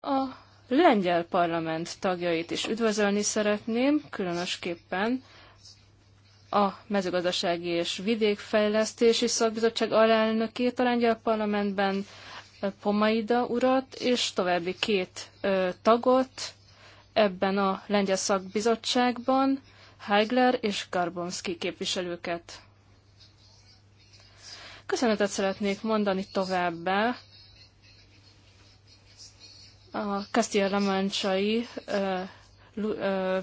A lengyel parlament tagjait is üdvözölni szeretném, különösképpen a mezőgazdasági és vidékfejlesztési szakbizottság alelnökét a lengyel parlamentben, Pomaida urat, és további két ö, tagot ebben a lengyel szakbizottságban, Heigler és Garbonski képviselőket. Köszönetet szeretnék mondani továbbá a Castilla-La Manchai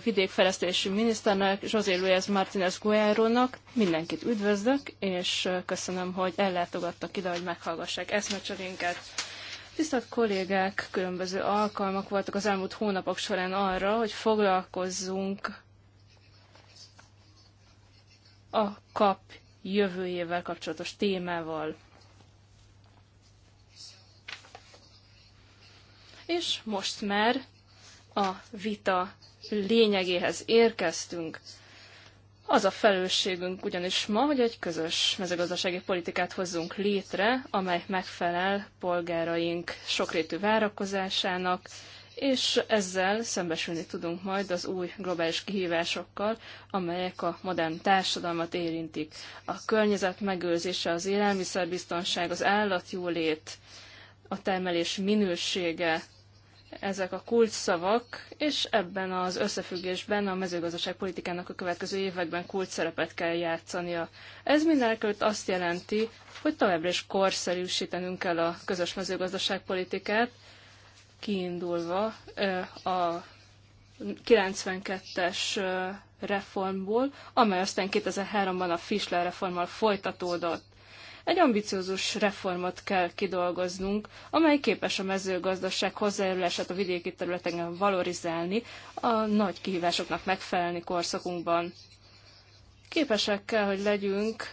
vidékfejlesztési miniszternek, José Luis Martínez Guerrónak. Mindenkit üdvözlök, és köszönöm, hogy ellátogattak ide, hogy meghallgassák eszmecserénket. Tisztelt kollégák, különböző alkalmak voltak az elmúlt hónapok során arra, hogy foglalkozzunk a kap jövőjével kapcsolatos témával. és most már a vita lényegéhez érkeztünk. Az a felelősségünk ugyanis ma, hogy egy közös mezőgazdasági politikát hozzunk létre, amely megfelel polgáraink sokrétű várakozásának, és ezzel szembesülni tudunk majd az új globális kihívásokkal, amelyek a modern társadalmat érintik. A környezet megőrzése, az élelmiszerbiztonság, az állatjólét, a termelés minősége, ezek a kulcsszavak, és ebben az összefüggésben a mezőgazdaságpolitikának a következő években kulcs szerepet kell játszania. Ez mindenekelőtt azt jelenti, hogy továbbra is korszerűsítenünk kell a közös mezőgazdaságpolitikát, kiindulva a 92-es reformból, amely aztán 2003-ban a Fischler reformmal folytatódott. Egy ambiciózus reformot kell kidolgoznunk, amely képes a mezőgazdaság hozzájárulását a vidéki területeken valorizálni, a nagy kihívásoknak megfelelni korszakunkban. Képesek kell, hogy legyünk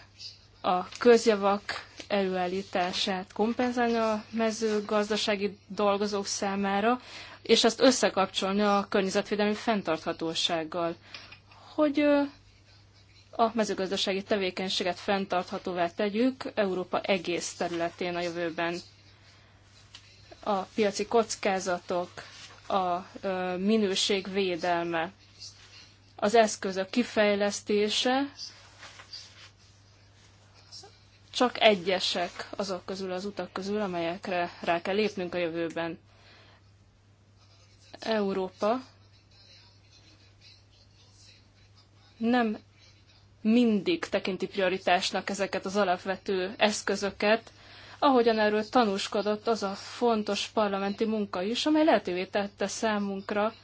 a közjavak előállítását kompenzálni a mezőgazdasági dolgozók számára, és azt összekapcsolni a környezetvédelmi fenntarthatósággal, hogy a mezőgazdasági tevékenységet fenntarthatóvá tegyük Európa egész területén a jövőben. A piaci kockázatok, a minőség védelme, az eszközök kifejlesztése, csak egyesek azok közül az utak közül, amelyekre rá kell lépnünk a jövőben. Európa nem mindig tekinti prioritásnak ezeket az alapvető eszközöket, ahogyan erről tanúskodott az a fontos parlamenti munka is, amely lehetővé tette számunkra,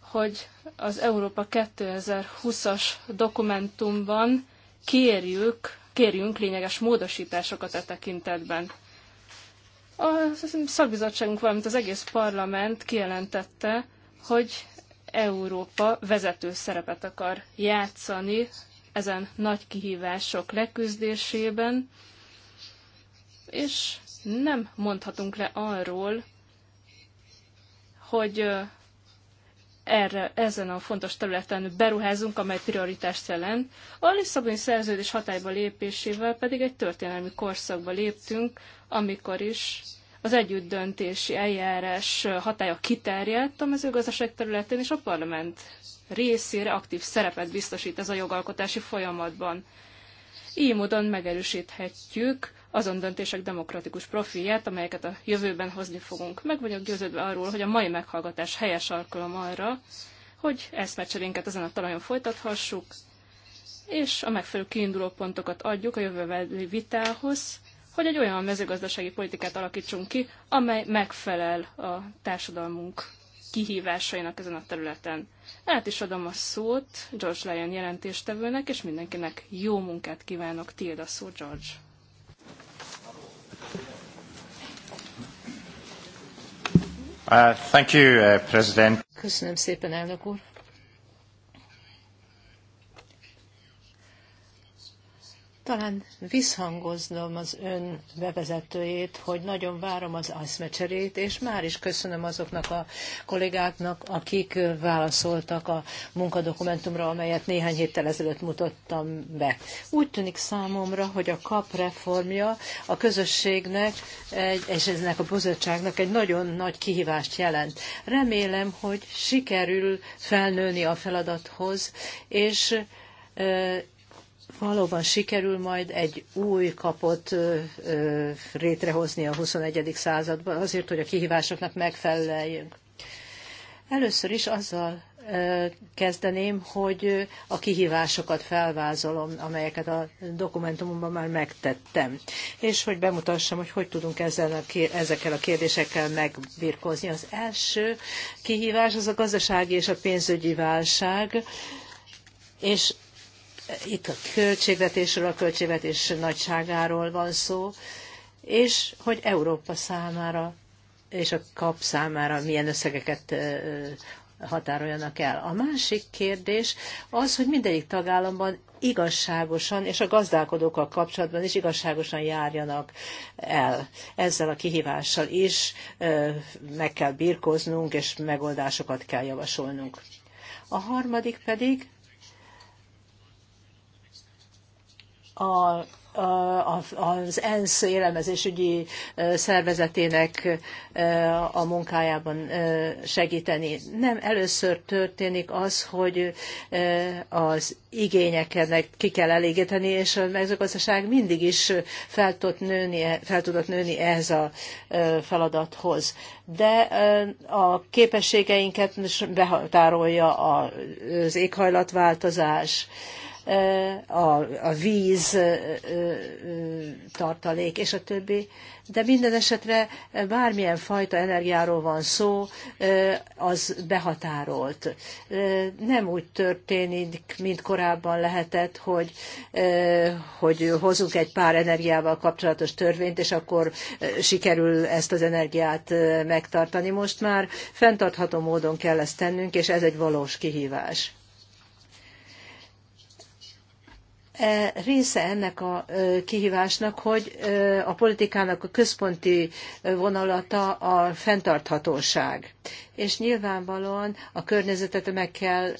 hogy az Európa 2020-as dokumentumban kérjük, kérjünk lényeges módosításokat e tekintetben. A szakbizottságunk, valamint az egész parlament kijelentette, hogy Európa vezető szerepet akar játszani ezen nagy kihívások leküzdésében, és nem mondhatunk le arról, hogy erre, ezen a fontos területen beruházunk, amely prioritást jelent. A Lisszaboni szerződés hatályba lépésével pedig egy történelmi korszakba léptünk, amikor is az együttdöntési eljárás hatája kiterjedt a mezőgazdaság területén, és a parlament részére aktív szerepet biztosít ez a jogalkotási folyamatban. Így módon megerősíthetjük azon döntések demokratikus profilját, amelyeket a jövőben hozni fogunk. Meg vagyok győződve arról, hogy a mai meghallgatás helyes alkalom arra, hogy eszmecserénket ezen a talajon folytathassuk, és a megfelelő kiinduló pontokat adjuk a jövőbeli vitához, hogy egy olyan mezőgazdasági politikát alakítsunk ki, amely megfelel a társadalmunk kihívásainak ezen a területen. Át is adom a szót George Lyon jelentéstevőnek, és mindenkinek jó munkát kívánok. Tiéd a szó, George. Uh, thank you, uh, President. Köszönöm szépen, elnök úr. Talán visszhangoznom az ön bevezetőjét, hogy nagyon várom az aszmecserét, és már is köszönöm azoknak a kollégáknak, akik válaszoltak a munkadokumentumra, amelyet néhány héttel ezelőtt mutattam be. Úgy tűnik számomra, hogy a KAP reformja a közösségnek és eznek a bizottságnak egy nagyon nagy kihívást jelent. Remélem, hogy sikerül felnőni a feladathoz, és valóban sikerül majd egy új kapot rétrehozni a 21. században, azért, hogy a kihívásoknak megfeleljünk. Először is azzal kezdeném, hogy a kihívásokat felvázolom, amelyeket a dokumentumomban már megtettem, és hogy bemutassam, hogy hogy tudunk ezzel a, ezekkel a kérdésekkel megbirkózni. Az első kihívás az a gazdasági és a pénzügyi válság, és itt a költségvetésről, a költségvetés nagyságáról van szó, és hogy Európa számára és a kap számára milyen összegeket határoljanak el. A másik kérdés az, hogy mindegyik tagállamban igazságosan, és a gazdálkodókkal kapcsolatban is igazságosan járjanak el. Ezzel a kihívással is meg kell birkóznunk, és megoldásokat kell javasolnunk. A harmadik pedig a az ENSZ élelmezésügyi szervezetének a munkájában segíteni. Nem először történik az, hogy az igényeknek ki kell elégíteni, és a mezőgazdaság mindig is fel, nőni, e, fel tudott nőni ehhez a feladathoz. De a képességeinket behatárolja az éghajlatváltozás, a, a víz tartalék és a többi, de minden esetre bármilyen fajta energiáról van szó, az behatárolt. Nem úgy történik, mint korábban lehetett, hogy, hogy hozunk egy pár energiával kapcsolatos törvényt, és akkor sikerül ezt az energiát megtartani. Most már fenntartható módon kell ezt tennünk, és ez egy valós kihívás E, része ennek a e, kihívásnak, hogy e, a politikának a központi vonalata a fenntarthatóság. És nyilvánvalóan a környezetet meg kell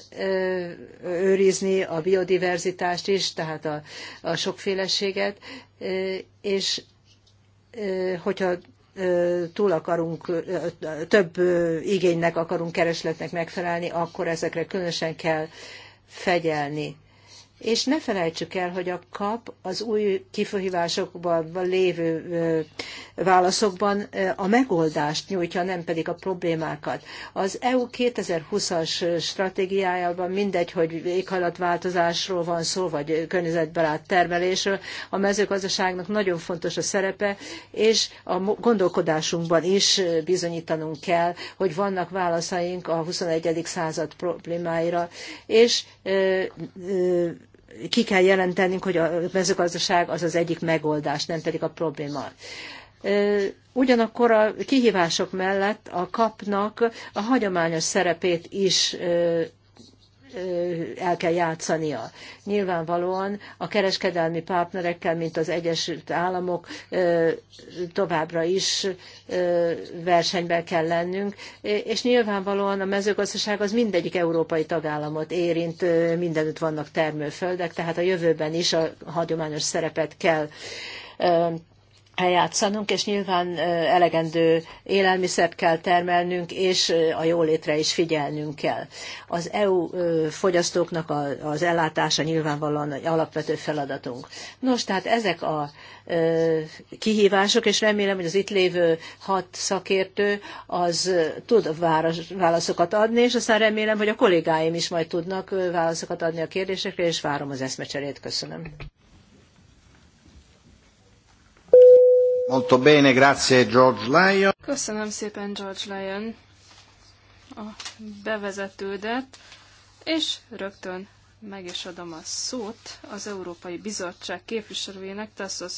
őrizni, a biodiverzitást is, tehát a, a sokféleséget, és hogyha túl akarunk, több igénynek akarunk, keresletnek megfelelni, akkor ezekre különösen kell fegyelni és ne felejtsük el, hogy a kap az új kifihívásokban lévő válaszokban a megoldást nyújtja, nem pedig a problémákat. Az EU 2020-as stratégiájában mindegy, hogy éghajlatváltozásról van szó, vagy környezetbarát termelésről, a mezőgazdaságnak nagyon fontos a szerepe, és a gondolkodásunkban is bizonyítanunk kell, hogy vannak válaszaink a 21. század problémáira, és ki kell jelentenünk, hogy a mezőgazdaság az az egyik megoldás, nem pedig a probléma. Ugyanakkor a kihívások mellett a kapnak a hagyományos szerepét is el kell játszania. Nyilvánvalóan a kereskedelmi partnerekkel, mint az Egyesült Államok továbbra is versenyben kell lennünk, és nyilvánvalóan a mezőgazdaság az mindegyik európai tagállamot érint, mindenütt vannak termőföldek, tehát a jövőben is a hagyományos szerepet kell eljátszanunk, és nyilván elegendő élelmiszert kell termelnünk, és a jólétre is figyelnünk kell. Az EU fogyasztóknak az ellátása nyilvánvalóan egy alapvető feladatunk. Nos, tehát ezek a kihívások, és remélem, hogy az itt lévő hat szakértő az tud válaszokat adni, és aztán remélem, hogy a kollégáim is majd tudnak válaszokat adni a kérdésekre, és várom az eszmecserét. Köszönöm. Molto bene, grazie George Lyon. Köszönöm szépen George Lyon a bevezetődet, és rögtön meg is adom a szót az Európai Bizottság képviselőjének, Tassos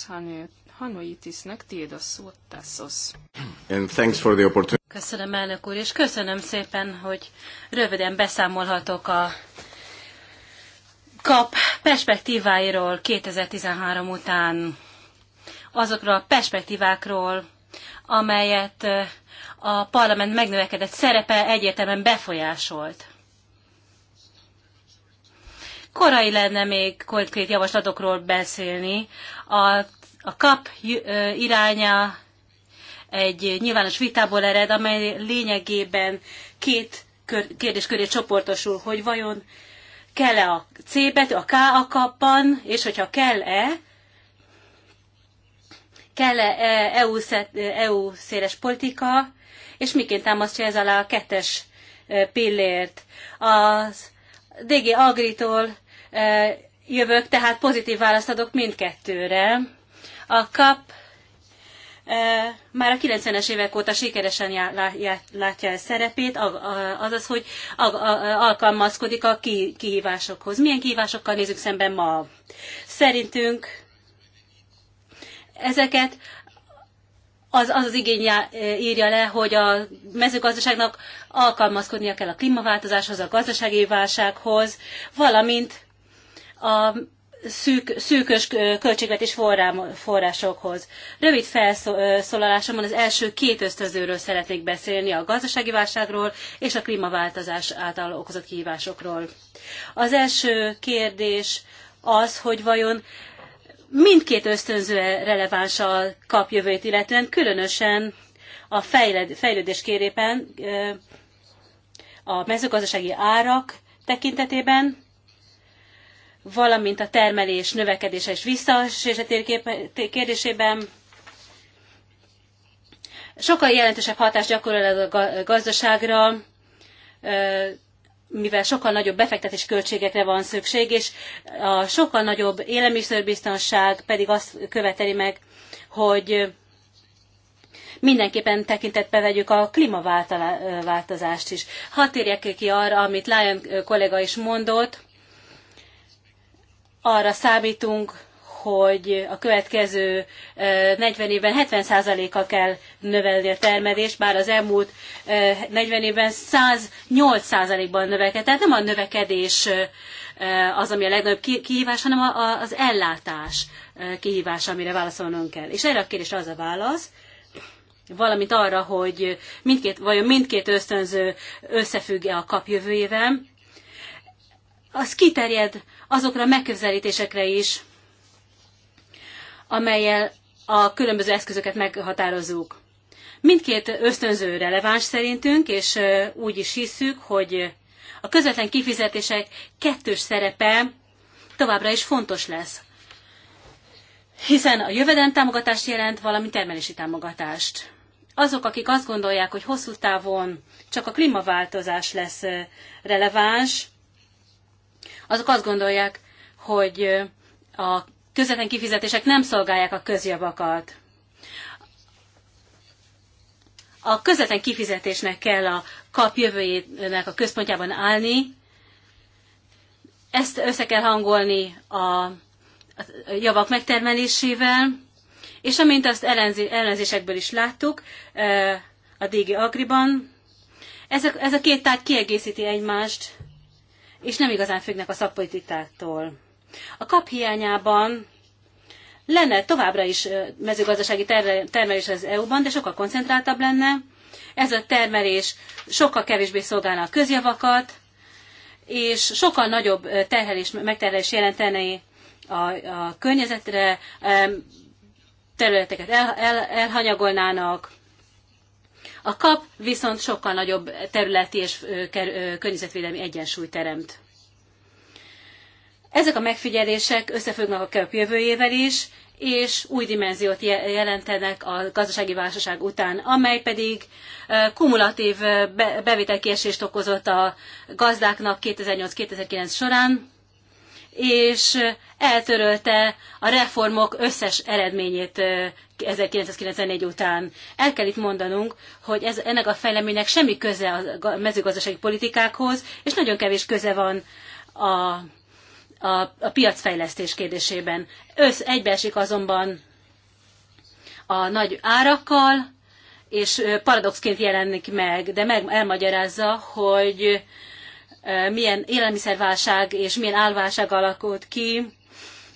Hanoitisnek, tiéd a szót, Tassos. Köszönöm, elnök úr, és köszönöm szépen, hogy röviden beszámolhatok a kap perspektíváiról 2013 után azokról a perspektívákról, amelyet a parlament megnövekedett szerepe egyértelműen befolyásolt. Korai lenne még konkrét javaslatokról beszélni. A, a kap iránya egy nyilvános vitából ered, amely lényegében két kérdés csoportosul, hogy vajon kell-e a C betű, a K a kapban, és hogyha kell-e, kell -e EU, e, EU széles politika, és miként támasztja ez alá a kettes e, pillért. Az DG Agritól e, jövök, tehát pozitív választ adok mindkettőre. A kap már a 90-es évek óta sikeresen látja el szerepét, azaz, hogy alkalmazkodik a kihívásokhoz. Milyen kihívásokkal nézünk szemben ma? Szerintünk Ezeket az az, az igény e, írja le, hogy a mezőgazdaságnak alkalmazkodnia kell a klímaváltozáshoz, a gazdasági válsághoz, valamint a szűk, szűkös e, költségvetés forrásokhoz. Rövid felszólalásomban e, az első két ösztözőről szeretnék beszélni, a gazdasági válságról és a klímaváltozás által okozott kihívásokról. Az első kérdés az, hogy vajon mindkét ösztönző releváns a kap jövőt illetően, különösen a fejlődés kérében a mezőgazdasági árak tekintetében, valamint a termelés növekedése és visszaesése kérdésében. Sokkal jelentősebb hatást gyakorol ez a gazdaságra, mivel sokkal nagyobb befektetés költségekre van szükség, és a sokkal nagyobb élelmiszerbiztonság pedig azt követeli meg, hogy mindenképpen tekintetbe vegyük a klímaváltozást is. Hadd térjek ki arra, amit Lion kollega is mondott, arra számítunk, hogy a következő 40 évben 70%-kal kell növelni a termelést, bár az elmúlt 40 évben 108%-ban növekedett. Tehát nem a növekedés az, ami a legnagyobb kihívás, hanem az ellátás kihívás, amire válaszolnunk kell. És erre a kérdésre az a válasz, valamint arra, hogy mindkét, vajon mindkét ösztönző összefügg-e a kap jövőjével, az kiterjed azokra a megközelítésekre is, amelyel a különböző eszközöket meghatározzuk. Mindkét ösztönző releváns szerintünk, és úgy is hiszük, hogy a közvetlen kifizetések kettős szerepe továbbra is fontos lesz, hiszen a jövedelem támogatást jelent, valamint termelési támogatást. Azok, akik azt gondolják, hogy hosszú távon csak a klímaváltozás lesz releváns, azok azt gondolják, hogy a közvetlen kifizetések nem szolgálják a közjavakat. A közvetlen kifizetésnek kell a kap jövőjének a központjában állni, ezt össze kell hangolni a javak megtermelésével, és amint azt ellenzésekből is láttuk e, a DG Agriban, ez a, ez a két tárgy kiegészíti egymást, és nem igazán függnek a szakpolitikáktól. A kap hiányában lenne továbbra is mezőgazdasági termelés az EU-ban, de sokkal koncentráltabb lenne. Ez a termelés sokkal kevésbé szolgálna a közjavakat, és sokkal nagyobb terhelés, megterhelés jelenteni a, a környezetre, területeket el, el, elhanyagolnának. A kap viszont sokkal nagyobb területi és környezetvédelmi egyensúlyt teremt. Ezek a megfigyelések összefüggnek a KEP jövőjével is, és új dimenziót jelentenek a gazdasági válság után, amely pedig kumulatív bevételkiesést okozott a gazdáknak 2008-2009 során, és eltörölte a reformok összes eredményét 1994 után. El kell itt mondanunk, hogy ez, ennek a fejleménynek semmi köze a mezőgazdasági politikákhoz, és nagyon kevés köze van a a, a piacfejlesztés kérdésében. Össz egybeesik azonban a nagy árakkal, és paradoxként jelenik meg, de meg elmagyarázza, hogy milyen élelmiszerválság és milyen álválság alakult ki,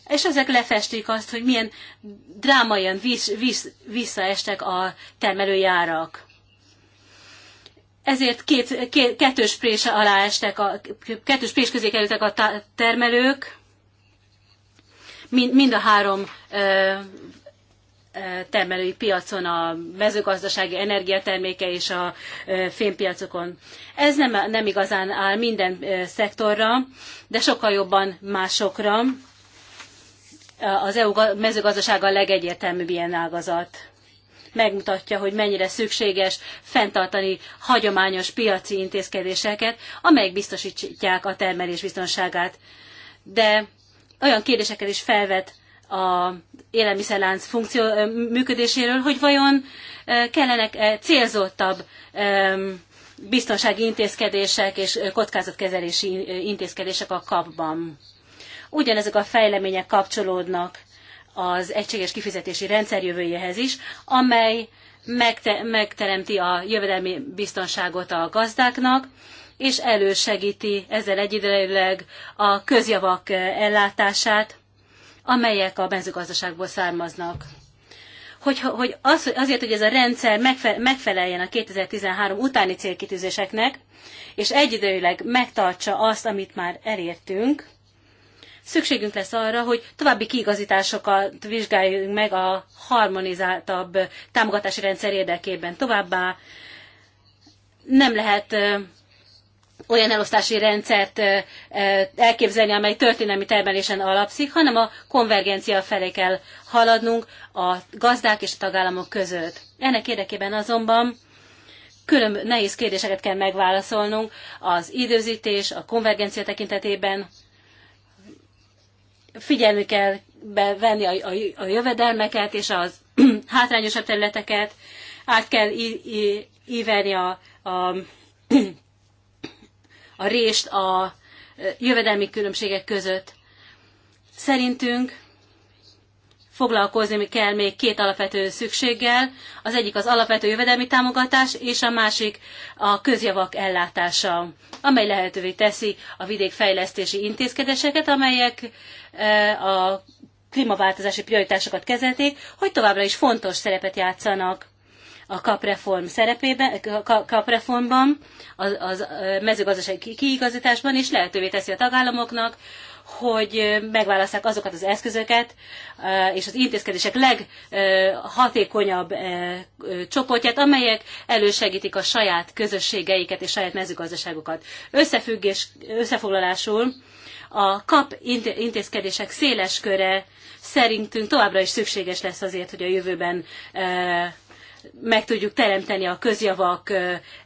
és ezek lefestik azt, hogy milyen drámaian visszaestek a termelőjárak ezért két, két, kettős prés alá estek, a, kettős prés közé kerültek a termelők, mind, mind a három ö, termelői piacon, a mezőgazdasági energiaterméke és a fémpiacokon. Ez nem, nem igazán áll minden szektorra, de sokkal jobban másokra. Az EU mezőgazdasága a legegyértelműbb ilyen ágazat megmutatja, hogy mennyire szükséges fenntartani hagyományos piaci intézkedéseket, amelyek biztosítják a termelés biztonságát. De olyan kérdéseket is felvet a élelmiszerlánc funkció, működéséről, hogy vajon kellenek -e célzottabb biztonsági intézkedések és kockázatkezelési intézkedések a kapban. Ugyanezek a fejlemények kapcsolódnak az egységes kifizetési rendszer jövőjéhez is, amely megte- megteremti a jövedelmi biztonságot a gazdáknak, és elősegíti ezzel egyidejűleg a közjavak eh, ellátását, amelyek a mezőgazdaságból származnak. Hogy, hogy az, azért, hogy ez a rendszer megfeleljen a 2013 utáni célkitűzéseknek, és egyidejűleg megtartsa azt, amit már elértünk, Szükségünk lesz arra, hogy további kiigazításokat vizsgáljunk meg a harmonizáltabb támogatási rendszer érdekében. Továbbá nem lehet olyan elosztási rendszert elképzelni, amely történelmi termelésen alapszik, hanem a konvergencia felé kell haladnunk a gazdák és a tagállamok között. Ennek érdekében azonban külön nehéz kérdéseket kell megválaszolnunk az időzítés, a konvergencia tekintetében, figyelni kell venni a, a, a jövedelmeket és az hátrányosabb területeket, át kell íverni a, a, a rést a jövedelmi különbségek között. Szerintünk foglalkozni kell még két alapvető szükséggel. Az egyik az alapvető jövedelmi támogatás, és a másik a közjavak ellátása, amely lehetővé teszi a vidékfejlesztési intézkedéseket, amelyek e, a klímaváltozási prioritásokat kezelték, hogy továbbra is fontos szerepet játszanak a kapreform szerepében, kapreformban, az, az e, mezőgazdasági kiigazításban, és lehetővé teszi a tagállamoknak, hogy megválaszták azokat az eszközöket és az intézkedések leghatékonyabb csoportját, amelyek elősegítik a saját közösségeiket és saját mezőgazdaságokat. Összefüggés, összefoglalásul a kap intézkedések széles köre szerintünk továbbra is szükséges lesz azért, hogy a jövőben meg tudjuk teremteni a közjavak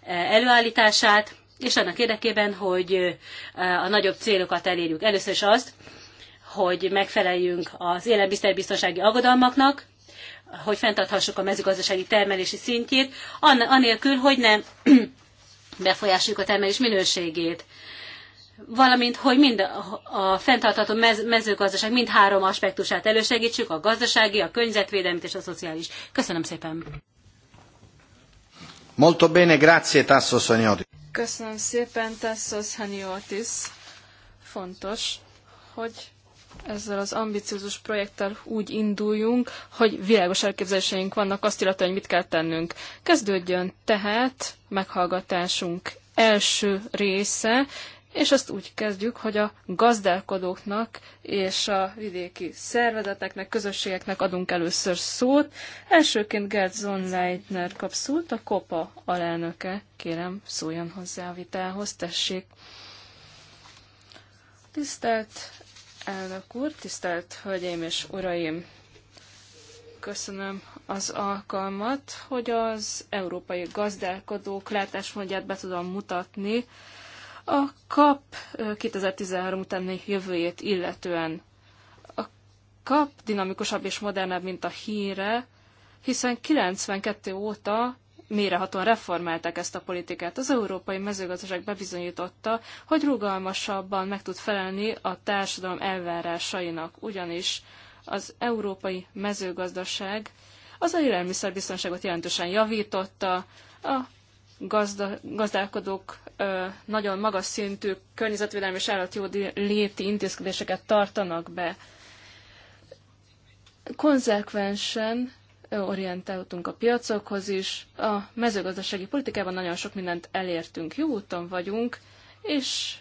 előállítását, és annak érdekében, hogy a nagyobb célokat elérjük. Először is azt, hogy megfeleljünk az élelmiszerbiztonsági aggodalmaknak, hogy fenntarthassuk a mezőgazdasági termelési szintjét, anélkül, hogy nem befolyásoljuk a termelés minőségét valamint, hogy mind a fenntartható mezőgazdaság mind három aspektusát elősegítsük, a gazdasági, a környezetvédelmi és a szociális. Köszönöm szépen! Molto bene, grazie Tasso Sonyori. Köszönöm szépen, Tessos Haniotis. Fontos, hogy ezzel az ambiciózus projekttel úgy induljunk, hogy világos elképzeléseink vannak azt illetve, hogy mit kell tennünk. Kezdődjön tehát meghallgatásunk első része, és ezt úgy kezdjük, hogy a gazdálkodóknak és a vidéki szervezeteknek, közösségeknek adunk először szót. Elsőként Gerdzon Zonleitner kap szót, a KOPA alelnöke. Kérem, szóljon hozzá a vitához, tessék. Tisztelt elnök úr, tisztelt hölgyeim és uraim! Köszönöm az alkalmat, hogy az európai gazdálkodók látásmódját be tudom mutatni a KAP 2013 utáni jövőjét illetően a KAP dinamikusabb és modernebb, mint a híre, hiszen 92 óta mérehatóan reformálták ezt a politikát. Az európai mezőgazdaság bebizonyította, hogy rugalmasabban meg tud felelni a társadalom elvárásainak, ugyanis az európai mezőgazdaság az élelmiszerbiztonságot jelentősen javította, a gazda, gazdálkodók ö, nagyon magas szintű környezetvédelmi és állatjóléti intézkedéseket tartanak be. Konzekvensen orientáltunk a piacokhoz is, a mezőgazdasági politikában nagyon sok mindent elértünk, jó úton vagyunk, és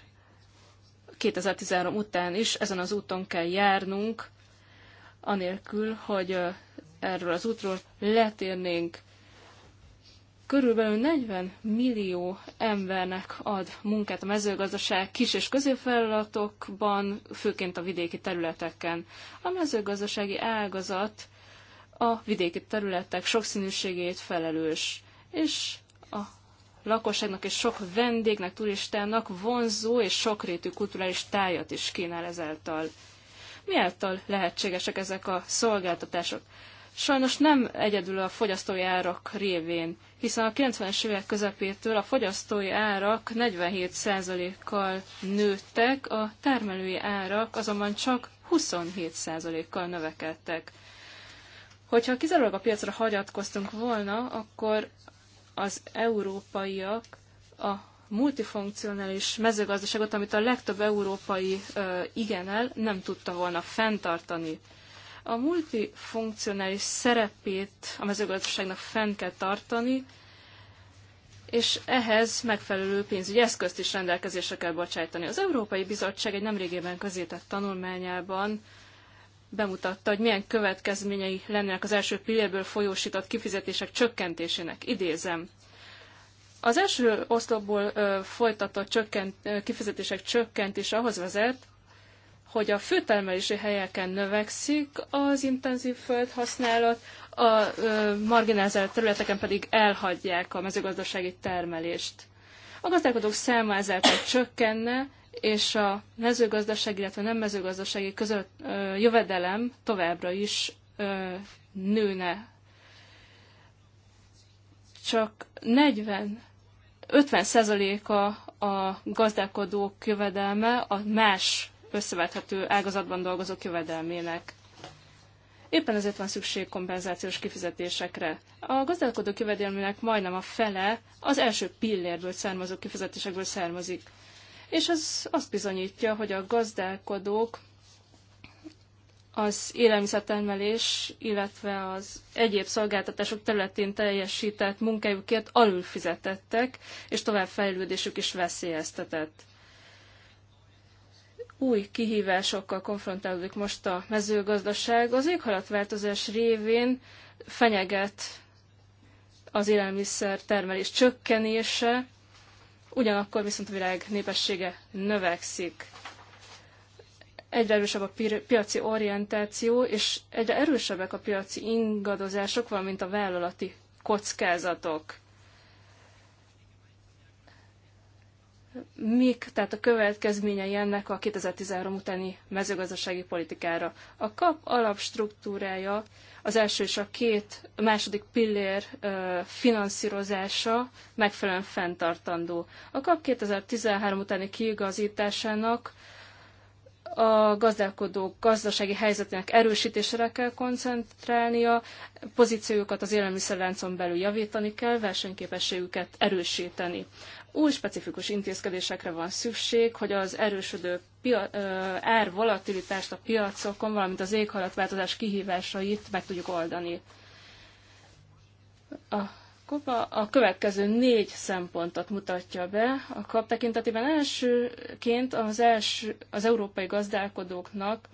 2013 után is ezen az úton kell járnunk, anélkül, hogy erről az útról letérnénk körülbelül 40 millió embernek ad munkát a mezőgazdaság kis- és középvállalatokban, főként a vidéki területeken. A mezőgazdasági ágazat a vidéki területek sokszínűségét felelős, és a lakosságnak és sok vendégnek, turistának vonzó és sokrétű kulturális tájat is kínál ezáltal. Miáltal lehetségesek ezek a szolgáltatások? sajnos nem egyedül a fogyasztói árak révén, hiszen a 90-es évek közepétől a fogyasztói árak 47%-kal nőttek, a termelői árak azonban csak 27%-kal növekedtek. Hogyha kizárólag a piacra hagyatkoztunk volna, akkor az európaiak a multifunkcionális mezőgazdaságot, amit a legtöbb európai ö, igenel, nem tudta volna fenntartani. A multifunkcionális szerepét a mezőgazdaságnak fenn kell tartani, és ehhez megfelelő pénzügyi eszközt is rendelkezésre kell bocsájtani. Az Európai Bizottság egy nemrégében közétett tanulmányában bemutatta, hogy milyen következményei lennének az első pillérből folyósított kifizetések csökkentésének. Idézem. Az első oszlopból folytatott csökkent, kifizetések csökkentése ahhoz vezet, hogy a főtermelési helyeken növekszik az intenzív földhasználat, a marginalizált területeken pedig elhagyják a mezőgazdasági termelést. A gazdálkodók száma ezáltal csökkenne, és a mezőgazdaság, illetve nem mezőgazdasági között ö, jövedelem továbbra is ö, nőne. Csak 40 50%-a a gazdálkodók jövedelme a más összevethető ágazatban dolgozók jövedelmének. Éppen ezért van szükség kompenzációs kifizetésekre. A gazdálkodó jövedelmének majdnem a fele az első pillérből származó kifizetésekből származik. És ez azt bizonyítja, hogy a gazdálkodók az élelmiszertermelés, illetve az egyéb szolgáltatások területén teljesített munkájukért alul fizetettek, és tovább fejlődésük is veszélyeztetett új kihívásokkal konfrontálódik most a mezőgazdaság. Az éghajlatváltozás révén fenyeget az élelmiszer termelés csökkenése, ugyanakkor viszont a világ népessége növekszik. Egyre erősebb a piaci orientáció, és egyre erősebbek a piaci ingadozások, valamint a vállalati kockázatok. mik, tehát a következményei ennek a 2013 utáni mezőgazdasági politikára. A kap alapstruktúrája az első és a két, a második pillér finanszírozása megfelelően fenntartandó. A kap 2013 utáni kiigazításának a gazdálkodók gazdasági helyzetének erősítésére kell koncentrálnia, pozíciójukat az élelmiszerláncon belül javítani kell, versenyképességüket erősíteni. Új specifikus intézkedésekre van szükség, hogy az erősödő ár árvolatilitást a piacokon, valamint az éghajlatváltozás kihívásait meg tudjuk oldani. A Kopa a következő négy szempontot mutatja be. A kap tekintetében elsőként az, első, az európai gazdálkodóknak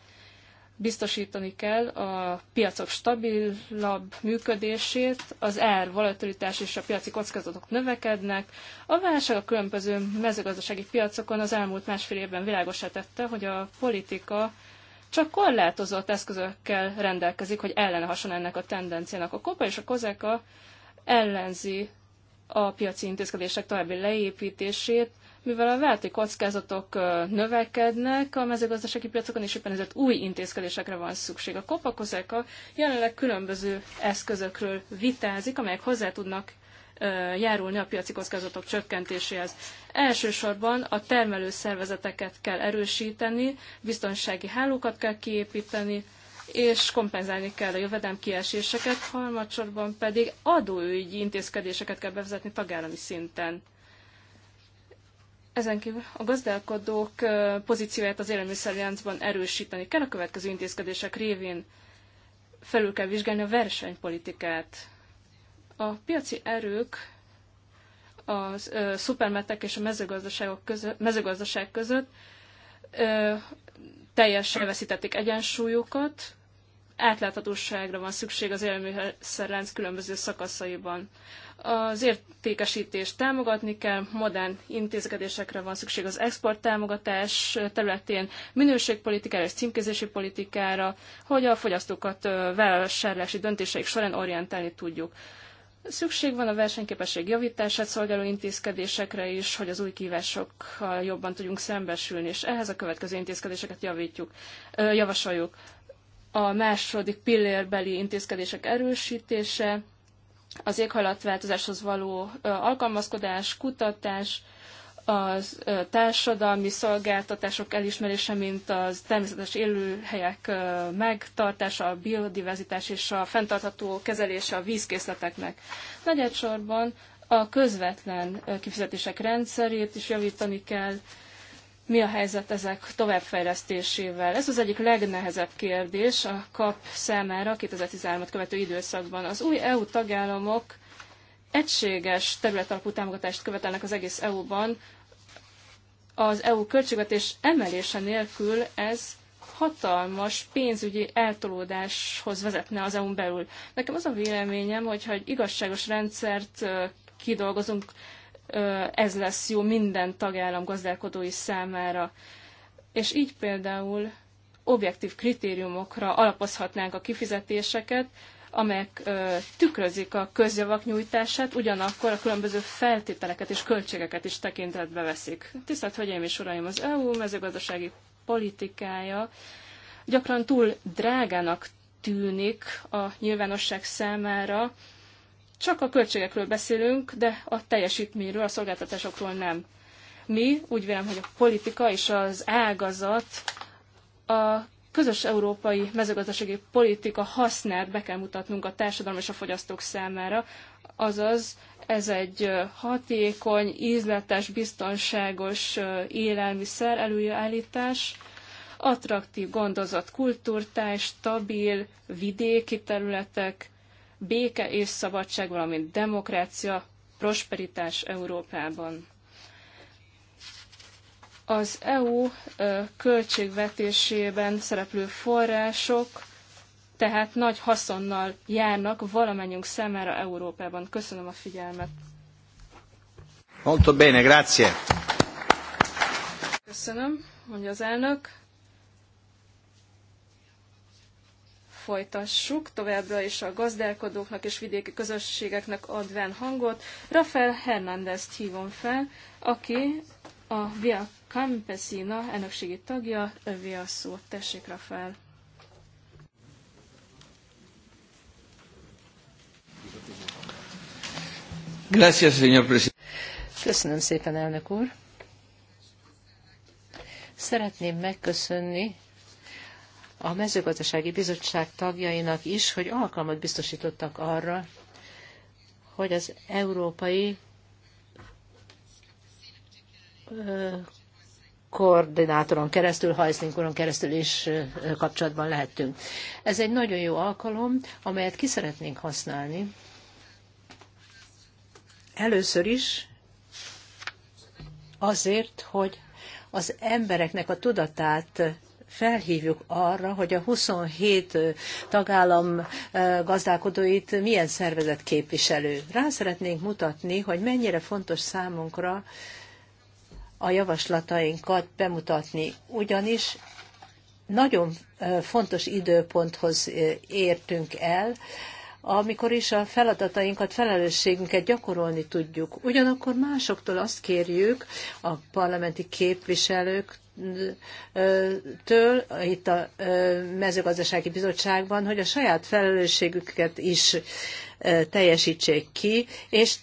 Biztosítani kell a piacok stabilabb működését, az ár volatilitás és a piaci kockázatok növekednek. A válság a különböző mezőgazdasági piacokon az elmúlt másfél évben világosá tette, hogy a politika csak korlátozott eszközökkel rendelkezik, hogy ellenhasson ennek a tendenciának. A COPA és a kozeka ellenzi a piaci intézkedések további leépítését, mivel a válti kockázatok növekednek a mezőgazdasági piacokon, és éppen ezért új intézkedésekre van szükség. A a jelenleg különböző eszközökről vitázik, amelyek hozzá tudnak járulni a piaci kockázatok csökkentéséhez. Elsősorban a termelő szervezeteket kell erősíteni, biztonsági hálókat kell kiépíteni, és kompenzálni kell a jövedelem kieséseket, harmadsorban pedig adóügyi intézkedéseket kell bevezetni tagállami szinten. Ezen kívül a gazdálkodók pozícióját az élelmiszerláncban erősíteni kell a következő intézkedések révén. Felül kell vizsgálni a versenypolitikát. A piaci erők a szupermetek és a mezőgazdaságok között, mezőgazdaság között ö, teljesen veszítették egyensúlyukat, átláthatóságra van szükség az élelmiszerlánc különböző szakaszaiban. Az értékesítést támogatni kell, modern intézkedésekre van szükség az export támogatás területén, minőségpolitikára és címkézési politikára, hogy a fogyasztókat vásárlási döntéseik során orientálni tudjuk. Szükség van a versenyképesség javítását szolgáló intézkedésekre is, hogy az új kívásokkal jobban tudjunk szembesülni, és ehhez a következő intézkedéseket javítjuk, javasoljuk. A második pillérbeli intézkedések erősítése, az éghajlatváltozáshoz való alkalmazkodás, kutatás, a társadalmi szolgáltatások elismerése, mint az természetes élőhelyek megtartása, a biodiverzitás és a fenntartható kezelése a vízkészleteknek. Negyedsorban a közvetlen kifizetések rendszerét is javítani kell, mi a helyzet ezek továbbfejlesztésével? Ez az egyik legnehezebb kérdés a KAP számára 2013-at követő időszakban. Az új EU tagállamok egységes területalapú támogatást követelnek az egész EU-ban. Az EU költségvetés emelése nélkül ez hatalmas pénzügyi eltolódáshoz vezetne az EU-n belül. Nekem az a véleményem, hogyha egy igazságos rendszert kidolgozunk, ez lesz jó minden tagállam gazdálkodói számára. És így például objektív kritériumokra alapozhatnánk a kifizetéseket, amelyek tükrözik a közjavak nyújtását, ugyanakkor a különböző feltételeket és költségeket is tekintetbe veszik. Tisztelt Hölgyeim és Uraim, az EU mezőgazdasági politikája gyakran túl drágának tűnik a nyilvánosság számára, csak a költségekről beszélünk, de a teljesítményről, a szolgáltatásokról nem. Mi úgy vélem, hogy a politika és az ágazat a közös európai mezőgazdasági politika hasznát be kell mutatnunk a társadalom és a fogyasztók számára, azaz ez egy hatékony, ízletes, biztonságos élelmiszer előállítás, attraktív, gondozott kultúrtáj, stabil, vidéki területek, béke és szabadság, valamint demokrácia, prosperitás Európában. Az EU költségvetésében szereplő források tehát nagy haszonnal járnak valamennyünk számára Európában. Köszönöm a figyelmet. Molto bene, grazie. Köszönöm, mondja az elnök. folytassuk, továbbra is a gazdálkodóknak és vidéki közösségeknek adván hangot. Rafael Hernández hívom fel, aki a Via Campesina elnökségi tagja, övé a szót. Tessék, Rafael! presidente. Köszönöm szépen, elnök úr! Szeretném megköszönni a mezőgazdasági bizottság tagjainak is, hogy alkalmat biztosítottak arra, hogy az európai koordinátoron keresztül, hajszlinkoron keresztül is kapcsolatban lehettünk. Ez egy nagyon jó alkalom, amelyet ki szeretnénk használni. Először is azért, hogy az embereknek a tudatát felhívjuk arra, hogy a 27 tagállam gazdálkodóit milyen szervezet képviselő. Rá szeretnénk mutatni, hogy mennyire fontos számunkra a javaslatainkat bemutatni, ugyanis nagyon fontos időponthoz értünk el, amikor is a feladatainkat, felelősségünket gyakorolni tudjuk. Ugyanakkor másoktól azt kérjük, a parlamenti képviselők től itt a mezőgazdasági bizottságban, hogy a saját felelősségüket is teljesítsék ki, és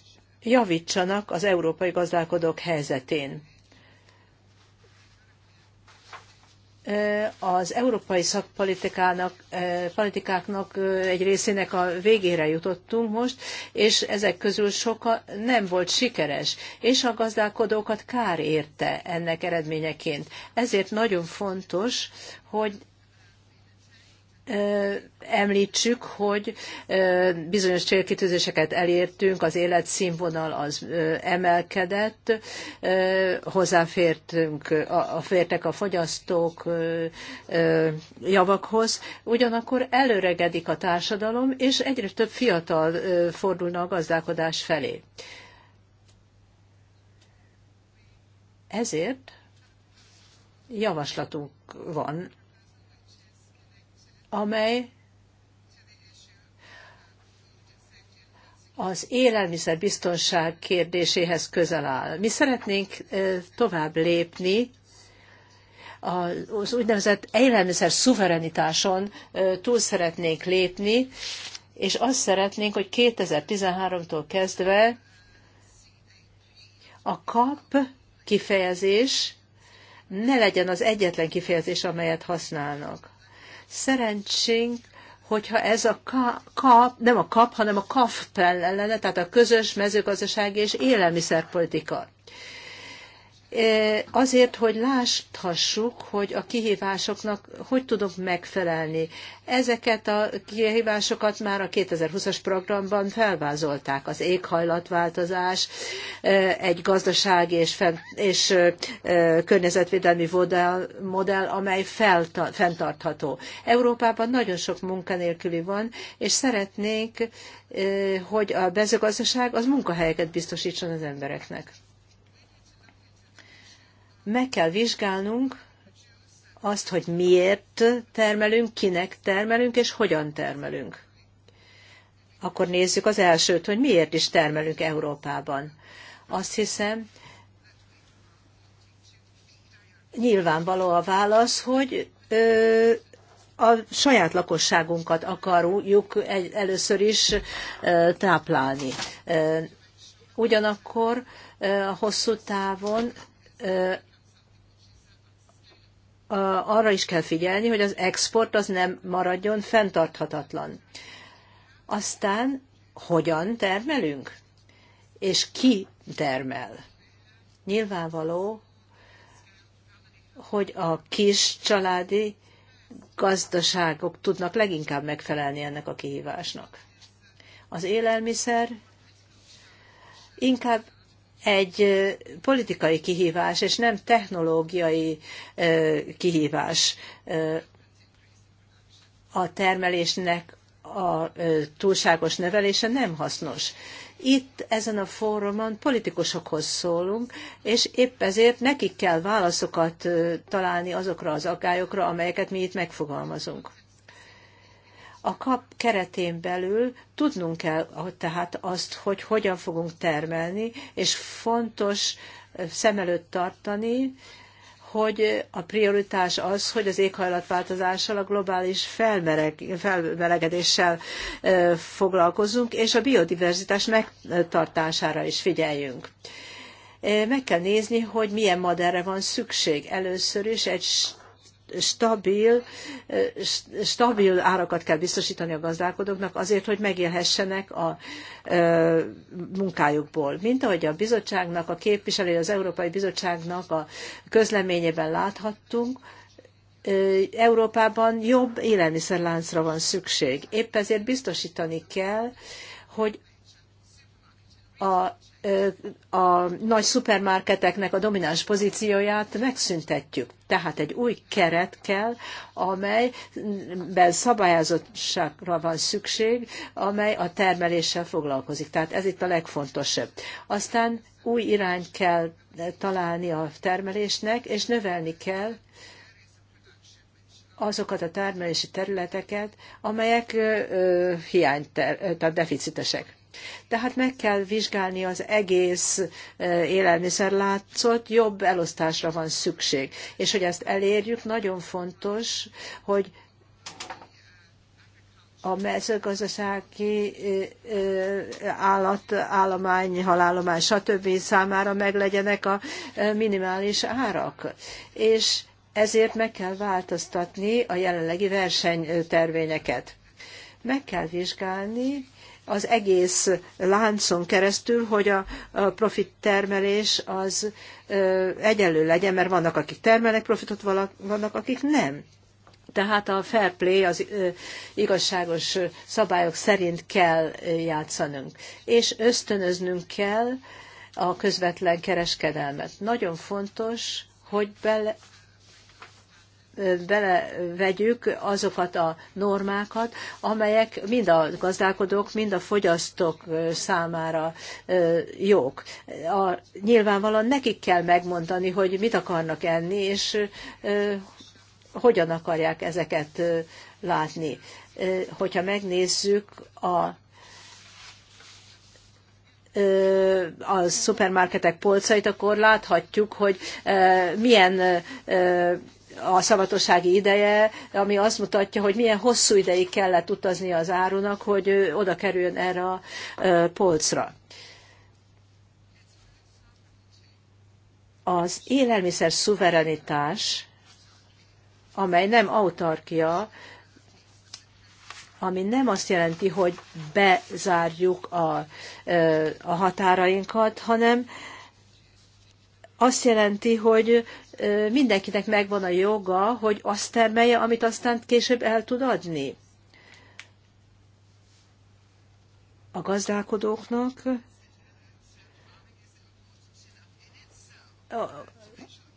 javítsanak az európai gazdálkodók helyzetén. az európai szakpolitikának politikáknak egy részének a végére jutottunk most, és ezek közül soka nem volt sikeres, és a gazdálkodókat kár érte ennek eredményeként. Ezért nagyon fontos, hogy említsük, hogy bizonyos célkitűzéseket elértünk, az életszínvonal az emelkedett, hozzáfértünk, a, fértek a fogyasztók javakhoz, ugyanakkor előregedik a társadalom, és egyre több fiatal fordulna a gazdálkodás felé. Ezért javaslatunk van amely az élelmiszer biztonság kérdéséhez közel áll. Mi szeretnénk tovább lépni az úgynevezett élelmiszer szuverenitáson túl szeretnénk lépni, és azt szeretnénk, hogy 2013-tól kezdve a kap kifejezés ne legyen az egyetlen kifejezés, amelyet használnak. Szerencsénk, hogyha ez a kap, nem a kap, hanem a kaf lenne, tehát a közös mezőgazdasági és élelmiszerpolitika. E, azért, hogy láthassuk, hogy a kihívásoknak hogy tudok megfelelni. Ezeket a kihívásokat már a 2020-as programban felvázolták. Az éghajlatváltozás, e, egy gazdasági és, fent, és e, környezetvédelmi modell, modell amely felta, fenntartható. Európában nagyon sok munkanélküli van, és szeretnék, hogy a bezőgazdaság az munkahelyeket biztosítson az embereknek meg kell vizsgálnunk azt, hogy miért termelünk, kinek termelünk, és hogyan termelünk. Akkor nézzük az elsőt, hogy miért is termelünk Európában. Azt hiszem, nyilvánvaló a válasz, hogy ö, a saját lakosságunkat akarjuk először is ö, táplálni. Ö, ugyanakkor ö, hosszú távon arra is kell figyelni, hogy az export az nem maradjon fenntarthatatlan. Aztán hogyan termelünk? És ki termel? Nyilvánvaló, hogy a kis családi gazdaságok tudnak leginkább megfelelni ennek a kihívásnak. Az élelmiszer inkább egy politikai kihívás, és nem technológiai kihívás a termelésnek a túlságos növelése nem hasznos. Itt ezen a fórumon politikusokhoz szólunk, és épp ezért nekik kell válaszokat találni azokra az aggályokra, amelyeket mi itt megfogalmazunk a kap keretén belül tudnunk kell tehát azt, hogy hogyan fogunk termelni, és fontos szem előtt tartani, hogy a prioritás az, hogy az éghajlatváltozással, a globális felmelegedéssel foglalkozunk, és a biodiverzitás megtartására is figyeljünk. Meg kell nézni, hogy milyen modellre van szükség. Először is egy stabil, eh, stabil árakat kell biztosítani a gazdálkodóknak azért, hogy megélhessenek a eh, munkájukból. Mint ahogy a bizottságnak, a képviselő, az Európai Bizottságnak a közleményében láthattunk, eh, Európában jobb élelmiszerláncra van szükség. Épp ezért biztosítani kell, hogy a a nagy szupermarketeknek a domináns pozícióját megszüntetjük. Tehát egy új keret kell, amelyben szabályozottságra van szükség, amely a termeléssel foglalkozik. Tehát ez itt a legfontosabb. Aztán új irány kell találni a termelésnek, és növelni kell azokat a termelési területeket, amelyek hiány, tehát deficitesek tehát meg kell vizsgálni az egész e, élelmiszerláncot, jobb elosztásra van szükség. És hogy ezt elérjük, nagyon fontos, hogy a mezőgazdasági e, e, állat, állomány, halállomány, stb. számára meglegyenek a minimális árak. És ezért meg kell változtatni a jelenlegi versenytervényeket. Meg kell vizsgálni, az egész láncon keresztül, hogy a, profit termelés az egyenlő legyen, mert vannak, akik termelnek profitot, vannak, akik nem. Tehát a fair play, az igazságos szabályok szerint kell játszanunk. És ösztönöznünk kell a közvetlen kereskedelmet. Nagyon fontos, hogy bele, belevegyük azokat a normákat, amelyek mind a gazdálkodók, mind a fogyasztók számára jók. A, nyilvánvalóan nekik kell megmondani, hogy mit akarnak enni, és hogyan akarják ezeket látni. Hogyha megnézzük a a szupermarketek polcait, akkor láthatjuk, hogy milyen a szabatossági ideje, ami azt mutatja, hogy milyen hosszú ideig kellett utazni az árunak, hogy oda kerüljön erre a polcra. Az élelmiszer szuverenitás, amely nem autarkia, ami nem azt jelenti, hogy bezárjuk a, a határainkat, hanem azt jelenti, hogy mindenkinek megvan a joga, hogy azt termelje, amit aztán később el tud adni. A gazdálkodóknak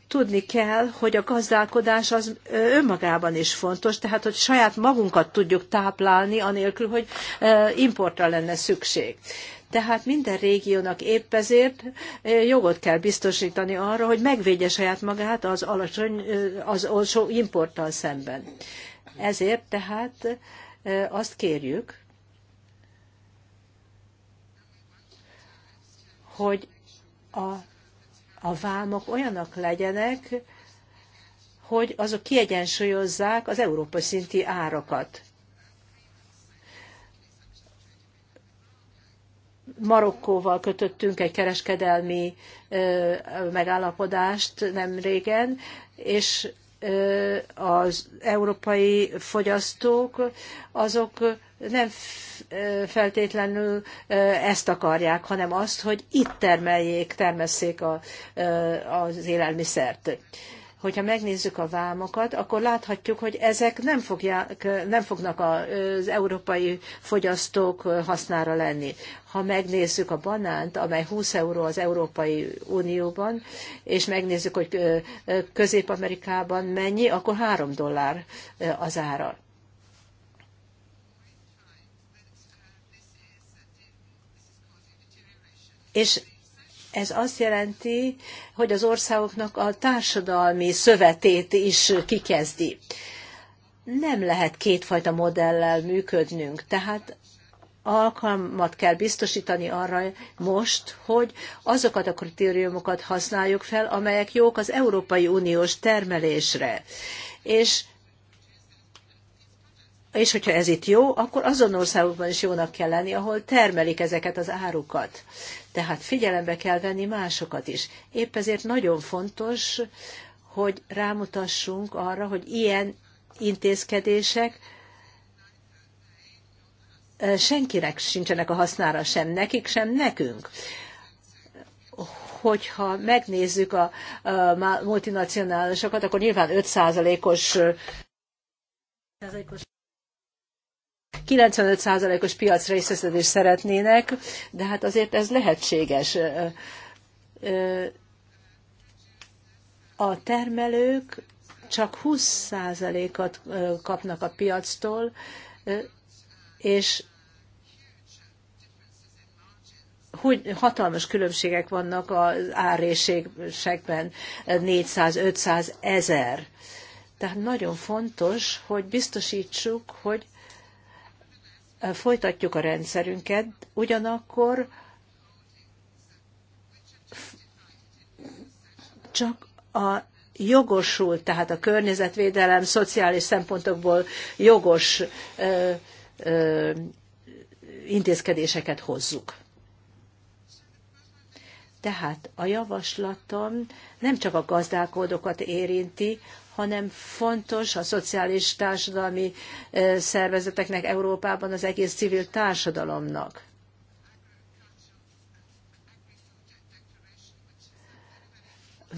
tudni kell, hogy a gazdálkodás az önmagában is fontos, tehát hogy saját magunkat tudjuk táplálni, anélkül, hogy importra lenne szükség. Tehát minden régiónak épp ezért eh, jogot kell biztosítani arra, hogy megvédje saját magát az alacsony, eh, az olcsó importtal szemben. Ezért tehát eh, azt kérjük, hogy a, a vámok olyanak legyenek, hogy azok kiegyensúlyozzák az európai szinti árakat. Marokkóval kötöttünk egy kereskedelmi megállapodást nem régen, és az európai fogyasztók azok nem feltétlenül ezt akarják, hanem azt, hogy itt termeljék, termesszék az élelmiszert hogyha megnézzük a vámokat, akkor láthatjuk, hogy ezek nem, fogják, nem fognak az európai fogyasztók hasznára lenni. Ha megnézzük a banánt, amely 20 euró az Európai Unióban, és megnézzük, hogy Közép-Amerikában mennyi, akkor 3 dollár az ára. És ez azt jelenti, hogy az országoknak a társadalmi szövetét is kikezdi. Nem lehet kétfajta modellel működnünk, tehát alkalmat kell biztosítani arra most, hogy azokat a kritériumokat használjuk fel, amelyek jók az Európai Uniós termelésre. És és hogyha ez itt jó, akkor azon országokban is jónak kell lenni, ahol termelik ezeket az árukat. Tehát figyelembe kell venni másokat is. Épp ezért nagyon fontos, hogy rámutassunk arra, hogy ilyen intézkedések senkinek sincsenek a hasznára, sem nekik, sem nekünk hogyha megnézzük a, multinacionálisokat, akkor nyilván 5%-os 95%-os piac részesedést szeretnének, de hát azért ez lehetséges. A termelők csak 20%-at kapnak a piactól, és hogy hatalmas különbségek vannak az árrészségekben, 400-500 ezer. Tehát nagyon fontos, hogy biztosítsuk, hogy folytatjuk a rendszerünket, ugyanakkor csak a jogosult, tehát a környezetvédelem szociális szempontokból jogos ö, ö, intézkedéseket hozzuk. Tehát a javaslatom nem csak a gazdálkodókat érinti, hanem fontos a szociális társadalmi szervezeteknek Európában, az egész civil társadalomnak.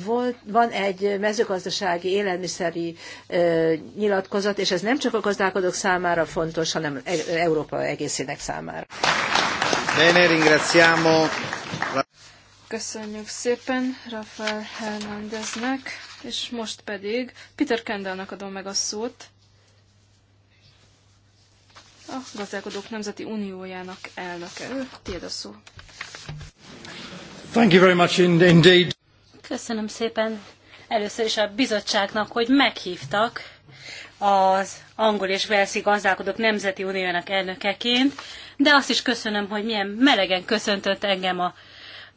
Volt, van egy mezőgazdasági élelmiszeri ö, nyilatkozat, és ez nem csak a gazdálkodók számára fontos, hanem e, Európa egészének számára. Bene, ringraziamo. Köszönjük szépen Rafael Hernándeznek, és most pedig Peter Kendallnak adom meg a szót, a Gazdálkodók Nemzeti Uniójának elnöke. Ő, tiéd a szó. Thank you very much indeed. Köszönöm szépen először is a bizottságnak, hogy meghívtak az angol és velszi gazdálkodók Nemzeti uniójának elnökeként, de azt is köszönöm, hogy milyen melegen köszöntött engem a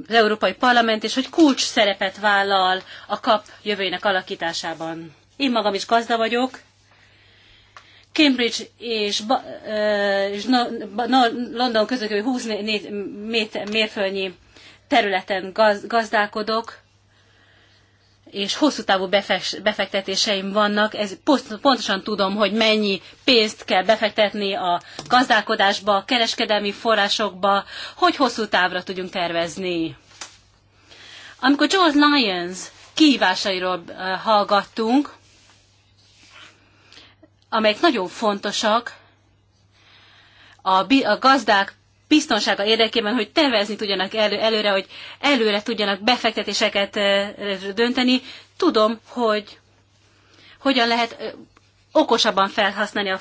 az Európai Parlament, és hogy kulcs szerepet vállal a kap jövőjének alakításában. Én magam is gazda vagyok, Cambridge és, ba, és no, no, London között 20 mérföldnyi területen gaz, gazdálkodok, és hosszú távú befektetéseim vannak, ez, pontosan tudom, hogy mennyi pénzt kell befektetni a gazdálkodásba, a kereskedelmi forrásokba, hogy hosszú távra tudjunk tervezni. Amikor George Lyons kihívásairól hallgattunk, amelyek nagyon fontosak, a, gazdák biztonsága érdekében, hogy tervezni tudjanak elő, előre, hogy előre tudjanak befektetéseket dönteni. Tudom, hogy hogyan lehet okosabban felhasználni a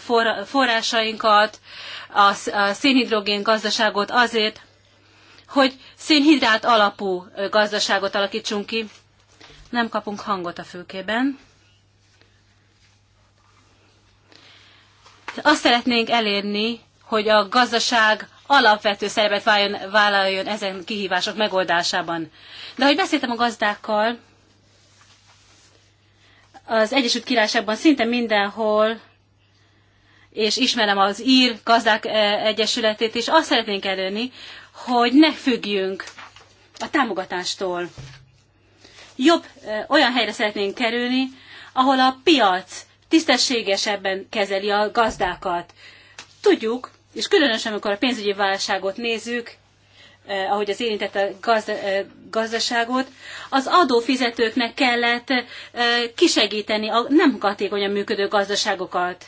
forrásainkat, a szénhidrogén gazdaságot azért, hogy szénhidrát alapú gazdaságot alakítsunk ki. Nem kapunk hangot a fülkében. Azt szeretnénk elérni, hogy a gazdaság alapvető szerepet váljon, vállaljon ezen kihívások megoldásában. De ahogy beszéltem a gazdákkal, az Egyesült Királyságban szinte mindenhol, és ismerem az Ír Gazdák e, Egyesületét, és azt szeretnénk előni, hogy ne függjünk a támogatástól. Jobb e, olyan helyre szeretnénk kerülni, ahol a piac tisztességesebben kezeli a gazdákat. Tudjuk, és különösen, amikor a pénzügyi válságot nézzük, eh, ahogy az érintett a gazda, eh, gazdaságot, az adófizetőknek kellett eh, kisegíteni a nem hatékonyan működő gazdaságokat.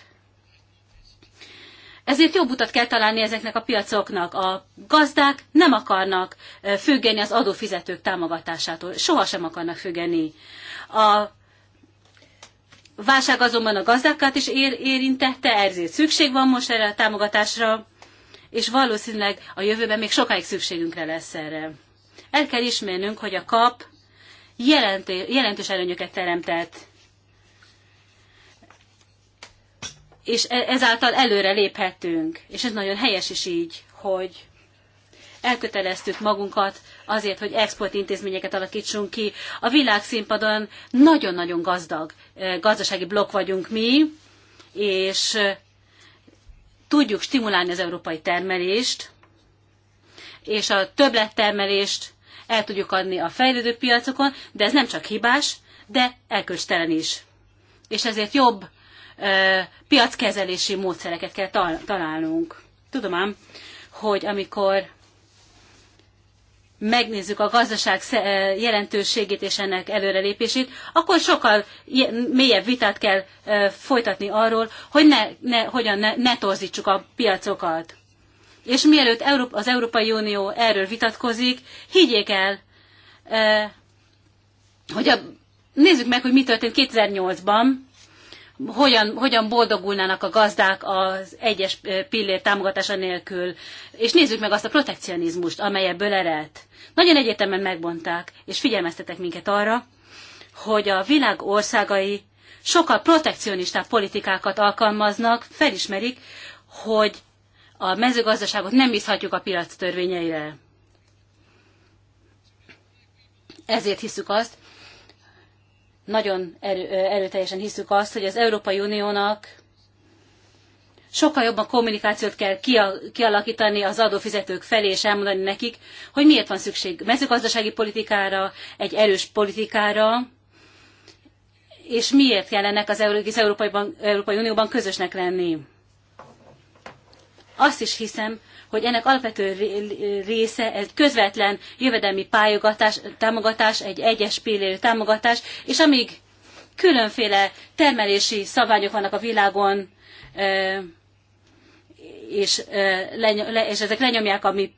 Ezért jobb utat kell találni ezeknek a piacoknak. A gazdák nem akarnak eh, függeni az adófizetők támogatásától. Sohasem akarnak függeni. A válság azonban a gazdákat is ér, érintette, ezért szükség van most erre a támogatásra, és valószínűleg a jövőben még sokáig szükségünkre lesz erre. El kell ismernünk, hogy a kap jelentő, jelentős előnyöket teremtett, és e- ezáltal előre léphettünk. És ez nagyon helyes is így, hogy elköteleztük magunkat azért, hogy exportintézményeket alakítsunk ki. A világszínpadon nagyon-nagyon gazdag eh, gazdasági blokk vagyunk mi, és eh, tudjuk stimulálni az európai termelést, és a többlettermelést el tudjuk adni a fejlődő piacokon, de ez nem csak hibás, de elkölcstelen is. És ezért jobb ö, eh, piackezelési módszereket kell tal- találnunk. Tudom ám, hogy amikor megnézzük a gazdaság jelentőségét és ennek előrelépését, akkor sokkal mélyebb vitát kell folytatni arról, hogy ne, ne, hogyan ne, ne torzítsuk a piacokat. És mielőtt az Európai Unió erről vitatkozik, higgyék el, hogy a, nézzük meg, hogy mi történt 2008-ban, hogyan, hogyan boldogulnának a gazdák az egyes pillér támogatása nélkül. És nézzük meg azt a protekcionizmust, amely ebből eredt. Nagyon egyetemen megmondták, és figyelmeztetek minket arra, hogy a világ országai sokkal protekcionistább politikákat alkalmaznak, felismerik, hogy a mezőgazdaságot nem bízhatjuk a piac törvényeire. Ezért hiszük azt, nagyon erő, erőteljesen hiszük azt, hogy az Európai Uniónak sokkal jobban kommunikációt kell kialakítani az adófizetők felé, és elmondani nekik, hogy miért van szükség mezőgazdasági politikára, egy erős politikára, és miért kellene az Európai, Európai Unióban közösnek lenni. Azt is hiszem, hogy ennek alapvető része egy közvetlen jövedelmi pályogatás, támogatás, egy egyes pillérő támogatás, és amíg különféle termelési szabályok vannak a világon, és, és ezek lenyomják a mi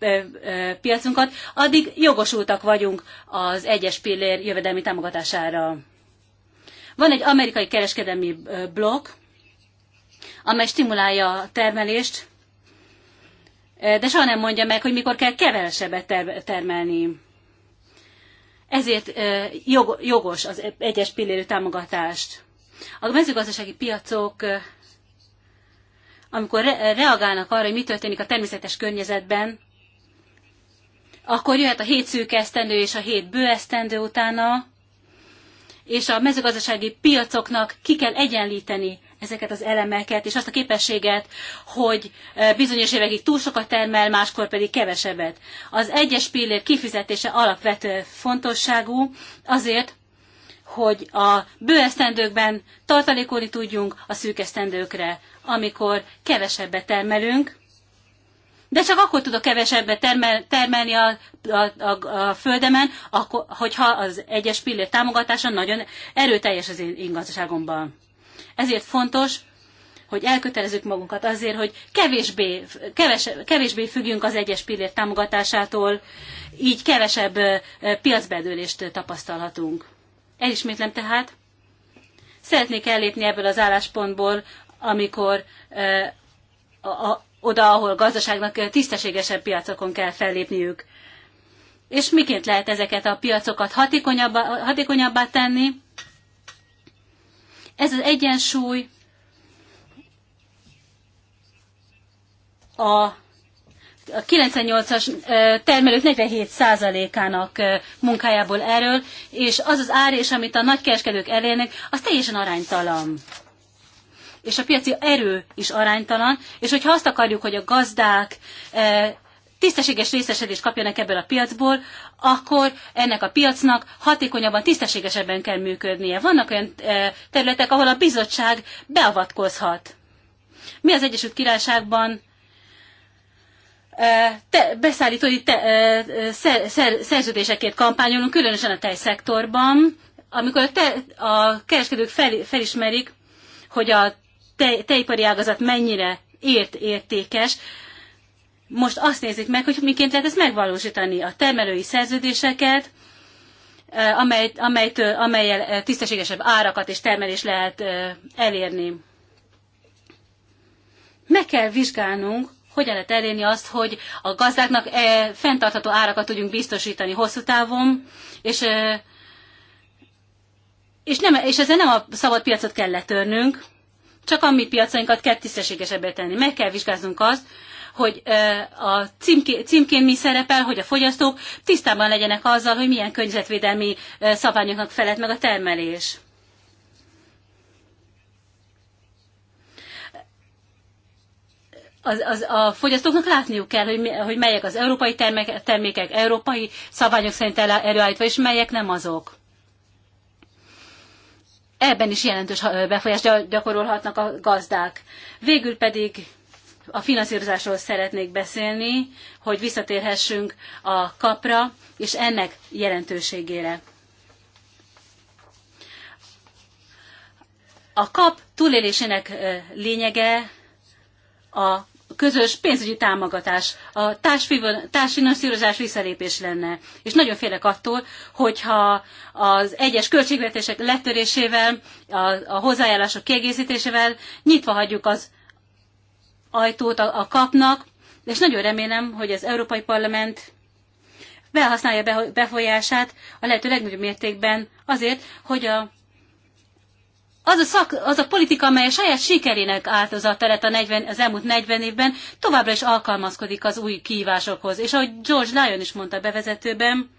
piacunkat, addig jogosultak vagyunk az egyes pillér jövedelmi támogatására. Van egy amerikai kereskedelmi blokk, amely stimulálja a termelést, de soha nem mondja meg, hogy mikor kell kevesebbet termelni. Ezért jogos az egyes pillérű támogatást. A mezőgazdasági piacok, amikor reagálnak arra, hogy mi történik a természetes környezetben, akkor jöhet a hét szűk esztendő és a hét bő esztendő utána, és a mezőgazdasági piacoknak ki kell egyenlíteni ezeket az elemeket, és azt a képességet, hogy bizonyos évekig túl sokat termel, máskor pedig kevesebbet. Az egyes pillér kifizetése alapvető fontosságú azért, hogy a bőesztendőkben tartalékolni tudjunk a szűkesztendőkre, amikor kevesebbet termelünk, de csak akkor tudok kevesebbet termel, termelni a, a, a, a földemen, akkor, hogyha az egyes pillér támogatása nagyon erőteljes az én, én gazdaságomban. Ezért fontos, hogy elkötelezzük magunkat azért, hogy kevésbé, keves, kevésbé függjünk az egyes pillér támogatásától, így kevesebb piacbedőlést tapasztalhatunk. Elismétlem tehát, szeretnék ellépni ebből az álláspontból, amikor a, a, oda, ahol gazdaságnak tisztességesebb piacokon kell fellépniük. És miként lehet ezeket a piacokat hatékonyabbá, hatékonyabbá tenni? Ez az egyensúly a 98-as termelők 47%-ának munkájából erről, és az az árés, amit a nagykereskedők elérnek, az teljesen aránytalan. És a piaci erő is aránytalan, és hogyha azt akarjuk, hogy a gazdák tisztességes részesedést kapjanak ebből a piacból, akkor ennek a piacnak hatékonyabban, tisztességesebben kell működnie. Vannak olyan e, területek, ahol a bizottság beavatkozhat. Mi az Egyesült Királyságban e, te, beszállítói te, e, szer, szer, szerződésekért kampányolunk, különösen a tejszektorban, amikor a, te, a kereskedők fel, felismerik, hogy a te, tejipari ágazat mennyire ért értékes, most azt nézik meg, hogy miként lehet ezt megvalósítani, a termelői szerződéseket, amely, amelytől, amelyel tisztességesebb árakat és termelést lehet elérni. Meg kell vizsgálnunk, hogyan lehet elérni azt, hogy a gazdáknak e, fenntartható árakat tudjunk biztosítani hosszú távon, és, e, és, nem, és ezzel nem a szabad piacot kell letörnünk, csak a mi piacainkat kell tisztességesebbé tenni. Meg kell vizsgálnunk azt, hogy a címké, címkén mi szerepel, hogy a fogyasztók tisztában legyenek azzal, hogy milyen környezetvédelmi szabványoknak felett meg a termelés. az, az, a fogyasztóknak látniuk kell, hogy, hogy melyek az európai termékek, termékek európai szabványok szerint előállítva, és melyek nem azok. Ebben is jelentős befolyást gyakorolhatnak a gazdák. Végül pedig a finanszírozásról szeretnék beszélni, hogy visszatérhessünk a kapra és ennek jelentőségére. A kap túlélésének lényege a közös pénzügyi támogatás, a társfinanszírozás visszalépés lenne. És nagyon félek attól, hogyha az egyes költségvetések letörésével, a, a hozzájárulások kiegészítésével nyitva hagyjuk az ajtót a, a kapnak, és nagyon remélem, hogy az Európai Parlament felhasználja befolyását a lehető legnagyobb mértékben azért, hogy a, az, a szak, az a politika, amely a saját sikerének áldozata lett a 40, az elmúlt 40 évben, továbbra is alkalmazkodik az új kihívásokhoz. És ahogy George Lyon is mondta bevezetőben,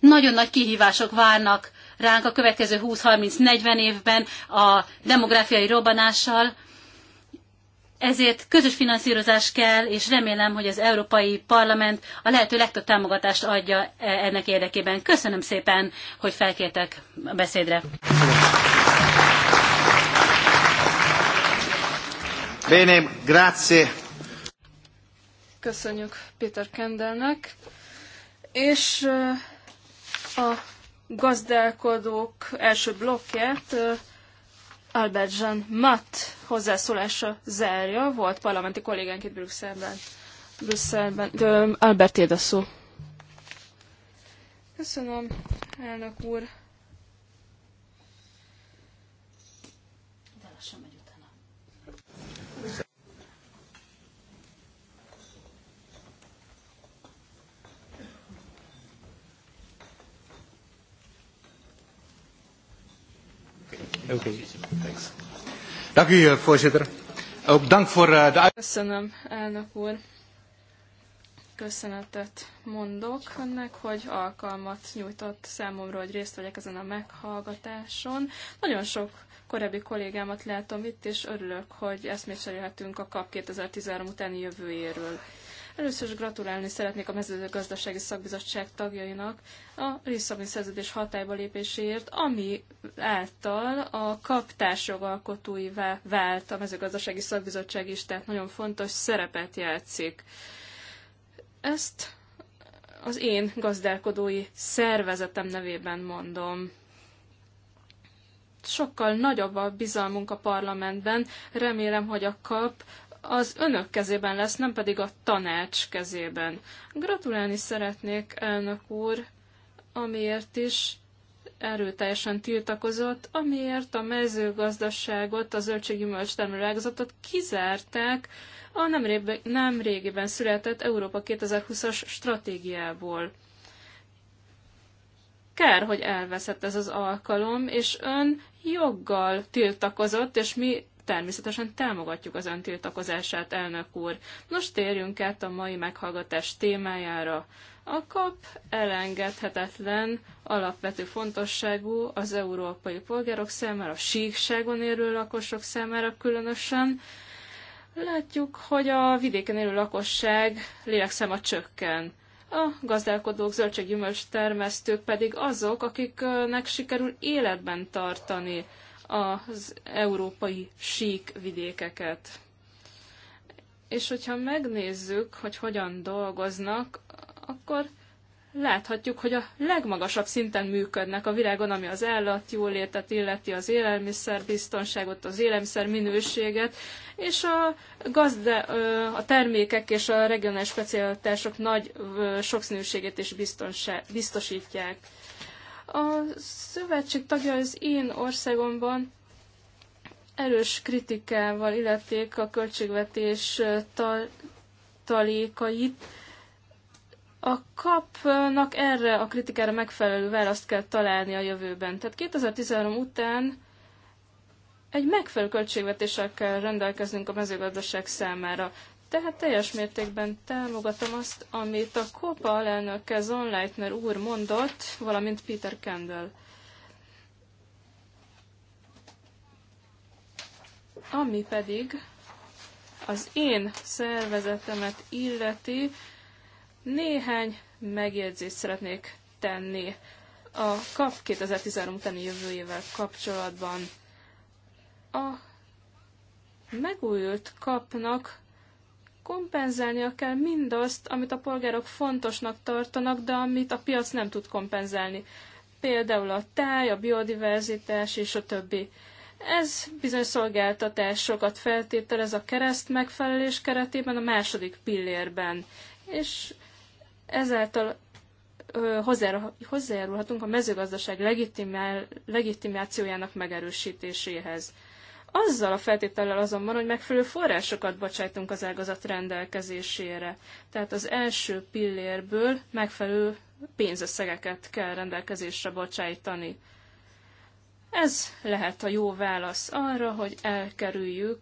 nagyon nagy kihívások várnak ránk a következő 20-30-40 évben a demográfiai robbanással, ezért közös finanszírozás kell, és remélem, hogy az Európai Parlament a lehető legtöbb támogatást adja e, ennek érdekében. Köszönöm szépen, hogy felkértek a beszédre. Bene, grazie. Köszönjük Peter Kendelnek. És a gazdálkodók első blokkját Albert Jean Matt hozzászólása zárja, volt parlamenti kollégánk itt Brüsszelben. Brüsszelben. De Albert Édaszó. Köszönöm, elnök úr. Okay. Thanks. Dank u, eh, voorzitter. Ook dank voor eh, de... Köszönöm, elnök úr. Köszönetet mondok önnek, hogy alkalmat nyújtott számomra, hogy részt vegyek ezen a meghallgatáson. Nagyon sok korábbi kollégámat látom itt, és örülök, hogy eszmét a KAP 2013 utáni jövőjéről. Először is gratulálni szeretnék a mezőgazdasági szakbizottság tagjainak a Lisszaboni szerződés hatályba lépéséért, ami által a kaptás jogalkotóivá vált a mezőgazdasági szakbizottság is, tehát nagyon fontos szerepet játszik. Ezt az én gazdálkodói szervezetem nevében mondom sokkal nagyobb a bizalmunk a parlamentben. Remélem, hogy a kap az önök kezében lesz, nem pedig a tanács kezében. Gratulálni szeretnék, elnök úr, amiért is erőteljesen tiltakozott, amiért a mezőgazdaságot, a zöldséggyümölcs termelőágazatot kizárták a nem régiben született Európa 2020-as stratégiából. Kár, hogy elveszett ez az alkalom, és ön joggal tiltakozott, és mi Természetesen támogatjuk az öntiltakozását, elnök úr. Nos, térjünk át a mai meghallgatás témájára. A kap elengedhetetlen, alapvető fontosságú az európai polgárok számára, a síkságon érő lakosok számára különösen. Látjuk, hogy a vidéken élő lakosság lélekszáma csökken. A gazdálkodók, zöldséggyümölcs termesztők pedig azok, akiknek sikerül életben tartani az európai sík vidékeket. És hogyha megnézzük, hogy hogyan dolgoznak, akkor láthatjuk, hogy a legmagasabb szinten működnek a világon, ami az állat jólétet illeti, az élelmiszer biztonságot, az élelmiszer minőséget, és a, gazda, a termékek és a regionális specialitások nagy sokszínűségét is biztosítják. A szövetség tagja az én országomban erős kritikával illették a költségvetés tal- talékait. A kapnak erre a kritikára megfelelő választ kell találni a jövőben. Tehát 2013 után egy megfelelő költségvetéssel kell rendelkeznünk a mezőgazdaság számára. Tehát teljes mértékben támogatom azt, amit a kopa alelnöke Zon Leitner úr mondott, valamint Peter Kendall. Ami pedig az én szervezetemet illeti, néhány megjegyzést szeretnék tenni a KAP 2013 utáni jövőjével kapcsolatban. A megújult kapnak kompenzálnia kell mindazt, amit a polgárok fontosnak tartanak, de amit a piac nem tud kompenzálni. Például a táj, a biodiverzitás és a többi. Ez bizony szolgáltatásokat feltételez a kereszt megfelelés keretében a második pillérben, és ezáltal hozzájárulhatunk a mezőgazdaság legitimációjának megerősítéséhez azzal a feltétellel azonban, hogy megfelelő forrásokat bocsájtunk az ágazat rendelkezésére. Tehát az első pillérből megfelelő pénzösszegeket kell rendelkezésre bocsájtani. Ez lehet a jó válasz arra, hogy elkerüljük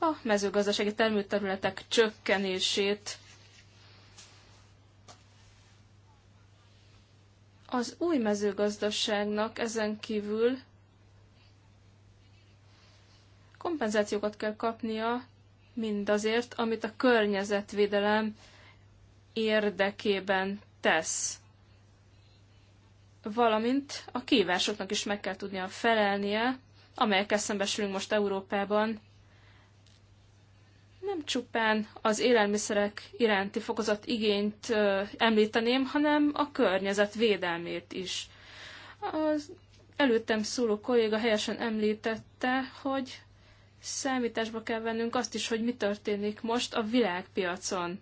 a mezőgazdasági termőterületek csökkenését Az új mezőgazdaságnak ezen kívül kompenzációkat kell kapnia mindazért, amit a környezetvédelem érdekében tesz. Valamint a kívásoknak is meg kell tudnia felelnie, amelyekkel szembesülünk most Európában, nem csupán az élelmiszerek iránti fokozott igényt említeném, hanem a környezet védelmét is. Az előttem szóló kolléga helyesen említette, hogy számításba kell vennünk azt is, hogy mi történik most a világpiacon.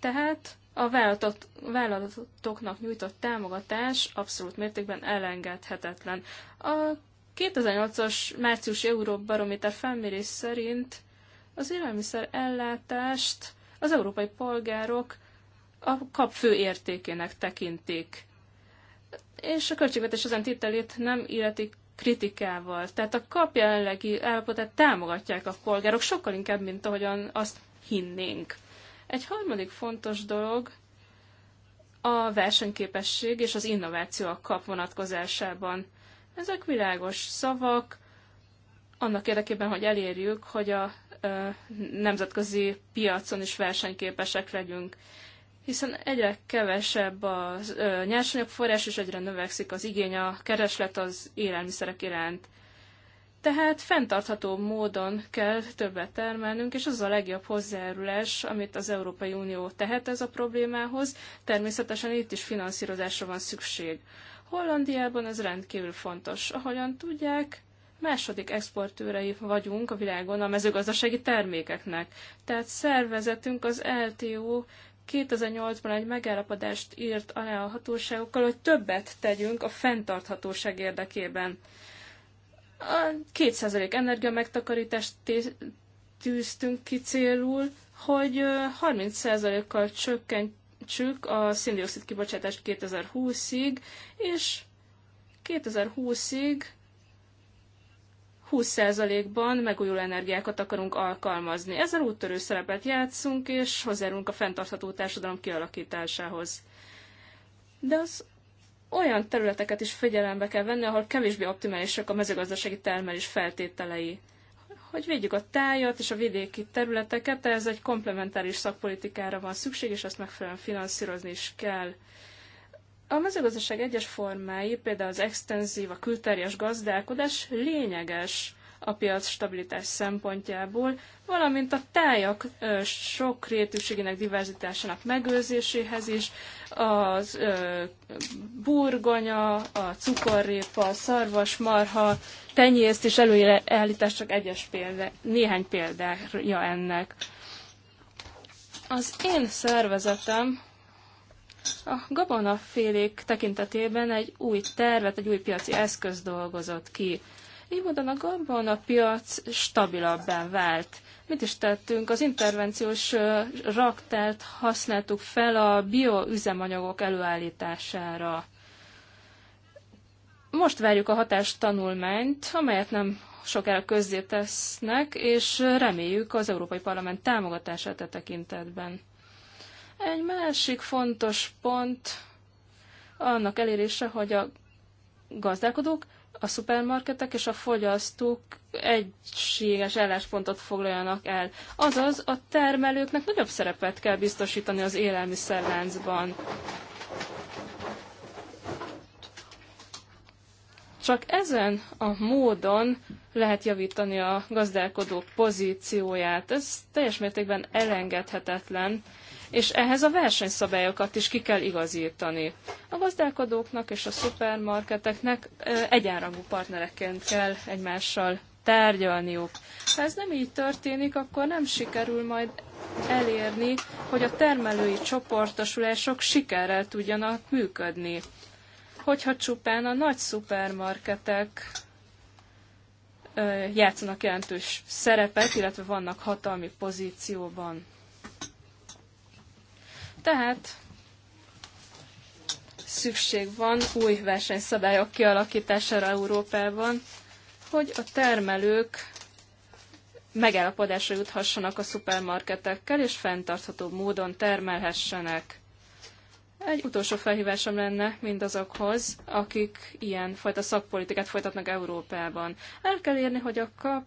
Tehát a vállalatok, vállalatoknak nyújtott támogatás abszolút mértékben elengedhetetlen. A 2008-as márciusi Euróbarométer felmérés szerint az élelmiszer ellátást az európai polgárok a kap fő értékének tekintik. És a költségvetés ezen tételét nem illeti kritikával. Tehát a kap jelenlegi állapotát támogatják a polgárok sokkal inkább, mint ahogyan azt hinnénk. Egy harmadik fontos dolog a versenyképesség és az innováció a kap vonatkozásában. Ezek világos szavak, annak érdekében, hogy elérjük, hogy a nemzetközi piacon is versenyképesek legyünk. Hiszen egyre kevesebb a nyersanyagforrás, és egyre növekszik az igény, a kereslet az élelmiszerek iránt. Tehát fenntartható módon kell többet termelnünk, és az a legjobb hozzájárulás, amit az Európai Unió tehet ez a problémához. Természetesen itt is finanszírozásra van szükség. Hollandiában ez rendkívül fontos. Ahogyan tudják, második exportőrei vagyunk a világon a mezőgazdasági termékeknek. Tehát szervezetünk az LTO 2008-ban egy megállapodást írt alá a hatóságokkal, hogy többet tegyünk a fenntarthatóság érdekében. A 2% energia megtakarítást tűztünk ki célul, hogy 30%-kal csökkent csük a szindioxid kibocsátást 2020-ig, és 2020-ig 20%-ban megújuló energiákat akarunk alkalmazni. Ezzel úttörő szerepet játszunk, és hozzájárulunk a fenntartható társadalom kialakításához. De az olyan területeket is figyelembe kell venni, ahol kevésbé optimálisak a mezőgazdasági termelés feltételei hogy védjük a tájat és a vidéki területeket, ez egy komplementáris szakpolitikára van szükség, és ezt megfelelően finanszírozni is kell. A mezőgazdaság egyes formái, például az extenzív, a külterjes gazdálkodás lényeges a piac stabilitás szempontjából, valamint a tájak sok rétűségének diverzitásának megőrzéséhez is, a burgonya, a cukorrépa, a szarvasmarha, tenyészt és előállítás csak egyes példa, néhány példája ennek. Az én szervezetem a gabonafélék tekintetében egy új tervet, egy új piaci eszköz dolgozott ki. Így módon a gabon a piac stabilabbá vált. Mit is tettünk? Az intervenciós raktárt használtuk fel a bioüzemanyagok előállítására. Most várjuk a hatástanulmányt, amelyet nem sokára közzé tesznek, és reméljük az Európai Parlament támogatását e tekintetben. Egy másik fontos pont annak elérése, hogy a gazdálkodók a szupermarketek és a fogyasztók egységes álláspontot foglaljanak el. Azaz a termelőknek nagyobb szerepet kell biztosítani az élelmiszerláncban. Csak ezen a módon lehet javítani a gazdálkodók pozícióját. Ez teljes mértékben elengedhetetlen, és ehhez a versenyszabályokat is ki kell igazítani. A gazdálkodóknak és a szupermarketeknek egyenrangú partnereként kell egymással tárgyalniuk. Ha ez nem így történik, akkor nem sikerül majd elérni, hogy a termelői csoportosulások sikerrel tudjanak működni. Hogyha csupán a nagy szupermarketek játszanak jelentős szerepet, illetve vannak hatalmi pozícióban. Tehát szükség van új versenyszabályok kialakítására Európában, hogy a termelők megállapodásra juthassanak a szupermarketekkel, és fenntartható módon termelhessenek. Egy utolsó felhívásom lenne mindazokhoz, akik ilyen fajta szakpolitikát folytatnak Európában. El kell érni, hogy a kap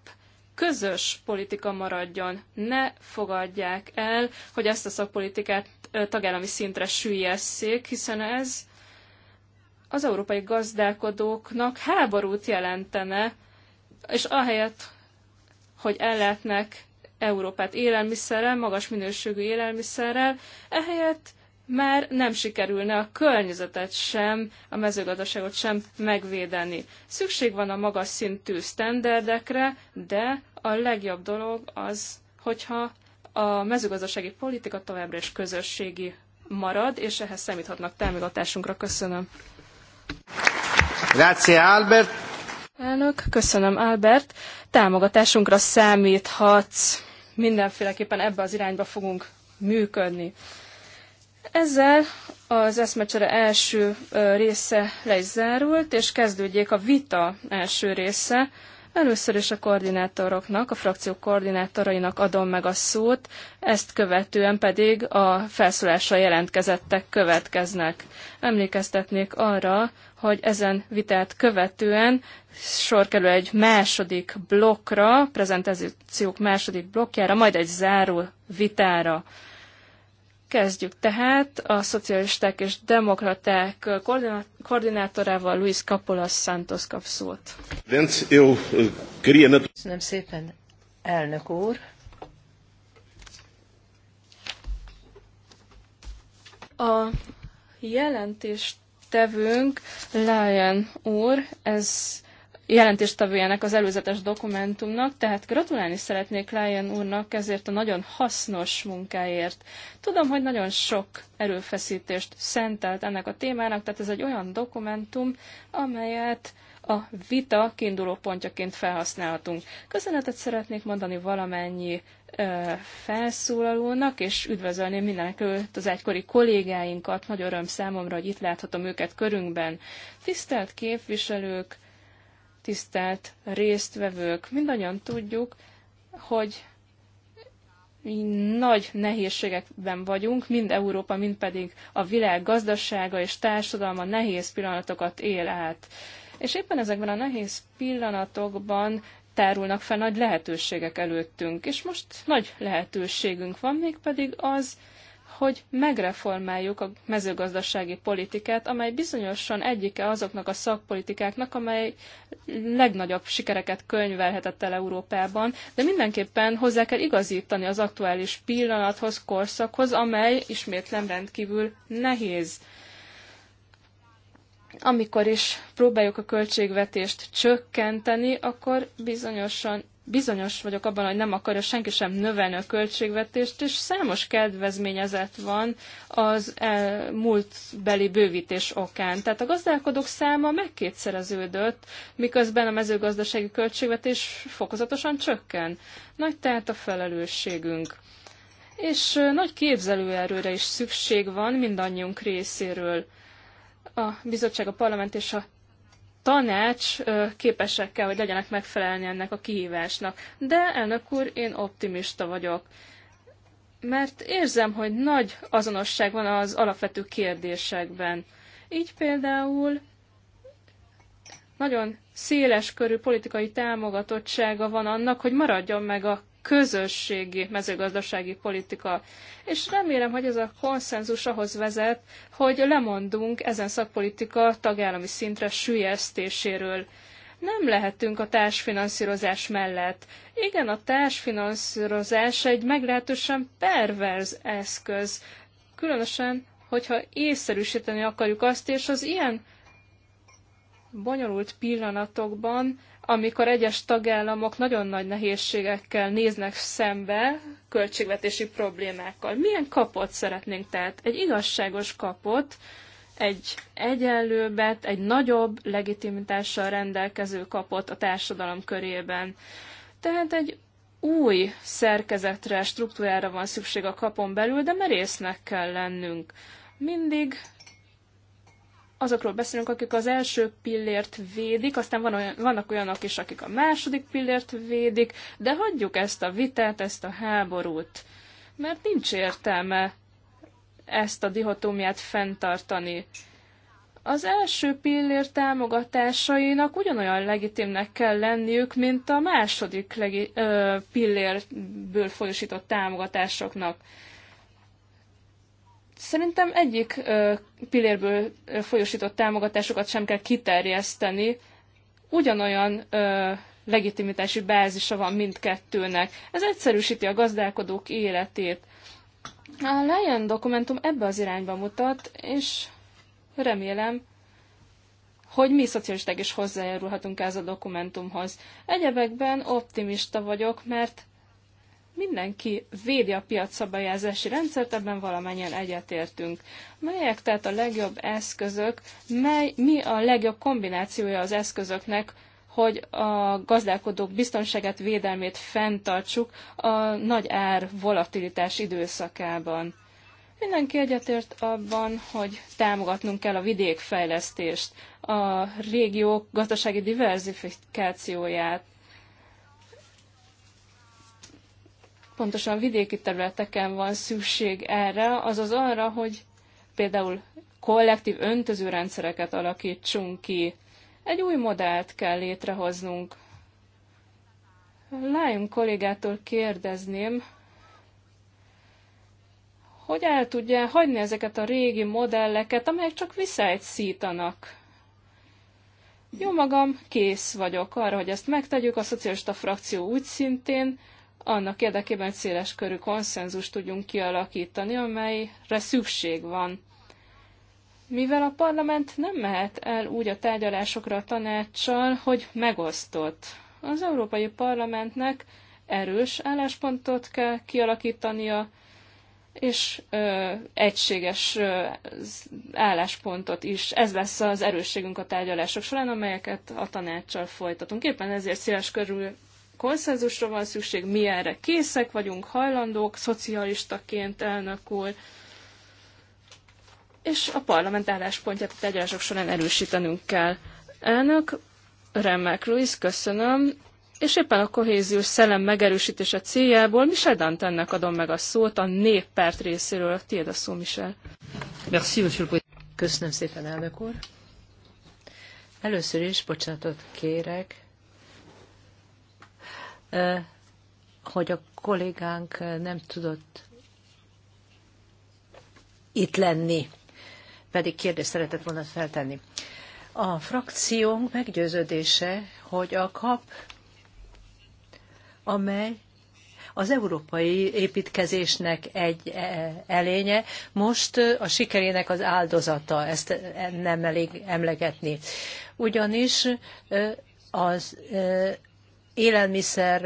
közös politika maradjon. Ne fogadják el, hogy ezt a szakpolitikát tagállami szintre süllyesszék, hiszen ez az európai gazdálkodóknak háborút jelentene, és ahelyett, hogy ellátnák Európát élelmiszerrel, magas minőségű élelmiszerrel, ehelyett már nem sikerülne a környezetet sem, a mezőgazdaságot sem megvédeni. Szükség van a magas szintű sztenderdekre, de a legjobb dolog az, hogyha a mezőgazdasági politika továbbra is közösségi marad, és ehhez számíthatnak támogatásunkra. Köszönöm. Grazie, Albert. Elnök, köszönöm, Albert. Támogatásunkra számíthatsz. Mindenféleképpen ebbe az irányba fogunk működni. Ezzel az eszmecsere első része le is zárult, és kezdődjék a vita első része. Először is a koordinátoroknak, a frakciók koordinátorainak adom meg a szót, ezt követően pedig a felszólásra jelentkezettek következnek. Emlékeztetnék arra, hogy ezen vitát követően sor kerül egy második blokkra, prezentációk második blokkjára, majd egy záró vitára. Kezdjük tehát a szocialisták és demokraták koordinátorával Luis Capolas Santos kap szót. Eh, Köszönöm szépen, elnök úr. A jelentés tevünk Lion úr, ez jelentéstevőjének az előzetes dokumentumnak, tehát gratulálni szeretnék Lion úrnak ezért a nagyon hasznos munkáért. Tudom, hogy nagyon sok erőfeszítést szentelt ennek a témának, tehát ez egy olyan dokumentum, amelyet a vita kiinduló pontjaként felhasználhatunk. Köszönetet szeretnék mondani valamennyi ö, felszólalónak, és üdvözölném mindenek előtt az egykori kollégáinkat. Nagy öröm számomra, hogy itt láthatom őket körünkben. Tisztelt képviselők, tisztelt résztvevők. Mindannyian tudjuk, hogy nagy nehézségekben vagyunk, mind Európa, mind pedig a világ gazdasága és társadalma nehéz pillanatokat él át. És éppen ezekben a nehéz pillanatokban tárulnak fel nagy lehetőségek előttünk, és most nagy lehetőségünk van, mégpedig az, hogy megreformáljuk a mezőgazdasági politikát, amely bizonyosan egyike azoknak a szakpolitikáknak, amely legnagyobb sikereket könyvelhetett el Európában, de mindenképpen hozzá kell igazítani az aktuális pillanathoz, korszakhoz, amely ismétlem rendkívül nehéz. Amikor is próbáljuk a költségvetést csökkenteni, akkor bizonyosan bizonyos vagyok abban, hogy nem akarja senki sem növelni a költségvetést, és számos kedvezményezett van az múltbeli bővítés okán. Tehát a gazdálkodók száma megkétszereződött, miközben a mezőgazdasági költségvetés fokozatosan csökken. Nagy tehát a felelősségünk. És nagy képzelőerőre is szükség van mindannyiunk részéről. A bizottság, a parlament és a tanács képesek kell, hogy legyenek megfelelni ennek a kihívásnak. De, elnök úr, én optimista vagyok. Mert érzem, hogy nagy azonosság van az alapvető kérdésekben. Így például nagyon széles körű politikai támogatottsága van annak, hogy maradjon meg a közösségi mezőgazdasági politika. És remélem, hogy ez a konszenzus ahhoz vezet, hogy lemondunk ezen szakpolitika tagállami szintre sülyeztéséről nem lehetünk a társfinanszírozás mellett. Igen, a társfinanszírozás egy meglehetősen perverz eszköz, különösen, hogyha észszerűsíteni akarjuk azt, és az ilyen bonyolult pillanatokban amikor egyes tagállamok nagyon nagy nehézségekkel néznek szembe költségvetési problémákkal. Milyen kapot szeretnénk? Tehát egy igazságos kapot, egy egyenlőbbet, egy nagyobb legitimitással rendelkező kapot a társadalom körében. Tehát egy új szerkezetre, struktúrára van szükség a kapon belül, de merésznek kell lennünk. Mindig azokról beszélünk, akik az első pillért védik, aztán van olyan, vannak olyanok is, akik a második pillért védik, de hagyjuk ezt a vitát, ezt a háborút, mert nincs értelme ezt a dihotómiát fenntartani. Az első pillér támogatásainak ugyanolyan legitimnek kell lenniük, mint a második legi- ö, pillérből folyosított támogatásoknak. Szerintem egyik pillérből folyosított támogatásokat sem kell kiterjeszteni, ugyanolyan legitimitási bázisa van mindkettőnek. Ez egyszerűsíti a gazdálkodók életét. A Lion dokumentum ebbe az irányba mutat, és remélem, hogy mi szocialisták is hozzájárulhatunk ez a dokumentumhoz. Egyebekben optimista vagyok, mert mindenki védi a piacszabályázási rendszert, ebben valamennyien egyetértünk. Melyek tehát a legjobb eszközök, mely, mi a legjobb kombinációja az eszközöknek, hogy a gazdálkodók biztonságát, védelmét fenntartsuk a nagy ár volatilitás időszakában. Mindenki egyetért abban, hogy támogatnunk kell a vidékfejlesztést, a régiók gazdasági diversifikációját. pontosan vidéki területeken van szükség erre, azaz arra, hogy például kollektív öntözőrendszereket alakítsunk ki. Egy új modellt kell létrehoznunk. Lájunk kollégától kérdezném, hogy el tudja hagyni ezeket a régi modelleket, amelyek csak visszaegyszítanak. Jó magam, kész vagyok arra, hogy ezt megtegyük, a szocialista frakció úgy szintén, annak érdekében széles körű konszenzust tudjunk kialakítani, amelyre szükség van. Mivel a parlament nem mehet el úgy a tárgyalásokra a tanácssal, hogy megosztott. Az Európai Parlamentnek erős álláspontot kell kialakítania, és ö, egységes ö, álláspontot is. Ez lesz az erősségünk a tárgyalások során, amelyeket a tanácssal folytatunk. Éppen ezért széles körül konszenzusra van szükség, mi erre készek vagyunk, hajlandók, szocialistaként, elnök úr, és a parlament álláspontját a tárgyalások során erősítenünk kell. Elnök, remek, Luis, köszönöm, és éppen a kohéziós szellem megerősítése céljából Michel Dantennek adom meg a szót a néppárt részéről. Tiéd a szó, Michel. Köszönöm szépen, elnök úr. Először is bocsánatot kérek hogy a kollégánk nem tudott itt lenni, pedig kérdést szeretett volna feltenni. A frakciónk meggyőződése, hogy a kap, amely az európai építkezésnek egy e, elénye, most a sikerének az áldozata, ezt e, nem elég emlegetni. Ugyanis az élelmiszer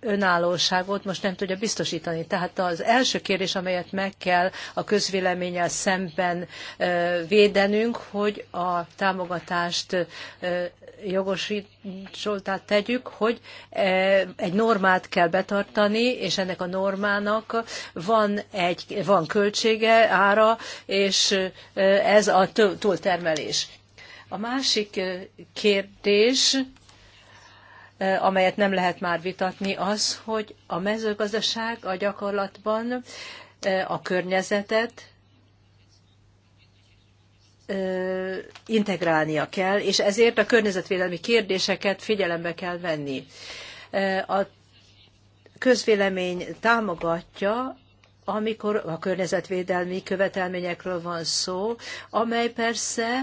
önállóságot most nem tudja biztosítani. Tehát az első kérdés, amelyet meg kell a közvéleménnyel szemben védenünk, hogy a támogatást jogosultát tegyük, hogy egy normát kell betartani, és ennek a normának van, egy, van költsége, ára, és ez a túltermelés. A másik kérdés, amelyet nem lehet már vitatni, az, hogy a mezőgazdaság a gyakorlatban a környezetet integrálnia kell, és ezért a környezetvédelmi kérdéseket figyelembe kell venni. A közvélemény támogatja amikor a környezetvédelmi követelményekről van szó, amely persze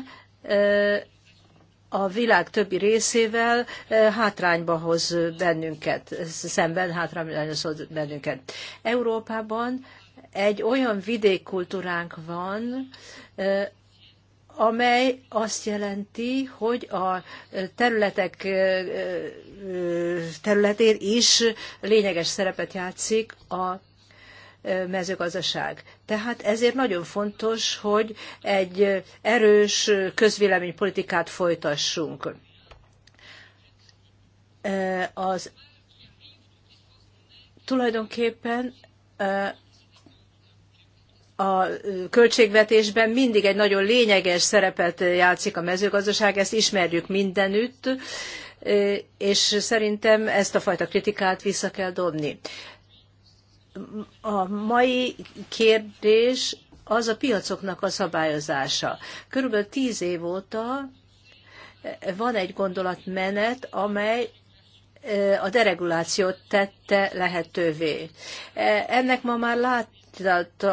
a világ többi részével e, hátrányba hoz bennünket, szemben hátrányba hoz bennünket. Európában egy olyan vidékkultúránk van, e, amely azt jelenti, hogy a területek e, területén is lényeges szerepet játszik a mezőgazdaság. Tehát ezért nagyon fontos, hogy egy erős közvéleménypolitikát folytassunk. Az tulajdonképpen a költségvetésben mindig egy nagyon lényeges szerepet játszik a mezőgazdaság, ezt ismerjük mindenütt, és szerintem ezt a fajta kritikát vissza kell dobni a mai kérdés az a piacoknak a szabályozása. Körülbelül tíz év óta van egy gondolatmenet, amely e, a deregulációt tette lehetővé. E, ennek ma már lát,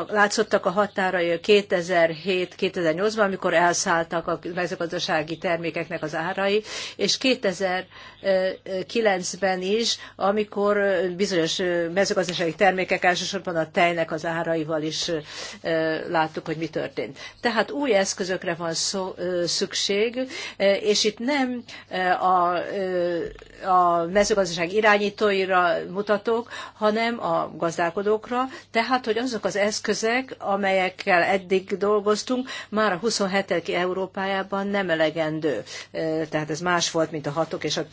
látszottak a határai 2007-2008-ban, amikor elszálltak a mezőgazdasági termékeknek az árai, és 2000 2009-ben is, amikor bizonyos mezőgazdasági termékek, elsősorban a tejnek az áraival is láttuk, hogy mi történt. Tehát új eszközökre van szó, szükség, és itt nem a, a mezőgazdaság irányítóira mutatok, hanem a gazdálkodókra, tehát hogy azok az eszközek, amelyekkel eddig dolgoztunk, már a 27. Európájában nem elegendő. Tehát ez más volt, mint a hatok és a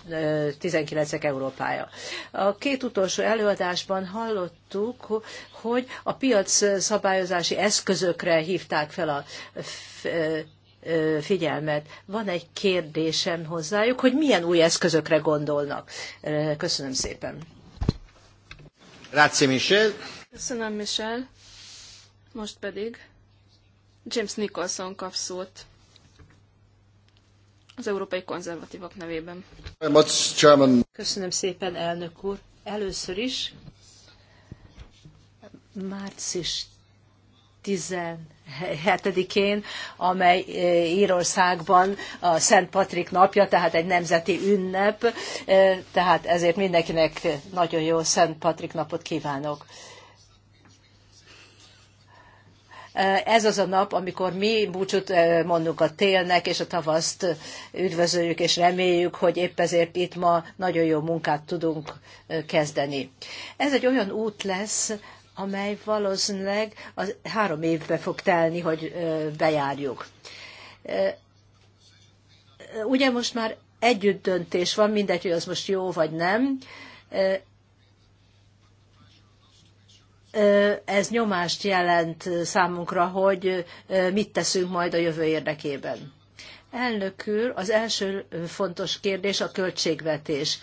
19 Európája. A két utolsó előadásban hallottuk, hogy a piac szabályozási eszközökre hívták fel a figyelmet. Van egy kérdésem hozzájuk, hogy milyen új eszközökre gondolnak. Köszönöm szépen. Grazie, Michel. Köszönöm, Michel. Most pedig James Nicholson kap szót az európai konzervatívok nevében. Köszönöm szépen, elnök úr. Először is március 17-én, amely eh, Írországban a Szent Patrik napja, tehát egy nemzeti ünnep, eh, tehát ezért mindenkinek nagyon jó Szent Patrik napot kívánok. Ez az a nap, amikor mi búcsút eh, mondunk a télnek, és a tavaszt üdvözöljük, és reméljük, hogy épp ezért itt ma nagyon jó munkát tudunk eh, kezdeni. Ez egy olyan út lesz, amely valószínűleg az három évbe fog telni, hogy eh, bejárjuk. Ugye most már együtt döntés van, mindegy, hogy az most jó vagy nem, ez nyomást jelent számunkra, hogy mit teszünk majd a jövő érdekében. Elnök úr, az első fontos kérdés a költségvetés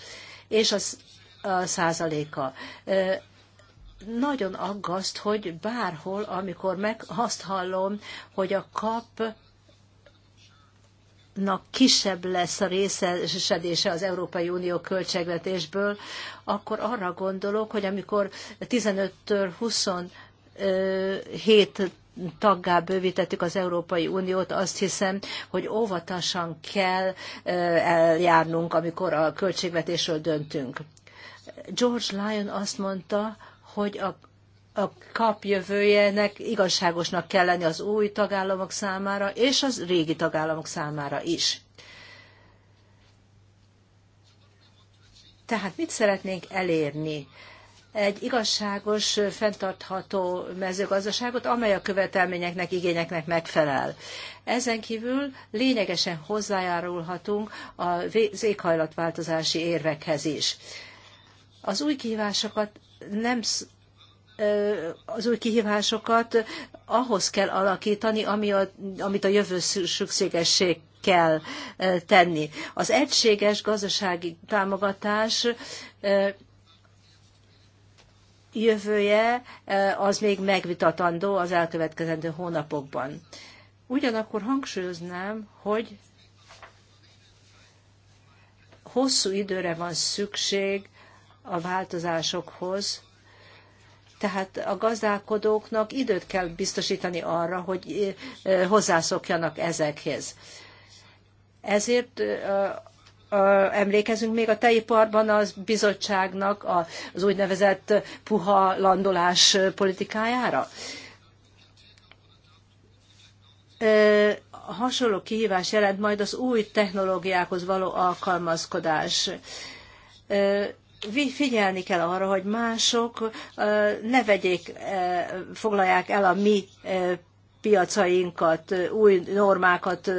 és az a százaléka. Nagyon aggaszt, hogy bárhol, amikor meg azt hallom, hogy a kap nak kisebb lesz a részesedése az Európai Unió költségvetésből, akkor arra gondolok, hogy amikor 15-től 27 taggá bővítettük az Európai Uniót, azt hiszem, hogy óvatosan kell eljárnunk, amikor a költségvetésről döntünk. George Lyon azt mondta, hogy a a kap jövőjének igazságosnak kell lenni az új tagállamok számára, és az régi tagállamok számára is. Tehát mit szeretnénk elérni? Egy igazságos, fenntartható mezőgazdaságot, amely a követelményeknek, igényeknek megfelel. Ezen kívül lényegesen hozzájárulhatunk az éghajlatváltozási érvekhez is. Az új kihívásokat nem az új kihívásokat ahhoz kell alakítani, ami a, amit a jövő szükségesség kell tenni. Az egységes gazdasági támogatás jövője az még megvitatandó az elkövetkezendő hónapokban. Ugyanakkor hangsúlyoznám, hogy hosszú időre van szükség a változásokhoz, tehát a gazdálkodóknak időt kell biztosítani arra, hogy eh, eh, hozzászokjanak ezekhez. Ezért eh, emlékezünk még a tejiparban az bizottságnak az úgynevezett puha landolás politikájára. Hasonló kihívás jelent majd az új technológiákhoz való alkalmazkodás figyelni kell arra, hogy mások ne vegyék, foglalják el a mi piacainkat, új normákat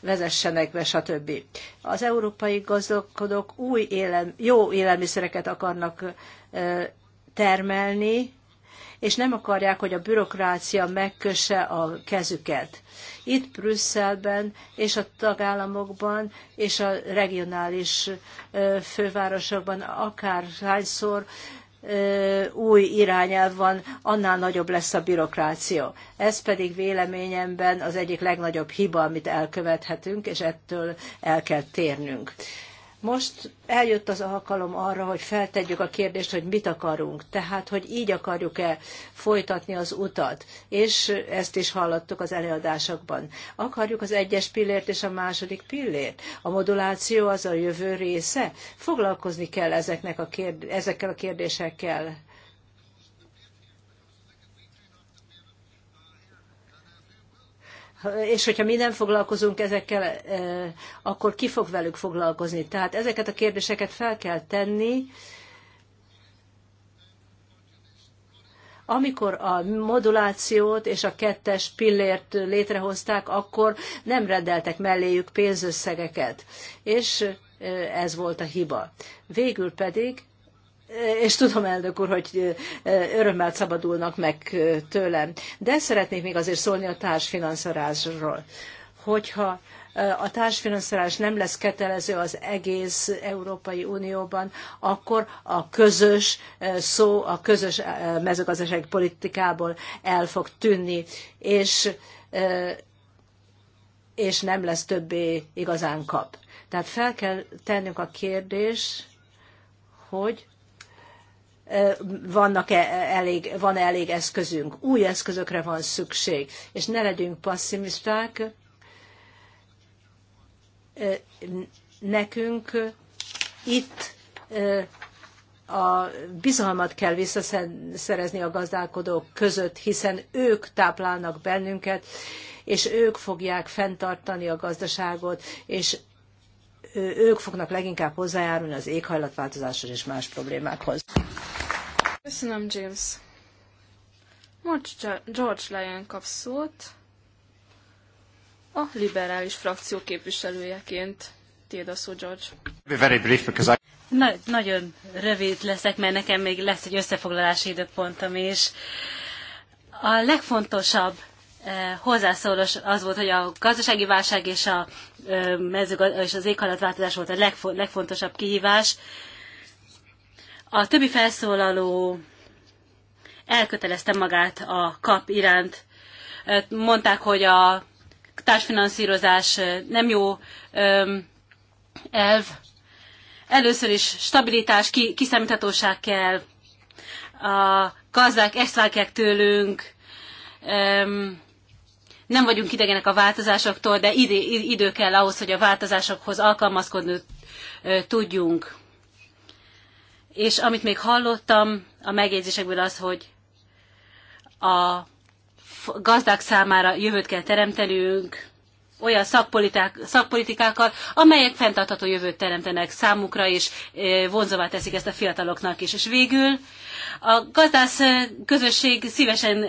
vezessenek be, stb. Az európai gazdálkodók új élem, jó élelmiszereket akarnak termelni, és nem akarják, hogy a bürokrácia megkösse a kezüket itt Brüsszelben és a tagállamokban és a regionális fővárosokban akár hányszor új irányelv van, annál nagyobb lesz a bürokrácia. Ez pedig véleményemben az egyik legnagyobb hiba, amit elkövethetünk, és ettől el kell térnünk. Most eljött az alkalom arra, hogy feltegyük a kérdést, hogy mit akarunk, tehát hogy így akarjuk-e folytatni az utat, és ezt is hallottuk az előadásokban. Akarjuk az egyes pillért és a második pillért? A moduláció az a jövő része? Foglalkozni kell ezeknek a kérd- ezekkel a kérdésekkel és hogyha mi nem foglalkozunk ezekkel, e, akkor ki fog velük foglalkozni? Tehát ezeket a kérdéseket fel kell tenni, amikor a modulációt és a kettes pillért létrehozták, akkor nem rendeltek melléjük pénzösszegeket. És e, ez volt a hiba. Végül pedig és tudom, elnök úr, hogy örömmel szabadulnak meg tőlem. De szeretnék még azért szólni a társfinanszírozásról. Hogyha a társfinanszírozás nem lesz kötelező az egész Európai Unióban, akkor a közös szó, a közös mezőgazdasági politikából el fog tűnni, és, és nem lesz többé igazán kap. Tehát fel kell tennünk a kérdés, hogy vannak-e elég, van -e elég eszközünk. Új eszközökre van szükség, és ne legyünk passzimisták. Nekünk itt a bizalmat kell visszaszerezni a gazdálkodók között, hiszen ők táplálnak bennünket, és ők fogják fenntartani a gazdaságot, és ők fognak leginkább hozzájárulni az éghajlatváltozáshoz és más problémákhoz. Köszönöm, James. Most George Lyon kap szót a liberális frakció képviselőjeként. Tiéd a szó, George. Very brief, because I... Na, nagyon rövid leszek, mert nekem még lesz egy összefoglalási időpontom is. A legfontosabb eh, hozzászólás az volt, hogy a gazdasági válság és, a, eh, mezőgaz- és az éghajlatváltozás volt a legfo- legfontosabb kihívás. Eh, a többi felszólaló elkötelezte magát a kap iránt. Mondták, hogy a társfinanszírozás nem jó elv. Először is stabilitás, kiszámíthatóság kell. A gazdák ezt várják tőlünk. Nem vagyunk idegenek a változásoktól, de idő kell ahhoz, hogy a változásokhoz alkalmazkodni tudjunk és amit még hallottam a megjegyzésekből az, hogy a gazdák számára jövőt kell teremtenünk, olyan szakpolitikákkal, amelyek fenntartható jövőt teremtenek számukra, és vonzóvá teszik ezt a fiataloknak is. És végül a gazdász közösség szívesen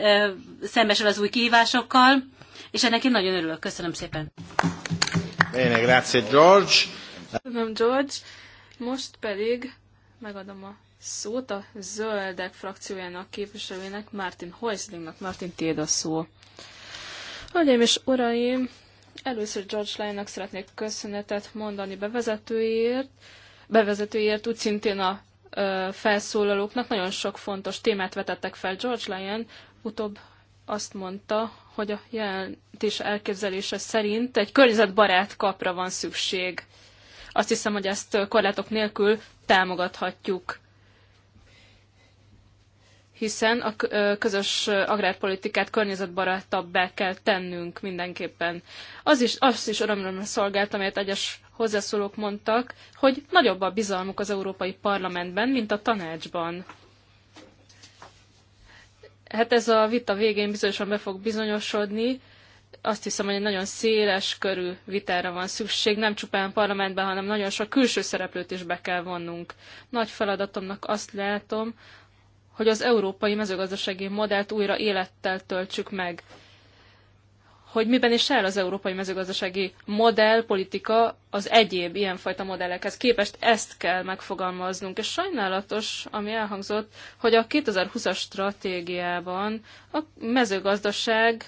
szembesül az új kihívásokkal, és ennek én nagyon örülök. Köszönöm szépen. Bene, grazie George. Köszönöm George. Most pedig megadom a szót a zöldek frakciójának képviselőjének, Martin Hoislingnak. Martin, tiéd a szó. Hölgyeim és uraim, először George Lyonnak nak szeretnék köszönetet mondani bevezetőért, bevezetőért úgy szintén a ö, felszólalóknak nagyon sok fontos témát vetettek fel George Lyon, utóbb azt mondta, hogy a jelentés elképzelése szerint egy környezetbarát kapra van szükség. Azt hiszem, hogy ezt korlátok nélkül támogathatjuk hiszen a közös agrárpolitikát környezetbarátabbá kell tennünk mindenképpen. Az is, azt is örömömre szolgált, amelyet egyes hozzászólók mondtak, hogy nagyobb a bizalmuk az Európai Parlamentben, mint a tanácsban. Hát ez a vita végén bizonyosan be fog bizonyosodni, azt hiszem, hogy egy nagyon széles körű vitára van szükség, nem csupán parlamentben, hanem nagyon sok külső szereplőt is be kell vonnunk. Nagy feladatomnak azt látom, hogy az európai mezőgazdasági modellt újra élettel töltsük meg. Hogy miben is áll az európai mezőgazdasági modell, politika az egyéb ilyenfajta modellekhez képest, ezt kell megfogalmaznunk. És sajnálatos, ami elhangzott, hogy a 2020-as stratégiában a mezőgazdaság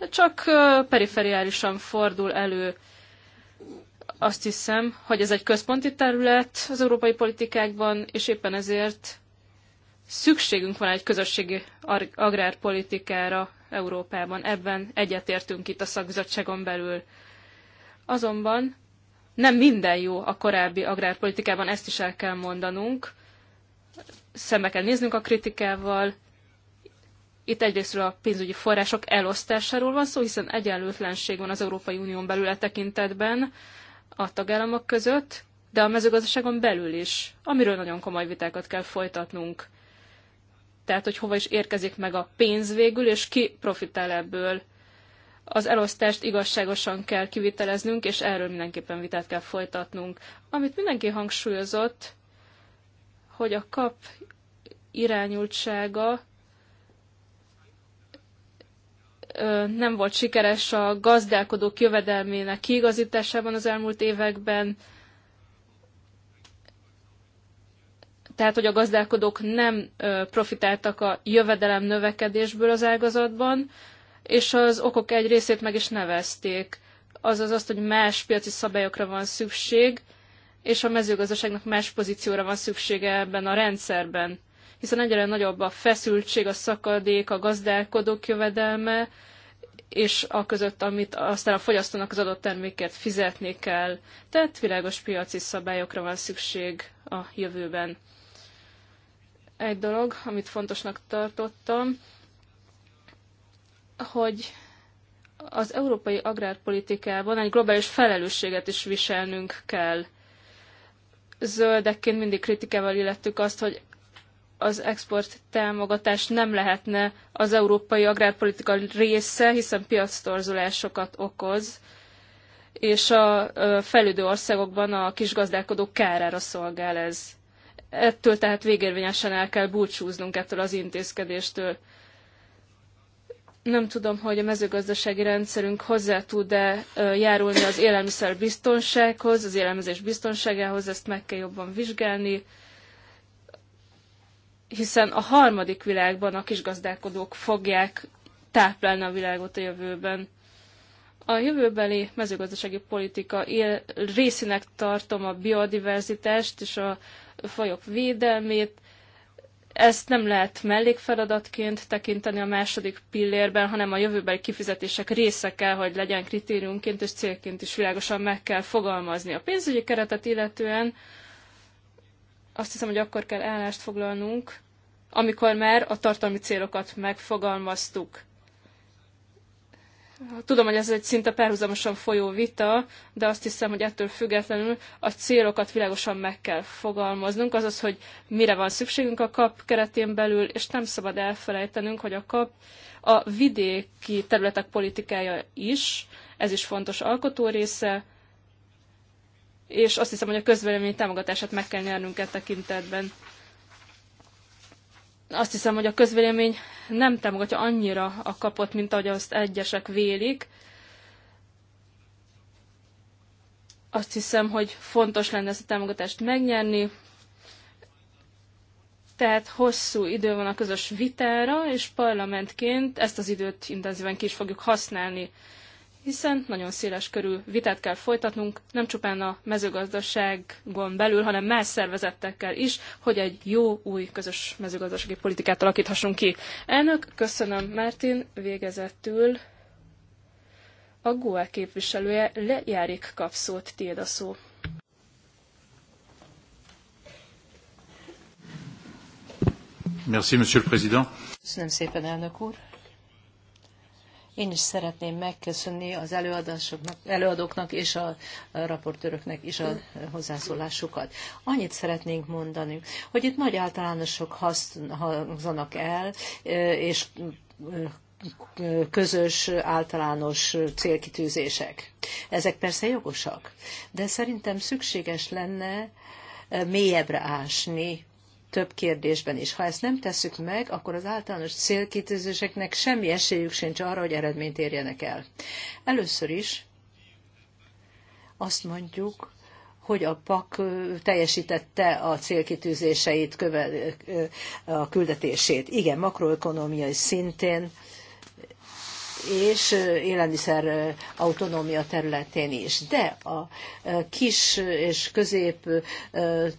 csak perifériálisan fordul elő. Azt hiszem, hogy ez egy központi terület az európai politikákban, és éppen ezért szükségünk van egy közösségi agrárpolitikára Európában. Ebben egyetértünk itt a szakbizottságon belül. Azonban nem minden jó a korábbi agrárpolitikában, ezt is el kell mondanunk. Szembe kell néznünk a kritikával, itt egyrésztről a pénzügyi források elosztásáról van szó, hiszen egyenlőtlenség van az Európai Unión belül a e tekintetben a tagállamok között, de a mezőgazdaságon belül is, amiről nagyon komoly vitákat kell folytatnunk. Tehát, hogy hova is érkezik meg a pénz végül, és ki profitál ebből. Az elosztást igazságosan kell kiviteleznünk, és erről mindenképpen vitát kell folytatnunk. Amit mindenki hangsúlyozott, hogy a kap irányultsága nem volt sikeres a gazdálkodók jövedelmének kiigazításában az elmúlt években, tehát hogy a gazdálkodók nem profitáltak a jövedelem növekedésből az ágazatban, és az okok egy részét meg is nevezték. Azaz azt, hogy más piaci szabályokra van szükség, és a mezőgazdaságnak más pozícióra van szüksége ebben a rendszerben hiszen egyre nagyobb a feszültség, a szakadék, a gazdálkodók jövedelme, és a között, amit aztán a fogyasztónak az adott terméket fizetni kell. Tehát világos piaci szabályokra van szükség a jövőben. Egy dolog, amit fontosnak tartottam, hogy az európai agrárpolitikában egy globális felelősséget is viselnünk kell. Zöldekként mindig kritikával illettük azt, hogy az export támogatás nem lehetne az európai agrárpolitika része, hiszen piactorzulásokat okoz, és a fejlődő országokban a kisgazdálkodók kárára szolgál ez. Ettől tehát végérvényesen el kell búcsúznunk ettől az intézkedéstől. Nem tudom, hogy a mezőgazdasági rendszerünk hozzá tud-e járulni az élelmiszer biztonsághoz, az élelmezés biztonságához, ezt meg kell jobban vizsgálni hiszen a harmadik világban a kisgazdálkodók fogják táplálni a világot a jövőben. A jövőbeli mezőgazdasági politika él, részének tartom a biodiverzitást és a fajok védelmét. Ezt nem lehet mellékfeladatként tekinteni a második pillérben, hanem a jövőbeli kifizetések része kell, hogy legyen kritériumként és célként is világosan meg kell fogalmazni. A pénzügyi keretet illetően azt hiszem, hogy akkor kell állást foglalnunk, amikor már a tartalmi célokat megfogalmaztuk. Tudom, hogy ez egy szinte párhuzamosan folyó vita, de azt hiszem, hogy ettől függetlenül a célokat világosan meg kell fogalmaznunk, azaz, hogy mire van szükségünk a kap keretén belül, és nem szabad elfelejtenünk, hogy a kap a vidéki területek politikája is, ez is fontos alkotó része, és azt hiszem, hogy a közvélemény támogatását meg kell nyernünk e tekintetben azt hiszem, hogy a közvélemény nem támogatja annyira a kapot, mint ahogy azt egyesek vélik. Azt hiszem, hogy fontos lenne ezt a támogatást megnyerni. Tehát hosszú idő van a közös vitára, és parlamentként ezt az időt intenzíven ki is fogjuk használni hiszen nagyon széles körű vitát kell folytatnunk, nem csupán a mezőgazdaságon belül, hanem más szervezetekkel is, hogy egy jó új közös mezőgazdasági politikát alakíthassunk ki. Elnök, köszönöm Mártin, végezetül a GUE képviselője lejárik kapszót, tiéd a szó. Merci, Monsieur le Président. Köszönöm szépen, elnök úr. Én is szeretném megköszönni az előadásoknak, előadóknak és a raportőröknek is a hozzászólásukat. Annyit szeretnénk mondani, hogy itt nagy általánosok hangzanak el, és közös általános célkitűzések. Ezek persze jogosak, de szerintem szükséges lenne mélyebbre ásni több kérdésben is. Ha ezt nem tesszük meg, akkor az általános célkitűzéseknek semmi esélyük sincs arra, hogy eredményt érjenek el. Először is azt mondjuk, hogy a PAK teljesítette a célkitűzéseit, köve, a küldetését. Igen, makroökonomiai szintén és élelmiszer autonómia területén is. De a kis és közép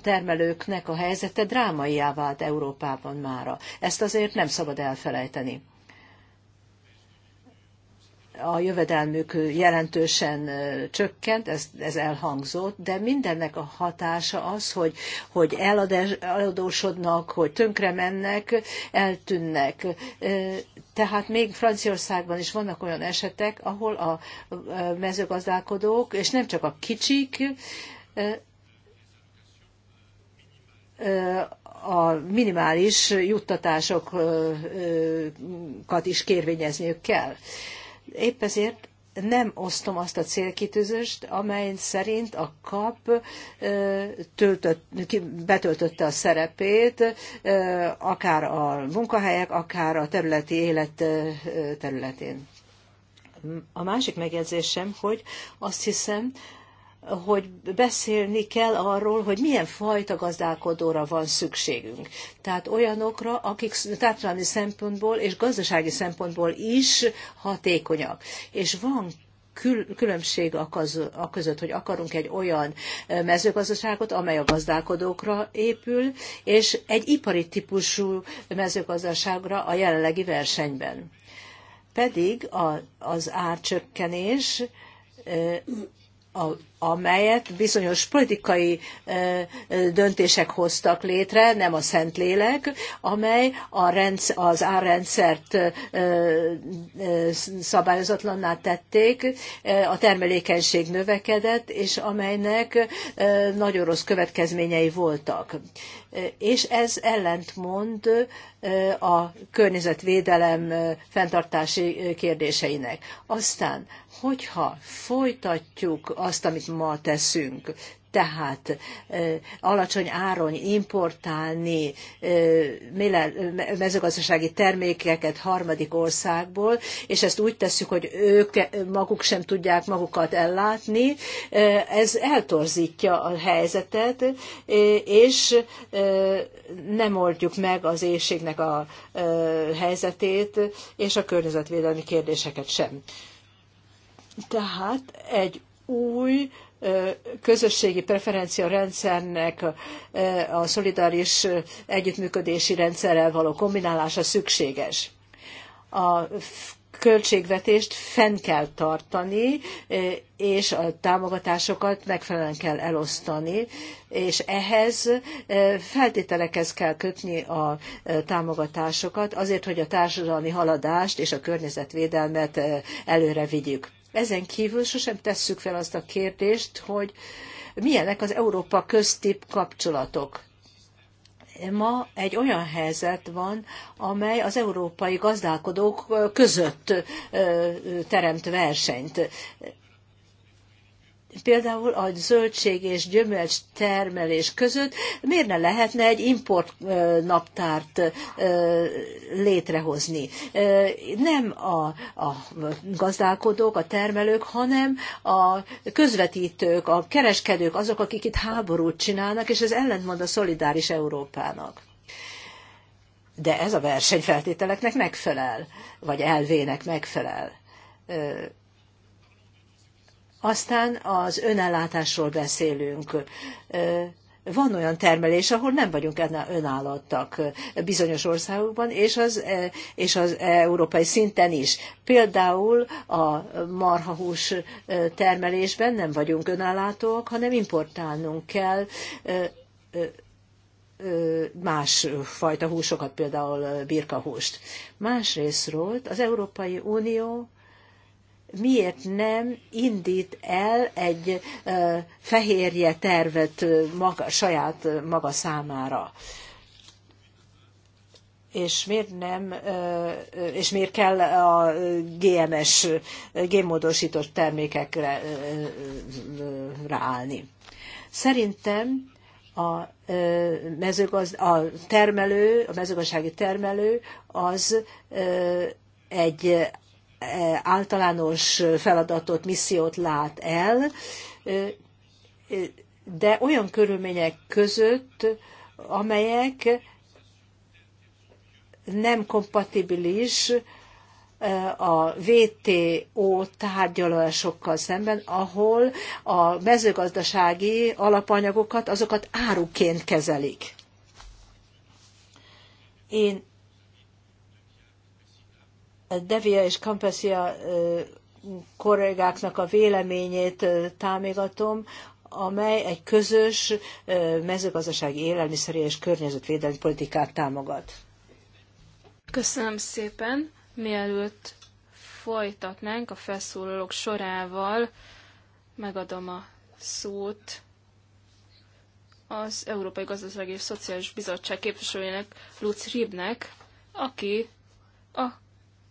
termelőknek a helyzete drámaiá vált Európában mára. Ezt azért nem szabad elfelejteni a jövedelmük jelentősen csökkent, ez, ez elhangzott, de mindennek a hatása az, hogy, hogy eladósodnak, hogy tönkre mennek, eltűnnek. Tehát még Franciaországban is vannak olyan esetek, ahol a mezőgazdálkodók, és nem csak a kicsik, a minimális juttatásokat is kérvényezniük kell. Épp ezért nem osztom azt a célkitűzést, amely szerint a kap töltött, betöltötte a szerepét, akár a munkahelyek, akár a területi élet területén. A másik megjegyzésem, hogy azt hiszem, hogy beszélni kell arról, hogy milyen fajta gazdálkodóra van szükségünk. Tehát olyanokra, akik társadalmi szempontból és gazdasági szempontból is hatékonyak. És van különbség a között, hogy akarunk egy olyan mezőgazdaságot, amely a gazdálkodókra épül, és egy ipari típusú mezőgazdaságra a jelenlegi versenyben. Pedig az árcsökkenés a amelyet bizonyos politikai döntések hoztak létre, nem a Szentlélek, amely a rendsz, az árrendszert szabályozatlanná tették, a termelékenység növekedett, és amelynek nagyon rossz következményei voltak. És ez ellentmond a környezetvédelem fenntartási kérdéseinek. Aztán, hogyha folytatjuk azt, amit ma teszünk. Tehát alacsony áron importálni mezőgazdasági termékeket harmadik országból, és ezt úgy tesszük, hogy ők maguk sem tudják magukat ellátni, ez eltorzítja a helyzetet, és nem oldjuk meg az éjségnek a helyzetét, és a környezetvédelmi kérdéseket sem. Tehát egy új közösségi preferencia rendszernek a szolidáris együttműködési rendszerrel való kombinálása szükséges. A költségvetést fenn kell tartani, és a támogatásokat megfelelően kell elosztani, és ehhez feltételekhez kell kötni a támogatásokat azért, hogy a társadalmi haladást és a környezetvédelmet előre vigyük ezen kívül sosem tesszük fel azt a kérdést, hogy milyenek az Európa közti kapcsolatok. Ma egy olyan helyzet van, amely az európai gazdálkodók között teremt versenyt például a zöldség és gyümölcs termelés között miért ne lehetne egy import naptárt létrehozni? Nem a, a gazdálkodók, a termelők, hanem a közvetítők, a kereskedők, azok, akik itt háborút csinálnak, és ez ellentmond a szolidáris Európának. De ez a versenyfeltételeknek megfelel, vagy elvének megfelel aztán az önellátásról beszélünk. Van olyan termelés, ahol nem vagyunk önállattak bizonyos országokban, és az, e, és az európai szinten is. Például a marhahús termelésben nem vagyunk önállátóak, hanem importálnunk kell más fajta húsokat, például birkahúst. Másrésztről az Európai Unió miért nem indít el egy fehérje tervet maga, saját maga számára? És miért nem, és miért kell a GMS, gémmódosított termékekre ráállni? Szerintem a, mezőgazd, a termelő, a mezőgazdasági termelő az egy általános feladatot, missziót lát el, de olyan körülmények között, amelyek nem kompatibilis eh, a VTO tárgyalásokkal szemben, ahol a mezőgazdasági alapanyagokat, azokat áruként kezelik. Én Devia és Campesia kollégáknak a véleményét támogatom, amely egy közös mezőgazdasági élelmiszeri és környezetvédelmi politikát támogat. Köszönöm szépen. Mielőtt folytatnánk a felszólalók sorával, megadom a szót az Európai Gazdasági és Szociális Bizottság képviselőjének, Lutz Ribnek, aki a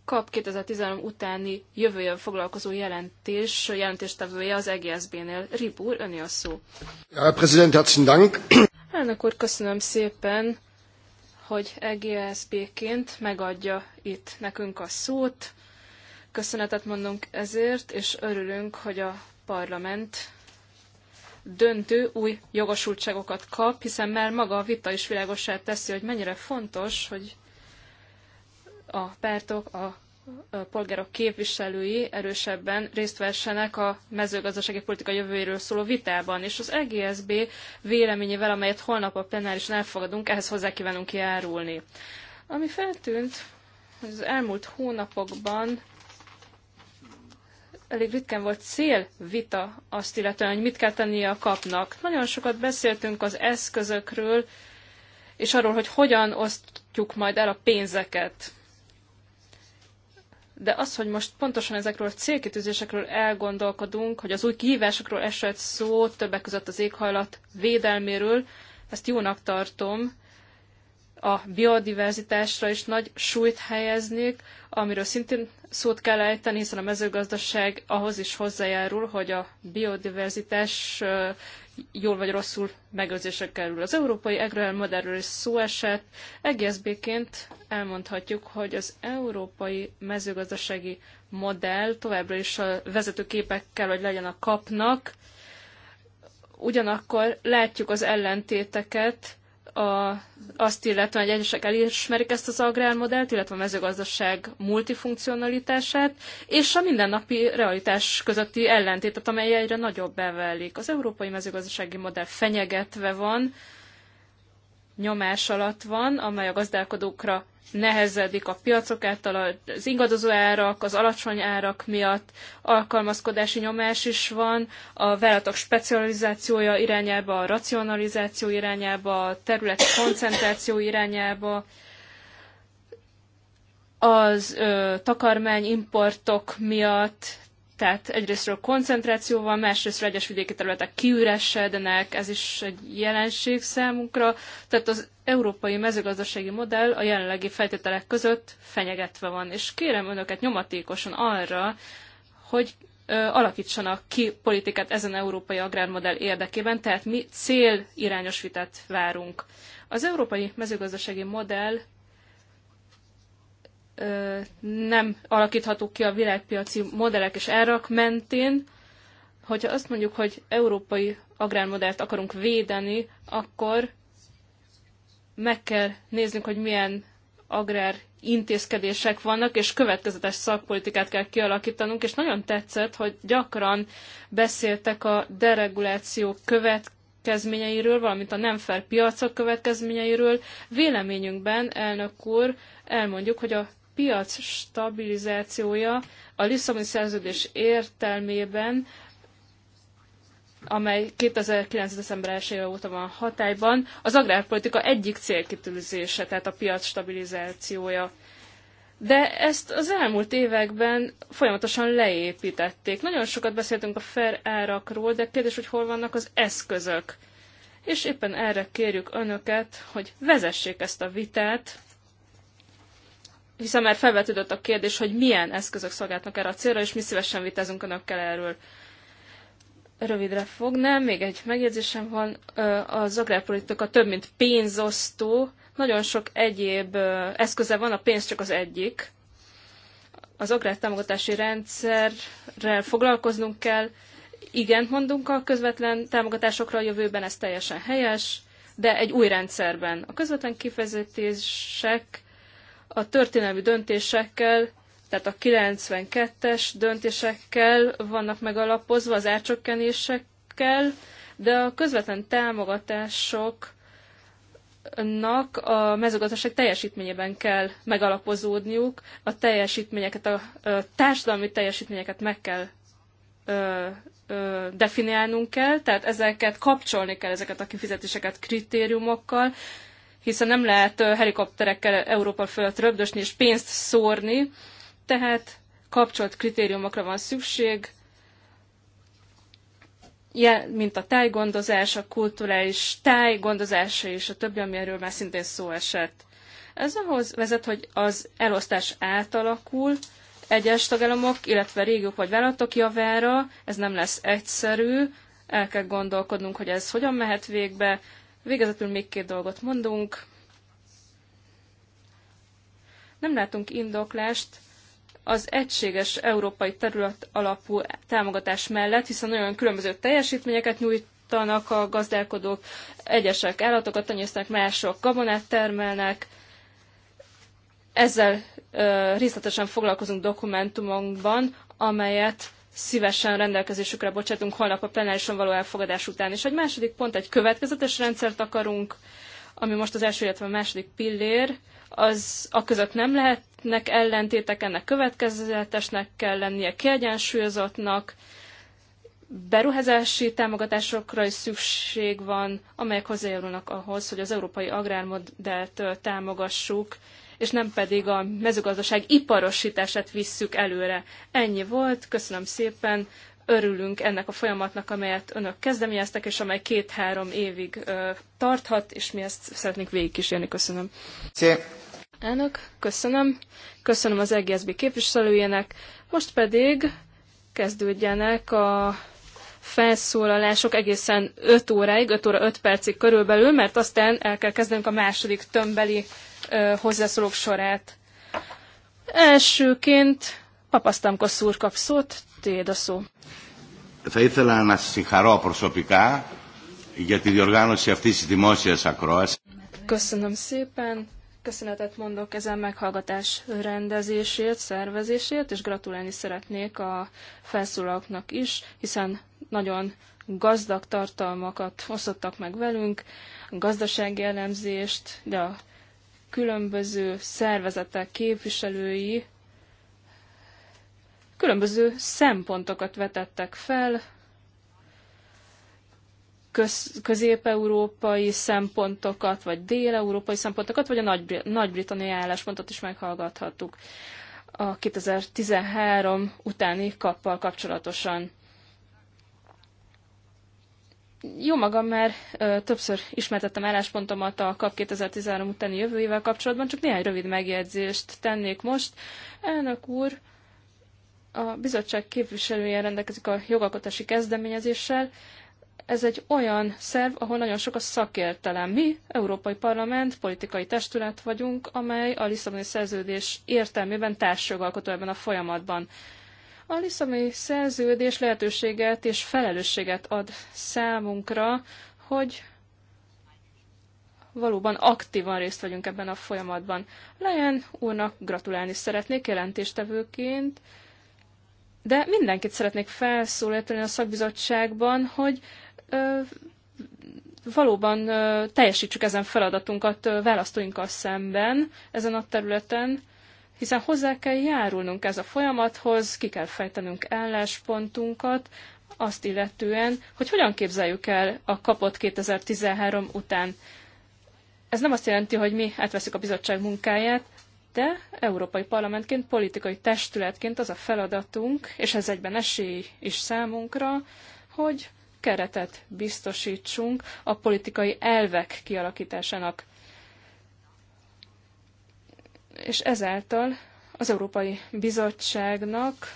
kap 2013 utáni jövőjön foglalkozó jelentés, jelentéstevője az EGSZB-nél. Ribúr, öné a szó. Ja, President, herzlichen Dank. Elnök úr, köszönöm szépen, hogy EGSZB-ként megadja itt nekünk a szót. Köszönetet mondunk ezért, és örülünk, hogy a parlament döntő új jogosultságokat kap, hiszen már maga a vita is világosá teszi, hogy mennyire fontos, hogy a pártok, a polgárok képviselői erősebben részt vessenek a mezőgazdasági politika jövőjéről szóló vitában, és az EGSB véleményével, amelyet holnap a plenárison elfogadunk, ehhez hozzá kívánunk járulni. Ami feltűnt, hogy az elmúlt hónapokban elég ritkán volt célvita azt illetően, hogy mit kell tennie a kapnak. Nagyon sokat beszéltünk az eszközökről, és arról, hogy hogyan osztjuk majd el a pénzeket de az, hogy most pontosan ezekről a célkitűzésekről elgondolkodunk, hogy az új kihívásokról esett szó, többek között az éghajlat védelméről, ezt jónak tartom, a biodiverzitásra is nagy súlyt helyeznék, amiről szintén szót kell ejteni, hiszen a mezőgazdaság ahhoz is hozzájárul, hogy a biodiverzitás jól vagy rosszul megőrzésre kerül. Az európai agrármodellről is szó esett. Egészbéként elmondhatjuk, hogy az európai mezőgazdasági modell továbbra is a vezető képekkel, hogy legyen a kapnak. Ugyanakkor látjuk az ellentéteket, a, azt illetve, hogy egyesek elismerik ezt az agrármodellt, illetve a mezőgazdaság multifunkcionalitását, és a mindennapi realitás közötti ellentétet, amely egyre nagyobb bevelik. Az európai mezőgazdasági modell fenyegetve van, nyomás alatt van, amely a gazdálkodókra nehezedik a piacok által, az ingadozó árak, az alacsony árak miatt alkalmazkodási nyomás is van, a vállalatok specializációja irányába, a racionalizáció irányába, a területi koncentráció irányába, az ö, takarmányimportok miatt, tehát egyrésztről koncentrációval, másrésztről egyes vidéki területek kiüresednek, ez is egy jelenség számunkra. Tehát az európai mezőgazdasági modell a jelenlegi feltételek között fenyegetve van. És kérem önöket nyomatékosan arra, hogy alakítsanak ki politikát ezen európai agrármodell érdekében, tehát mi célirányos vitát várunk. Az európai mezőgazdasági modell nem alakíthatók ki a világpiaci modellek és árak mentén. Hogyha azt mondjuk, hogy európai agrármodellt akarunk védeni, akkor meg kell néznünk, hogy milyen agrár intézkedések vannak, és következetes szakpolitikát kell kialakítanunk, és nagyon tetszett, hogy gyakran beszéltek a dereguláció következményeiről, valamint a nem fel piacok következményeiről. Véleményünkben, elnök úr, elmondjuk, hogy a piac stabilizációja a Lisszaboni szerződés értelmében, amely 2009. december 1 óta van hatályban, az agrárpolitika egyik célkitűzése, tehát a piac stabilizációja. De ezt az elmúlt években folyamatosan leépítették. Nagyon sokat beszéltünk a fair árakról, de kérdés, hogy hol vannak az eszközök. És éppen erre kérjük önöket, hogy vezessék ezt a vitát, hiszen már felvetődött a kérdés, hogy milyen eszközök szolgálnak erre a célra, és mi szívesen vitázunk önökkel erről. Rövidre fognám, még egy megjegyzésem van. Az agrárpolitika több, mint pénzosztó. Nagyon sok egyéb eszköze van, a pénz csak az egyik. Az agrártámogatási rendszerrel foglalkoznunk kell. Igen, mondunk a közvetlen támogatásokra a jövőben, ez teljesen helyes, de egy új rendszerben. A közvetlen kifezetések a történelmi döntésekkel, tehát a 92-es döntésekkel vannak megalapozva, az árcsökkenésekkel, de a közvetlen támogatásoknak a mezőgazdaság teljesítményében kell megalapozódniuk, a teljesítményeket, a, társadalmi teljesítményeket meg kell ö, ö, definiálnunk kell, tehát ezeket kapcsolni kell, ezeket a kifizetéseket kritériumokkal, hiszen nem lehet helikopterekkel Európa fölött röbdösni és pénzt szórni, tehát kapcsolt kritériumokra van szükség, mint a tájgondozás, a kulturális tájgondozása és a többi, amiről már szintén szó esett. Ez ahhoz vezet, hogy az elosztás átalakul, egyes tagállamok, illetve régiók vagy vállalatok javára, ez nem lesz egyszerű, el kell gondolkodnunk, hogy ez hogyan mehet végbe, Végezetül még két dolgot mondunk. Nem látunk indoklást az egységes európai terület alapú támogatás mellett, hiszen nagyon különböző teljesítményeket nyújtanak a gazdálkodók, egyesek állatokat tenyésznek, mások gabonát termelnek, ezzel ö, részletesen foglalkozunk dokumentumunkban, amelyet szívesen rendelkezésükre bocsátunk holnap a plenárison való elfogadás után. És egy második pont, egy következetes rendszert akarunk, ami most az első, illetve a második pillér, az a között nem lehetnek ellentétek, ennek következetesnek kell lennie, kiegyensúlyozottnak, beruházási támogatásokra is szükség van, amelyek hozzájárulnak ahhoz, hogy az európai agrármodellt támogassuk, és nem pedig a mezőgazdaság iparosítását visszük előre. Ennyi volt, köszönöm szépen, örülünk ennek a folyamatnak, amelyet önök kezdeményeztek, és amely két-három évig ö, tarthat, és mi ezt szeretnénk végigkísérni. Köszönöm. Szép. Elnök, köszönöm. Köszönöm az EGSB képviselőjének. Most pedig kezdődjenek a felszólalások egészen 5 óráig, 5 óra 5 percig körülbelül, mert aztán el kell kezdenünk a második tömbeli hozzászólók sorát. Elsőként Papasztamkosz úr kap szót, tiéd a szó. Θα ήθελα να συγχαρώ προσωπικά για τη διοργάνωση αυτής της Köszönöm szépen, köszönetet mondok ezen meghallgatás rendezését, szervezését, és gratulálni szeretnék a felszólalóknak is, hiszen nagyon gazdag tartalmakat osztottak meg velünk, gazdasági elemzést, de a különböző szervezetek képviselői különböző szempontokat vetettek fel, közép-európai szempontokat, vagy dél-európai szempontokat, vagy a nagy-britanniai álláspontot is meghallgathattuk a 2013 utáni kappal kapcsolatosan. Jó magam mert ö, többször ismertettem álláspontomat a KAP 2013 utáni jövőjével kapcsolatban, csak néhány rövid megjegyzést tennék most. Elnök úr, a bizottság képviselője rendelkezik a jogalkotási kezdeményezéssel. Ez egy olyan szerv, ahol nagyon sok a szakértelem. Mi, Európai Parlament, politikai testület vagyunk, amely a Lisszaboni szerződés értelmében társjogalkotó ebben a folyamatban. A Lisszaboni szerződés lehetőséget és felelősséget ad számunkra, hogy valóban aktívan részt vegyünk ebben a folyamatban. Lejen úrnak gratulálni szeretnék jelentéstevőként, de mindenkit szeretnék felszólítani a szakbizottságban, hogy ö, valóban ö, teljesítsük ezen feladatunkat ö, választóinkkal szemben ezen a területen, hiszen hozzá kell járulnunk ez a folyamathoz, ki kell fejtenünk álláspontunkat, azt illetően, hogy hogyan képzeljük el a kapott 2013 után. Ez nem azt jelenti, hogy mi átveszük a bizottság munkáját, de Európai Parlamentként, politikai testületként az a feladatunk, és ez egyben esély is számunkra, hogy keretet biztosítsunk a politikai elvek kialakításának és ezáltal az Európai Bizottságnak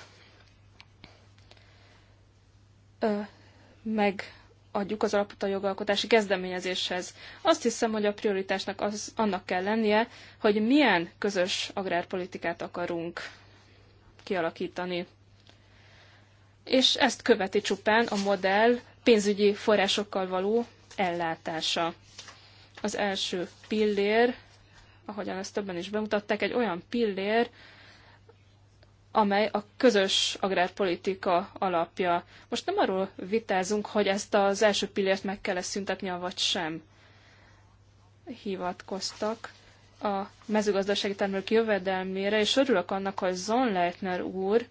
megadjuk az alapot a jogalkotási kezdeményezéshez. Azt hiszem, hogy a prioritásnak az, annak kell lennie, hogy milyen közös agrárpolitikát akarunk kialakítani. És ezt követi csupán a modell pénzügyi forrásokkal való ellátása. Az első pillér ahogyan ezt többen is bemutatták, egy olyan pillér, amely a közös agrárpolitika alapja. Most nem arról vitázunk, hogy ezt az első pillért meg kell -e szüntetni, vagy sem. Hivatkoztak a mezőgazdasági termelők jövedelmére, és örülök annak, hogy Zon Leitner úr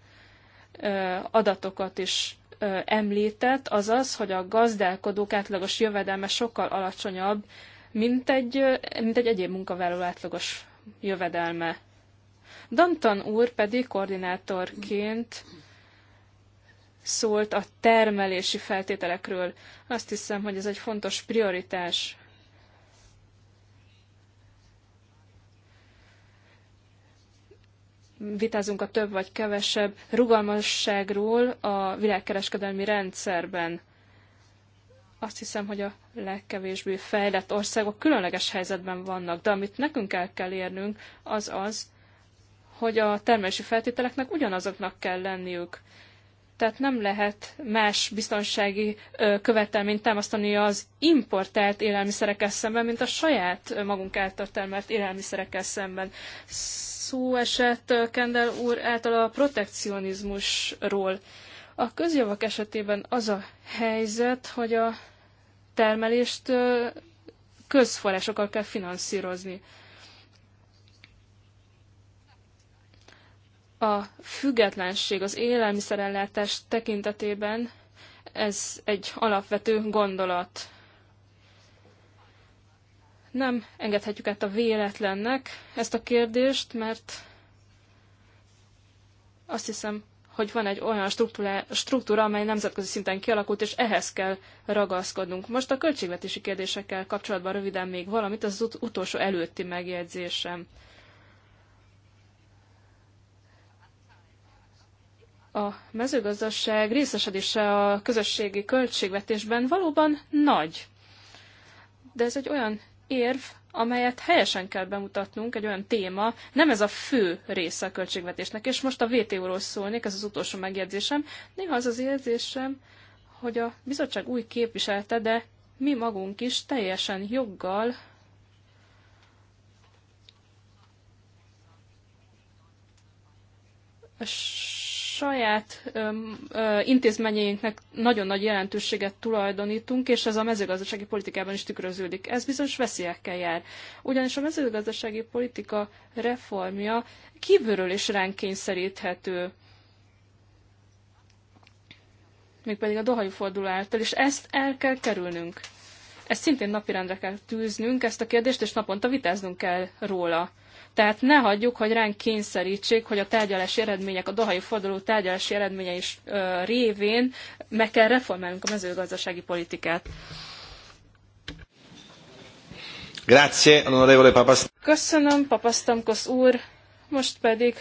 adatokat is említett, azaz, hogy a gazdálkodók átlagos jövedelme sokkal alacsonyabb, mint egy, mint egy egyéb munkavállaló átlagos jövedelme. Danton úr pedig koordinátorként szólt a termelési feltételekről. Azt hiszem, hogy ez egy fontos prioritás. Vitázunk a több vagy kevesebb rugalmasságról a világkereskedelmi rendszerben azt hiszem, hogy a legkevésbé fejlett országok különleges helyzetben vannak, de amit nekünk el kell érnünk, az az, hogy a termelési feltételeknek ugyanazoknak kell lenniük. Tehát nem lehet más biztonsági követelményt támasztani az importált élelmiszerekkel szemben, mint a saját magunk által termelt élelmiszerekkel szemben. Szó esett Kendall úr által a protekcionizmusról. A közjavak esetében az a helyzet, hogy a termelést közforrásokkal kell finanszírozni. A függetlenség az élelmiszerellátás tekintetében ez egy alapvető gondolat. Nem engedhetjük át a véletlennek ezt a kérdést, mert azt hiszem, hogy van egy olyan struktúra, amely nemzetközi szinten kialakult, és ehhez kell ragaszkodnunk. Most a költségvetési kérdésekkel kapcsolatban röviden még valamit, az ut- utolsó előtti megjegyzésem. A mezőgazdaság részesedése a közösségi költségvetésben valóban nagy. De ez egy olyan érv, amelyet helyesen kell bemutatnunk, egy olyan téma, nem ez a fő része a költségvetésnek. És most a VTO-ról szólnék, ez az utolsó megjegyzésem. Néha az az érzésem, hogy a bizottság új képviselte, de mi magunk is teljesen joggal saját öm, ö, intézményeinknek nagyon nagy jelentőséget tulajdonítunk, és ez a mezőgazdasági politikában is tükröződik. Ez bizonyos veszélyekkel jár. Ugyanis a mezőgazdasági politika reformja kívülről is ránk kényszeríthető mégpedig a dohai forduló által, és ezt el kell kerülnünk. Ezt szintén napirendre kell tűznünk, ezt a kérdést, és naponta vitáznunk kell róla. Tehát ne hagyjuk, hogy ránk kényszerítsék, hogy a tárgyalási eredmények, a dohai forduló tárgyalási eredménye is ö, révén meg kell reformálnunk a mezőgazdasági politikát. Grazie, onorevole Papaszt. Köszönöm, Papasztamkosz úr. Most pedig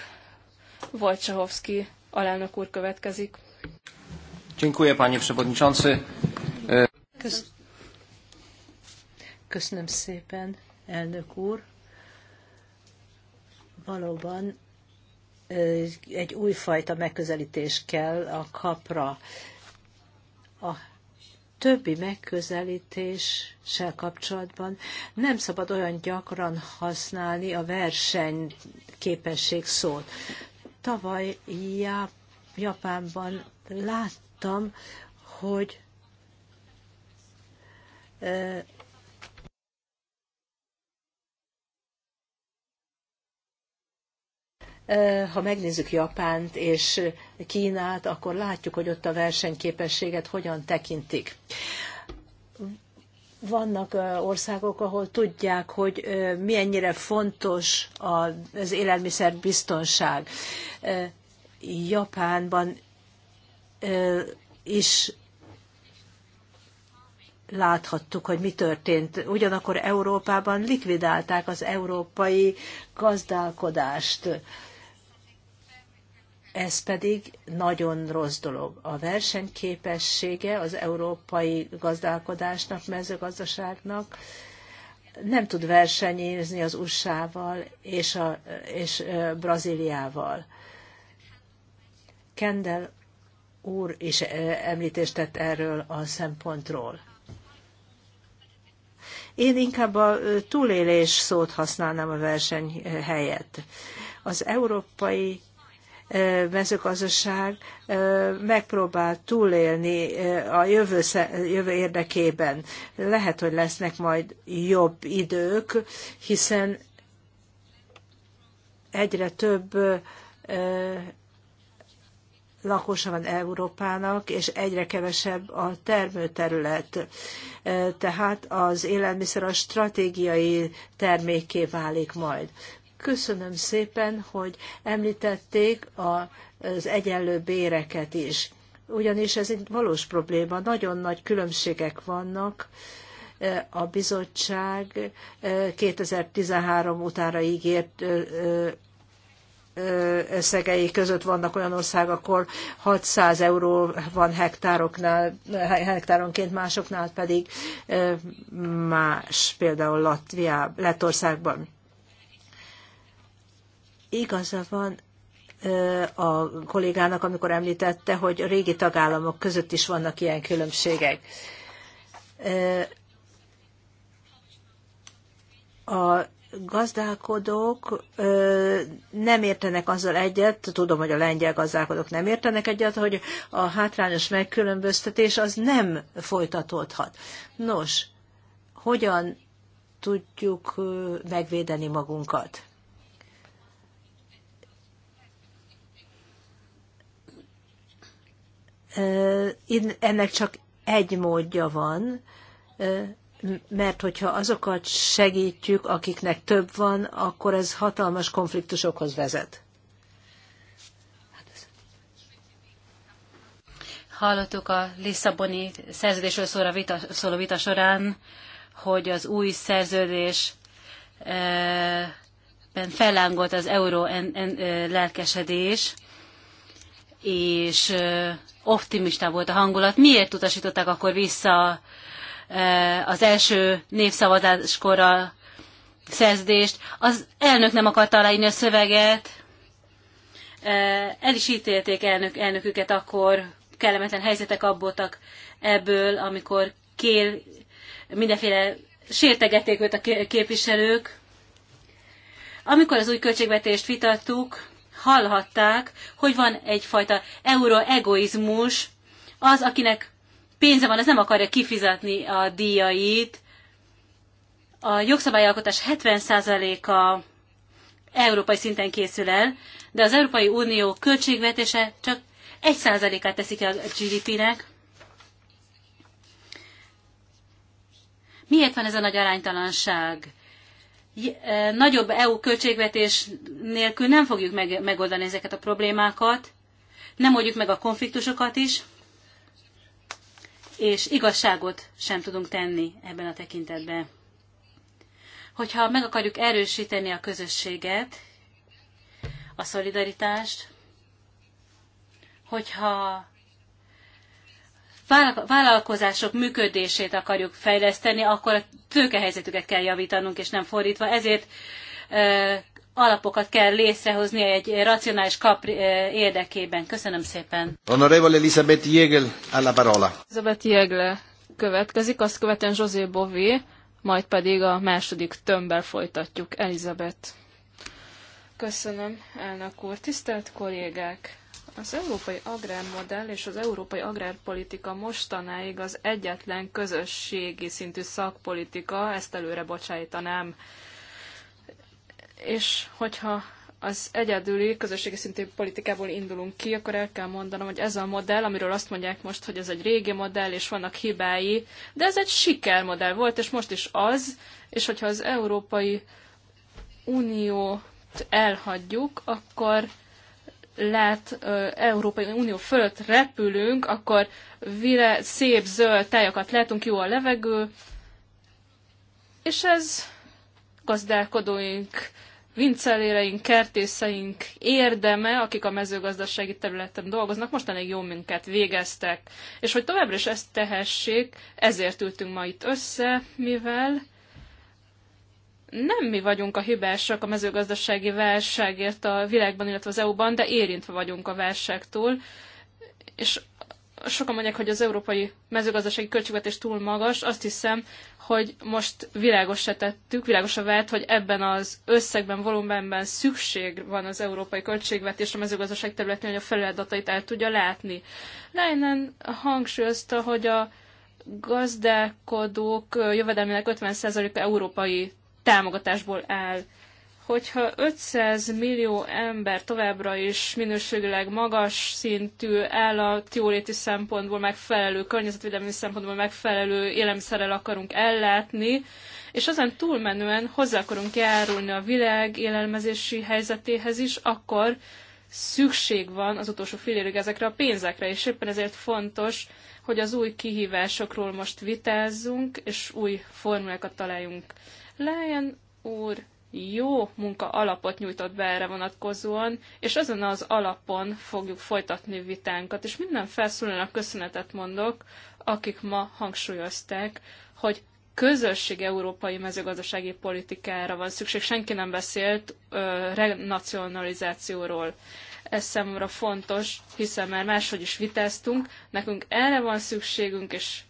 Wojciechowski alelnök úr következik. Dziękuję, panie przewodniczący. Köszönöm szépen, elnök úr valóban egy újfajta megközelítés kell a kapra. A többi megközelítéssel kapcsolatban nem szabad olyan gyakran használni a versenyképesség szót. Tavaly Japánban láttam, hogy ha megnézzük Japánt és Kínát, akkor látjuk, hogy ott a versenyképességet hogyan tekintik. Vannak országok, ahol tudják, hogy milyennyire fontos az élelmiszerbiztonság. Japánban is láthattuk, hogy mi történt. Ugyanakkor Európában likvidálták az európai gazdálkodást ez pedig nagyon rossz dolog. A versenyképessége az európai gazdálkodásnak, mezőgazdaságnak nem tud versenyezni az USA-val és, a, és Brazíliával. Kendall úr is említést tett erről a szempontról. Én inkább a túlélés szót használnám a verseny helyett. Az európai mezőgazdaság megpróbál túlélni a jövő, jövő érdekében. Lehet, hogy lesznek majd jobb idők, hiszen egyre több lakosa van Európának, és egyre kevesebb a termőterület. Tehát az élelmiszer a stratégiai termékké válik majd. Köszönöm szépen, hogy említették az egyenlő béreket is. Ugyanis ez egy valós probléma, nagyon nagy különbségek vannak e, a bizottság 2013 e, utánra ígért e, összegei között vannak olyan országok, ahol 600 euró van hektároknál, hektáronként, másoknál pedig más, például Latviá, Lettországban. Igaza van a kollégának, amikor említette, hogy a régi tagállamok között is vannak ilyen különbségek. A gazdálkodók nem értenek azzal egyet, tudom, hogy a lengyel gazdálkodók nem értenek egyet, hogy a hátrányos megkülönböztetés az nem folytatódhat. Nos, hogyan tudjuk megvédeni magunkat? ennek csak egy módja van, mert hogyha azokat segítjük, akiknek több van, akkor ez hatalmas konfliktusokhoz vezet. Hallottuk a Lisszaboni szerződésről szóló vita, szóló vita során, hogy az új szerződésben fellángolt az euró en, en, lelkesedés, és optimista volt a hangulat. Miért utasították akkor vissza e, az első névszavazáskor a szerződést? Az elnök nem akarta aláírni a szöveget, e, el is ítélték elnök, elnöküket akkor, kellemetlen helyzetek abboltak ebből, amikor kél, mindenféle sértegették őt a képviselők. Amikor az új költségvetést vitattuk, hallhatták, hogy van egyfajta euroegoizmus, az, akinek pénze van, az nem akarja kifizetni a díjait. A jogszabályalkotás 70%-a európai szinten készül el, de az Európai Unió költségvetése csak 1%-át teszik el a GDP-nek. Miért van ez a nagy aránytalanság? nagyobb EU költségvetés nélkül nem fogjuk megoldani ezeket a problémákat, nem oldjuk meg a konfliktusokat is, és igazságot sem tudunk tenni ebben a tekintetben. Hogyha meg akarjuk erősíteni a közösséget, a szolidaritást, hogyha vállalkozások működését akarjuk fejleszteni, akkor a tőkehelyzetüket kell javítanunk, és nem fordítva. Ezért alapokat kell létrehozni egy racionális kap érdekében. Köszönöm szépen. Honorevole Elizabeth Jegel, alla parola. Elizabeth Jegel következik, azt követően José Bové, majd pedig a második tömbben folytatjuk. Elizabeth. Köszönöm, elnök úr. Tisztelt kollégák! Az európai agrármodell és az európai agrárpolitika mostanáig az egyetlen közösségi szintű szakpolitika, ezt előre bocsájtanám. És hogyha az egyedüli közösségi szintű politikából indulunk ki, akkor el kell mondanom, hogy ez a modell, amiről azt mondják most, hogy ez egy régi modell, és vannak hibái, de ez egy sikermodell volt, és most is az, és hogyha az Európai Uniót elhagyjuk, akkor lát Európai Unió fölött repülünk, akkor vire, szép zöld tájakat látunk, jó a levegő, és ez gazdálkodóink, vinceléreink, kertészeink érdeme, akik a mezőgazdasági területen dolgoznak, most elég jó munkát végeztek. És hogy továbbra is ezt tehessék, ezért ültünk ma itt össze, mivel nem mi vagyunk a hibásak a mezőgazdasági válságért a világban, illetve az EU-ban, de érintve vagyunk a válságtól. És sokan mondják, hogy az európai mezőgazdasági költségvetés túl magas, azt hiszem, hogy most világosra tettük, világosra vált, hogy ebben az összegben, volumenben szükség van az európai költségvetésre a mezőgazdaság területén, hogy a feladatait el tudja látni. Leinen hangsúlyozta, hogy a gazdálkodók jövedelmének 50%-a európai támogatásból áll. Hogyha 500 millió ember továbbra is minőségileg magas szintű állatjóléti szempontból megfelelő, környezetvédelmi szempontból megfelelő élelmiszerrel akarunk ellátni, és azon túlmenően hozzá akarunk járulni a világ élelmezési helyzetéhez is, akkor szükség van az utolsó félérig ezekre a pénzekre, és éppen ezért fontos, hogy az új kihívásokról most vitázzunk, és új formulákat találjunk. Lyon úr jó munka alapot nyújtott be erre vonatkozóan, és azon az alapon fogjuk folytatni vitánkat, és minden felszólalnak köszönetet mondok, akik ma hangsúlyozták, hogy közösség európai mezőgazdasági politikára van szükség. Senki nem beszélt ö, renacionalizációról. Ez számomra fontos, hiszen már máshogy is vitáztunk, nekünk erre van szükségünk, és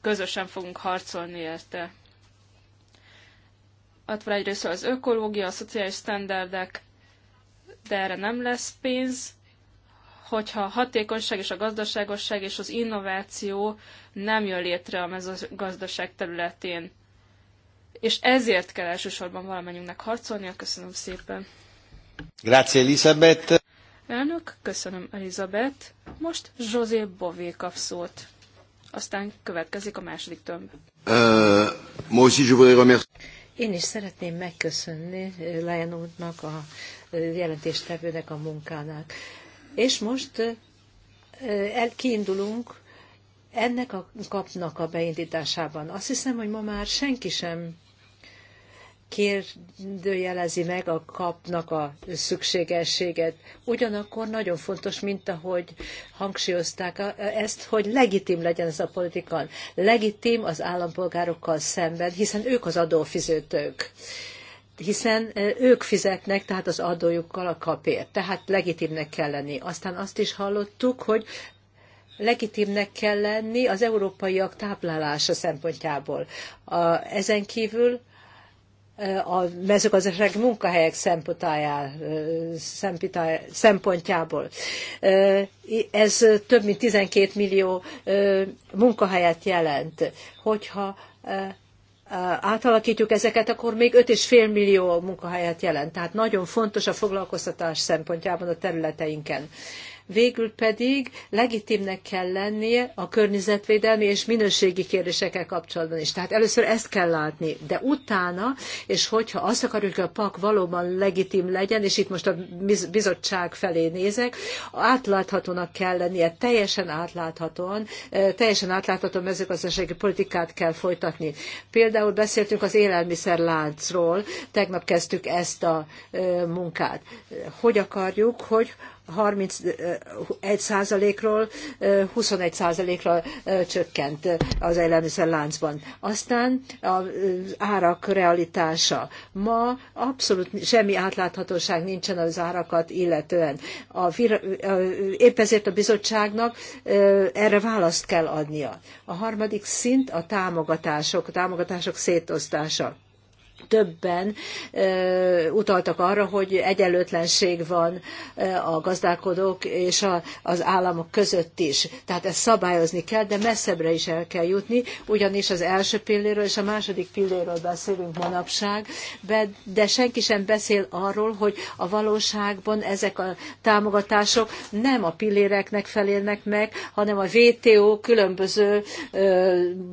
közösen fogunk harcolni érte ott van egyrészt az ökológia, a szociális standardek, de erre nem lesz pénz, hogyha a hatékonyság és a gazdaságosság és az innováció nem jön létre a mezőgazdaság területén. És ezért kell elsősorban valamennyünknek harcolnia. Köszönöm szépen. Grazie Elisabeth. Elnök, köszönöm Elizabeth. Most José Bové kap szót. Aztán következik a második tömb. Uh, moi aussi je voudrais remercier. Én is szeretném megköszönni eh, Lajan úrnak, a eh, jelentéstevőnek a munkának. És most eh, el, kiindulunk ennek a kapnak a beindításában. Azt hiszem, hogy ma már senki sem kérdőjelezi meg a kapnak a szükségességet. Ugyanakkor nagyon fontos, mint ahogy hangsúlyozták ezt, hogy legitim legyen ez a politika. Legitim az állampolgárokkal szemben, hiszen ők az adófizetők hiszen e, ők fizetnek, tehát az adójukkal a kapért. Tehát legitimnek kell lenni. Aztán azt is hallottuk, hogy legitimnek kell lenni az európaiak táplálása szempontjából. A, ezen kívül a mezőgazdasági munkahelyek szempontjából. Ez több mint 12 millió munkahelyet jelent. Hogyha átalakítjuk ezeket, akkor még 5,5 millió munkahelyet jelent. Tehát nagyon fontos a foglalkoztatás szempontjában a területeinken. Végül pedig legitimnek kell lennie a környezetvédelmi és minőségi kérdésekkel kapcsolatban is. Tehát először ezt kell látni, de utána, és hogyha azt akarjuk, hogy a PAK valóban legitim legyen, és itt most a bizottság felé nézek, átláthatónak kell lennie, teljesen átláthatóan, teljesen átlátható mezőgazdasági politikát kell folytatni. Például beszéltünk az élelmiszerláncról, tegnap kezdtük ezt a munkát. Hogy akarjuk, hogy 31%-ról 21%-ra csökkent az élelmiszerláncban. Aztán az árak realitása. Ma abszolút semmi átláthatóság nincsen az árakat illetően. A, épp ezért a bizottságnak erre választ kell adnia. A harmadik szint a támogatások, a támogatások szétosztása többen utaltak arra, hogy egyenlőtlenség van a gazdálkodók és az államok között is. Tehát ezt szabályozni kell, de messzebbre is el kell jutni, ugyanis az első pilléről és a második pilléről beszélünk manapság, de senki sem beszél arról, hogy a valóságban ezek a támogatások nem a pilléreknek felelnek meg, hanem a WTO különböző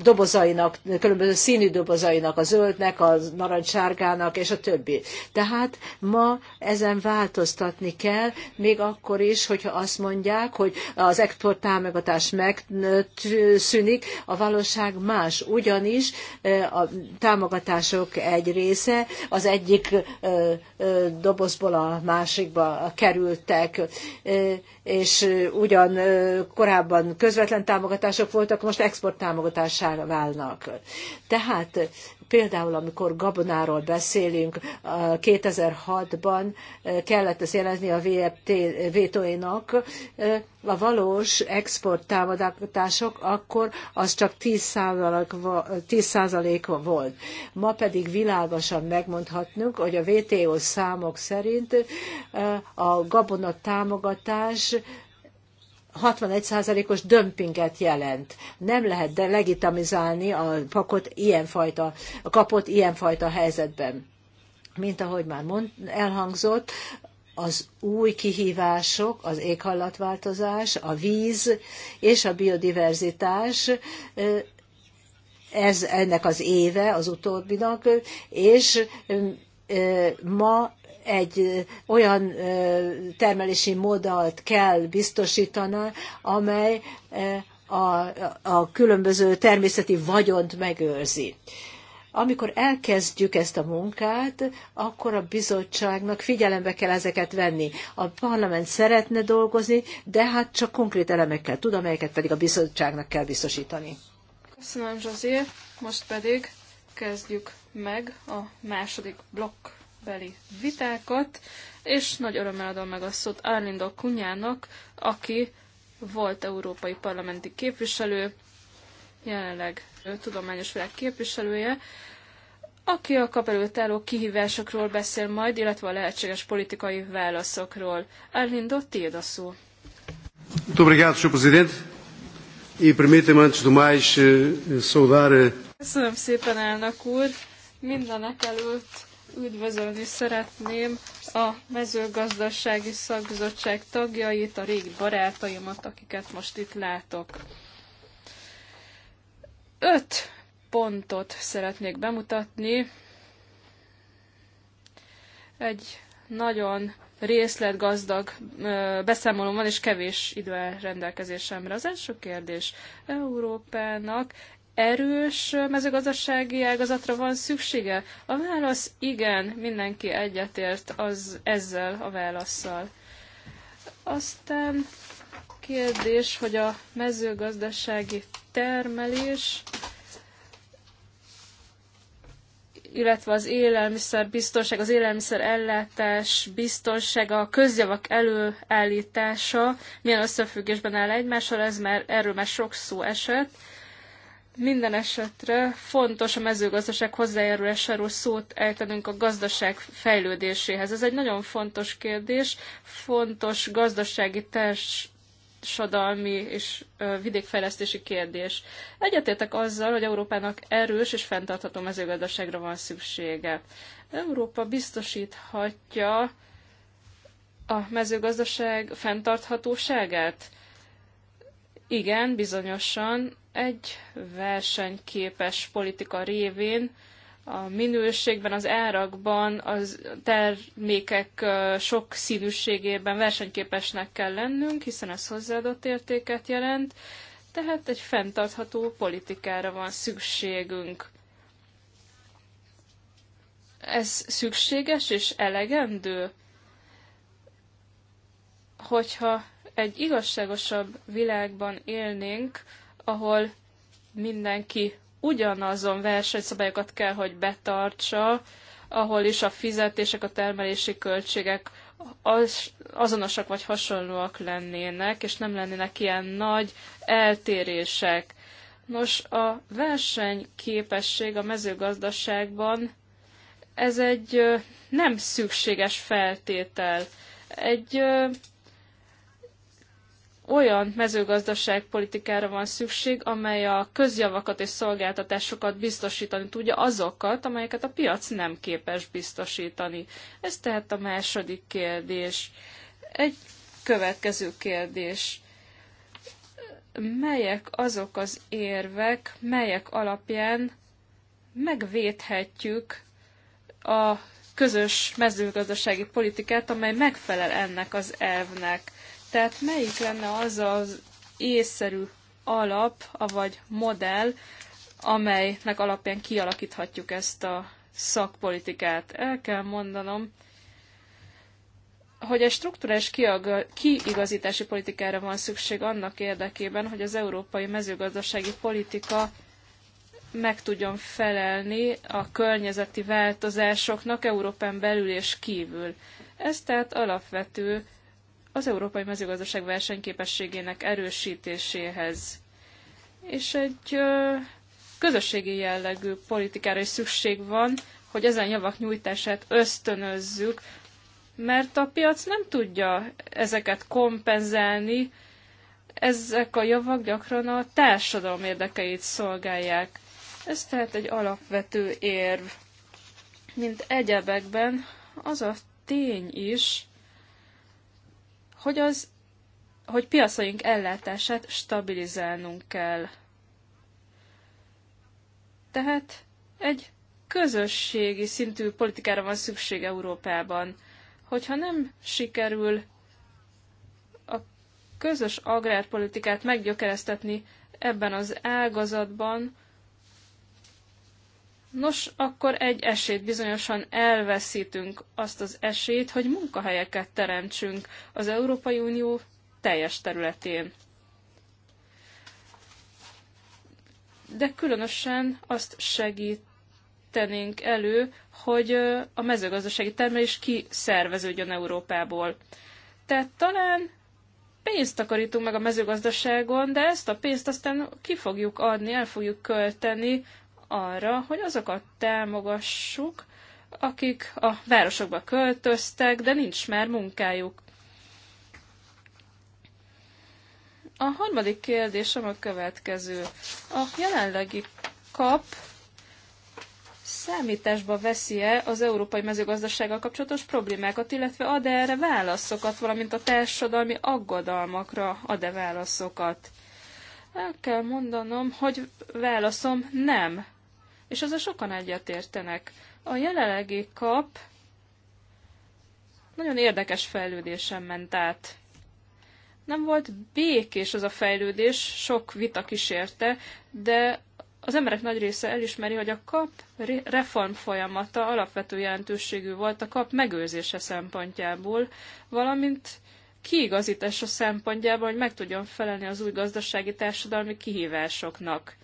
dobozainak, különböző színű dobozainak, a zöldnek, a narancs narancssárgának, és a többi. Tehát ma ezen változtatni kell, még akkor is, hogyha azt mondják, hogy az export támogatás megszűnik, a valóság más. Ugyanis a támogatások egy része az egyik dobozból a másikba kerültek, és ugyan korábban közvetlen támogatások voltak, most export támogatására válnak. Tehát Például, amikor gabonáról beszélünk, 2006-ban eh, kellett ezt jelezni a VFT vétóinak, eh, a valós export akkor az csak 10% volt. Ma pedig világosan megmondhatnunk, hogy a VTO számok szerint eh, a gabona támogatás 61%-os dömpinget jelent. Nem lehet de legitimizálni a pakot ilyenfajta, a kapot ilyenfajta helyzetben. Mint ahogy már mond, elhangzott, az új kihívások, az éghajlatváltozás, a víz és a biodiverzitás, ez ennek az éve az utóbbinak, és ma egy olyan termelési módot kell biztosítani, amely a, a különböző természeti vagyont megőrzi. Amikor elkezdjük ezt a munkát, akkor a bizottságnak figyelembe kell ezeket venni. A parlament szeretne dolgozni, de hát csak konkrét elemekkel tud, amelyeket pedig a bizottságnak kell biztosítani. Köszönöm, Zsazé. Most pedig kezdjük meg a második blokk beli vitákat, és nagy örömmel adom meg a szót Arlindo Kunyának, aki volt európai parlamenti képviselő, jelenleg tudományos világ képviselője, aki a kap kihívásokról beszél majd, illetve a lehetséges politikai válaszokról. Arlindo, tiéd a szó. Muito obrigado, Sr. Presidente. E permita-me, antes do mais, eh, saudar... Eh, Köszönöm szépen, elnök úr. Mindenek előtt üdvözölni szeretném a mezőgazdasági szakbizottság tagjait, a régi barátaimat, akiket most itt látok. Öt pontot szeretnék bemutatni. Egy nagyon részletgazdag beszámolom van, és kevés idő rendelkezésemre. Az első kérdés Európának erős mezőgazdasági ágazatra van szüksége? A válasz igen, mindenki egyetért az ezzel a válaszsal. Aztán kérdés, hogy a mezőgazdasági termelés, illetve az élelmiszer biztonság, az élelmiszer ellátás biztonsága, a közjavak előállítása milyen összefüggésben áll egymással, ez már, erről már sok szó esett. Minden esetre fontos a mezőgazdaság hozzájárulásáról szót ejtenünk a gazdaság fejlődéséhez. Ez egy nagyon fontos kérdés, fontos gazdasági társ, társadalmi és vidékfejlesztési kérdés. Egyetértek azzal, hogy Európának erős és fenntartható mezőgazdaságra van szüksége. Európa biztosíthatja a mezőgazdaság fenntarthatóságát, igen, bizonyosan egy versenyképes politika révén a minőségben, az árakban, az termékek sok színűségében versenyképesnek kell lennünk, hiszen ez hozzáadott értéket jelent, tehát egy fenntartható politikára van szükségünk. Ez szükséges és elegendő? Hogyha egy igazságosabb világban élnénk, ahol mindenki ugyanazon versenyszabályokat kell, hogy betartsa, ahol is a fizetések, a termelési költségek az, azonosak vagy hasonlóak lennének, és nem lennének ilyen nagy eltérések. Nos, a versenyképesség a mezőgazdaságban ez egy nem szükséges feltétel. Egy olyan mezőgazdaságpolitikára van szükség, amely a közjavakat és szolgáltatásokat biztosítani tudja azokat, amelyeket a piac nem képes biztosítani. Ez tehát a második kérdés. Egy következő kérdés. Melyek azok az érvek, melyek alapján megvédhetjük a közös mezőgazdasági politikát, amely megfelel ennek az elvnek? Tehát melyik lenne az az észszerű alap, vagy modell, amelynek alapján kialakíthatjuk ezt a szakpolitikát. El kell mondanom, hogy egy strukturális kiigazítási politikára van szükség annak érdekében, hogy az európai mezőgazdasági politika meg tudjon felelni a környezeti változásoknak Európán belül és kívül. Ez tehát alapvető az európai mezőgazdaság versenyképességének erősítéséhez. És egy ö, közösségi jellegű politikára is szükség van, hogy ezen javak nyújtását ösztönözzük, mert a piac nem tudja ezeket kompenzálni, ezek a javak gyakran a társadalom érdekeit szolgálják. Ez tehát egy alapvető érv. Mint egyebekben, az a tény is, hogy az, hogy piacaink ellátását stabilizálnunk kell. Tehát egy közösségi szintű politikára van szükség Európában. Hogyha nem sikerül a közös agrárpolitikát meggyökeresztetni ebben az ágazatban, Nos, akkor egy esélyt bizonyosan elveszítünk, azt az esélyt, hogy munkahelyeket teremtsünk az Európai Unió teljes területén. De különösen azt segítenénk elő, hogy a mezőgazdasági termelés kiszerveződjön Európából. Tehát talán pénzt takarítunk meg a mezőgazdaságon, de ezt a pénzt aztán ki fogjuk adni, el fogjuk költeni arra, hogy azokat támogassuk, akik a városokba költöztek, de nincs már munkájuk. A harmadik kérdésem a következő. A jelenlegi kap számításba veszi-e az európai mezőgazdasággal kapcsolatos problémákat, illetve ad-e erre válaszokat, valamint a társadalmi aggodalmakra ad-e válaszokat? El kell mondanom, hogy válaszom nem és ezzel sokan egyetértenek. A jelenlegi kap nagyon érdekes fejlődésen ment át. Nem volt békés az a fejlődés, sok vita kísérte, de az emberek nagy része elismeri, hogy a kap reform folyamata alapvető jelentőségű volt a kap megőrzése szempontjából, valamint kiigazítása szempontjából, hogy meg tudjon felelni az új gazdasági társadalmi kihívásoknak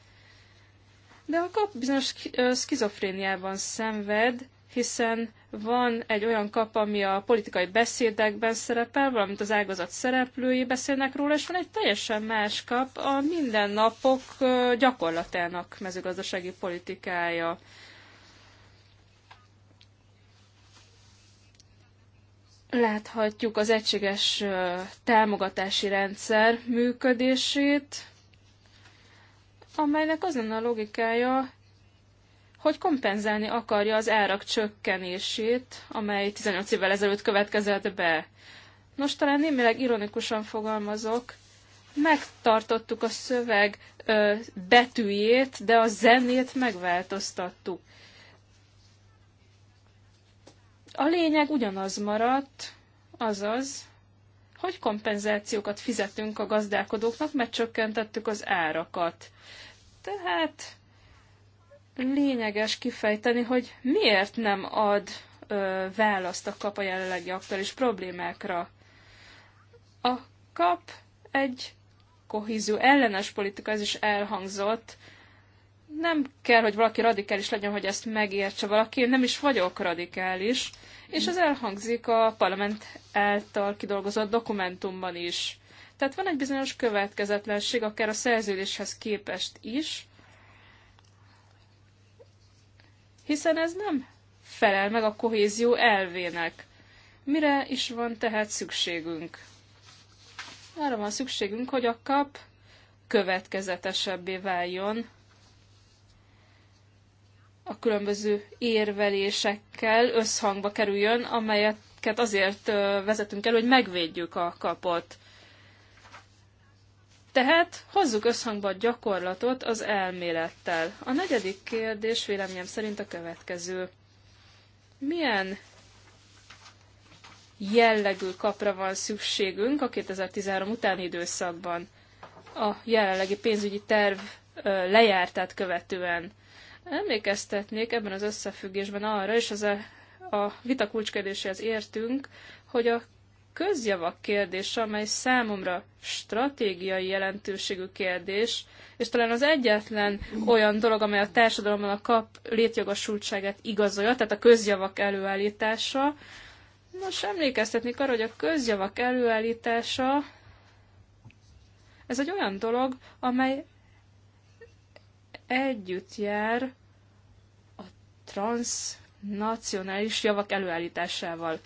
de a kap bizonyos skizofréniában szenved, hiszen van egy olyan kap, ami a politikai beszédekben szerepel, valamint az ágazat szereplői beszélnek róla, és van egy teljesen más kap, a mindennapok gyakorlatának mezőgazdasági politikája. Láthatjuk az egységes támogatási rendszer működését, amelynek az lenne a logikája, hogy kompenzálni akarja az árak csökkenését, amely 18 évvel ezelőtt következett be. Nos, talán némileg ironikusan fogalmazok, megtartottuk a szöveg ö, betűjét, de a zenét megváltoztattuk. A lényeg ugyanaz maradt, azaz, hogy kompenzációkat fizetünk a gazdálkodóknak, mert csökkentettük az árakat. Tehát lényeges kifejteni, hogy miért nem ad ö, választ a kap a jelenlegi aktuális problémákra. A kap egy kohízió ellenes politika, ez is elhangzott. Nem kell, hogy valaki radikális legyen, hogy ezt megértse valaki, én nem is vagyok radikális, és ez elhangzik a parlament által kidolgozott dokumentumban is. Tehát van egy bizonyos következetlenség, akár a szerződéshez képest is, hiszen ez nem felel meg a kohézió elvének. Mire is van tehát szükségünk? Arra van szükségünk, hogy a kap következetesebbé váljon a különböző érvelésekkel összhangba kerüljön, amelyeket azért vezetünk el, hogy megvédjük a kapot. Tehát hozzuk összhangba a gyakorlatot az elmélettel. A negyedik kérdés véleményem szerint a következő. Milyen jellegű kapra van szükségünk a 2013 utáni időszakban a jelenlegi pénzügyi terv lejártát követően? Emlékeztetnék ebben az összefüggésben arra, és az a, e, a vita kulcskérdéséhez értünk, hogy a közjavak kérdése, amely számomra stratégiai jelentőségű kérdés, és talán az egyetlen olyan dolog, amely a társadalomban a kap létjogosultságát igazolja, tehát a közjavak előállítása. Nos, emlékeztetnék arra, hogy a közjavak előállítása ez egy olyan dolog, amely együtt jár a transnacionális javak előállításával.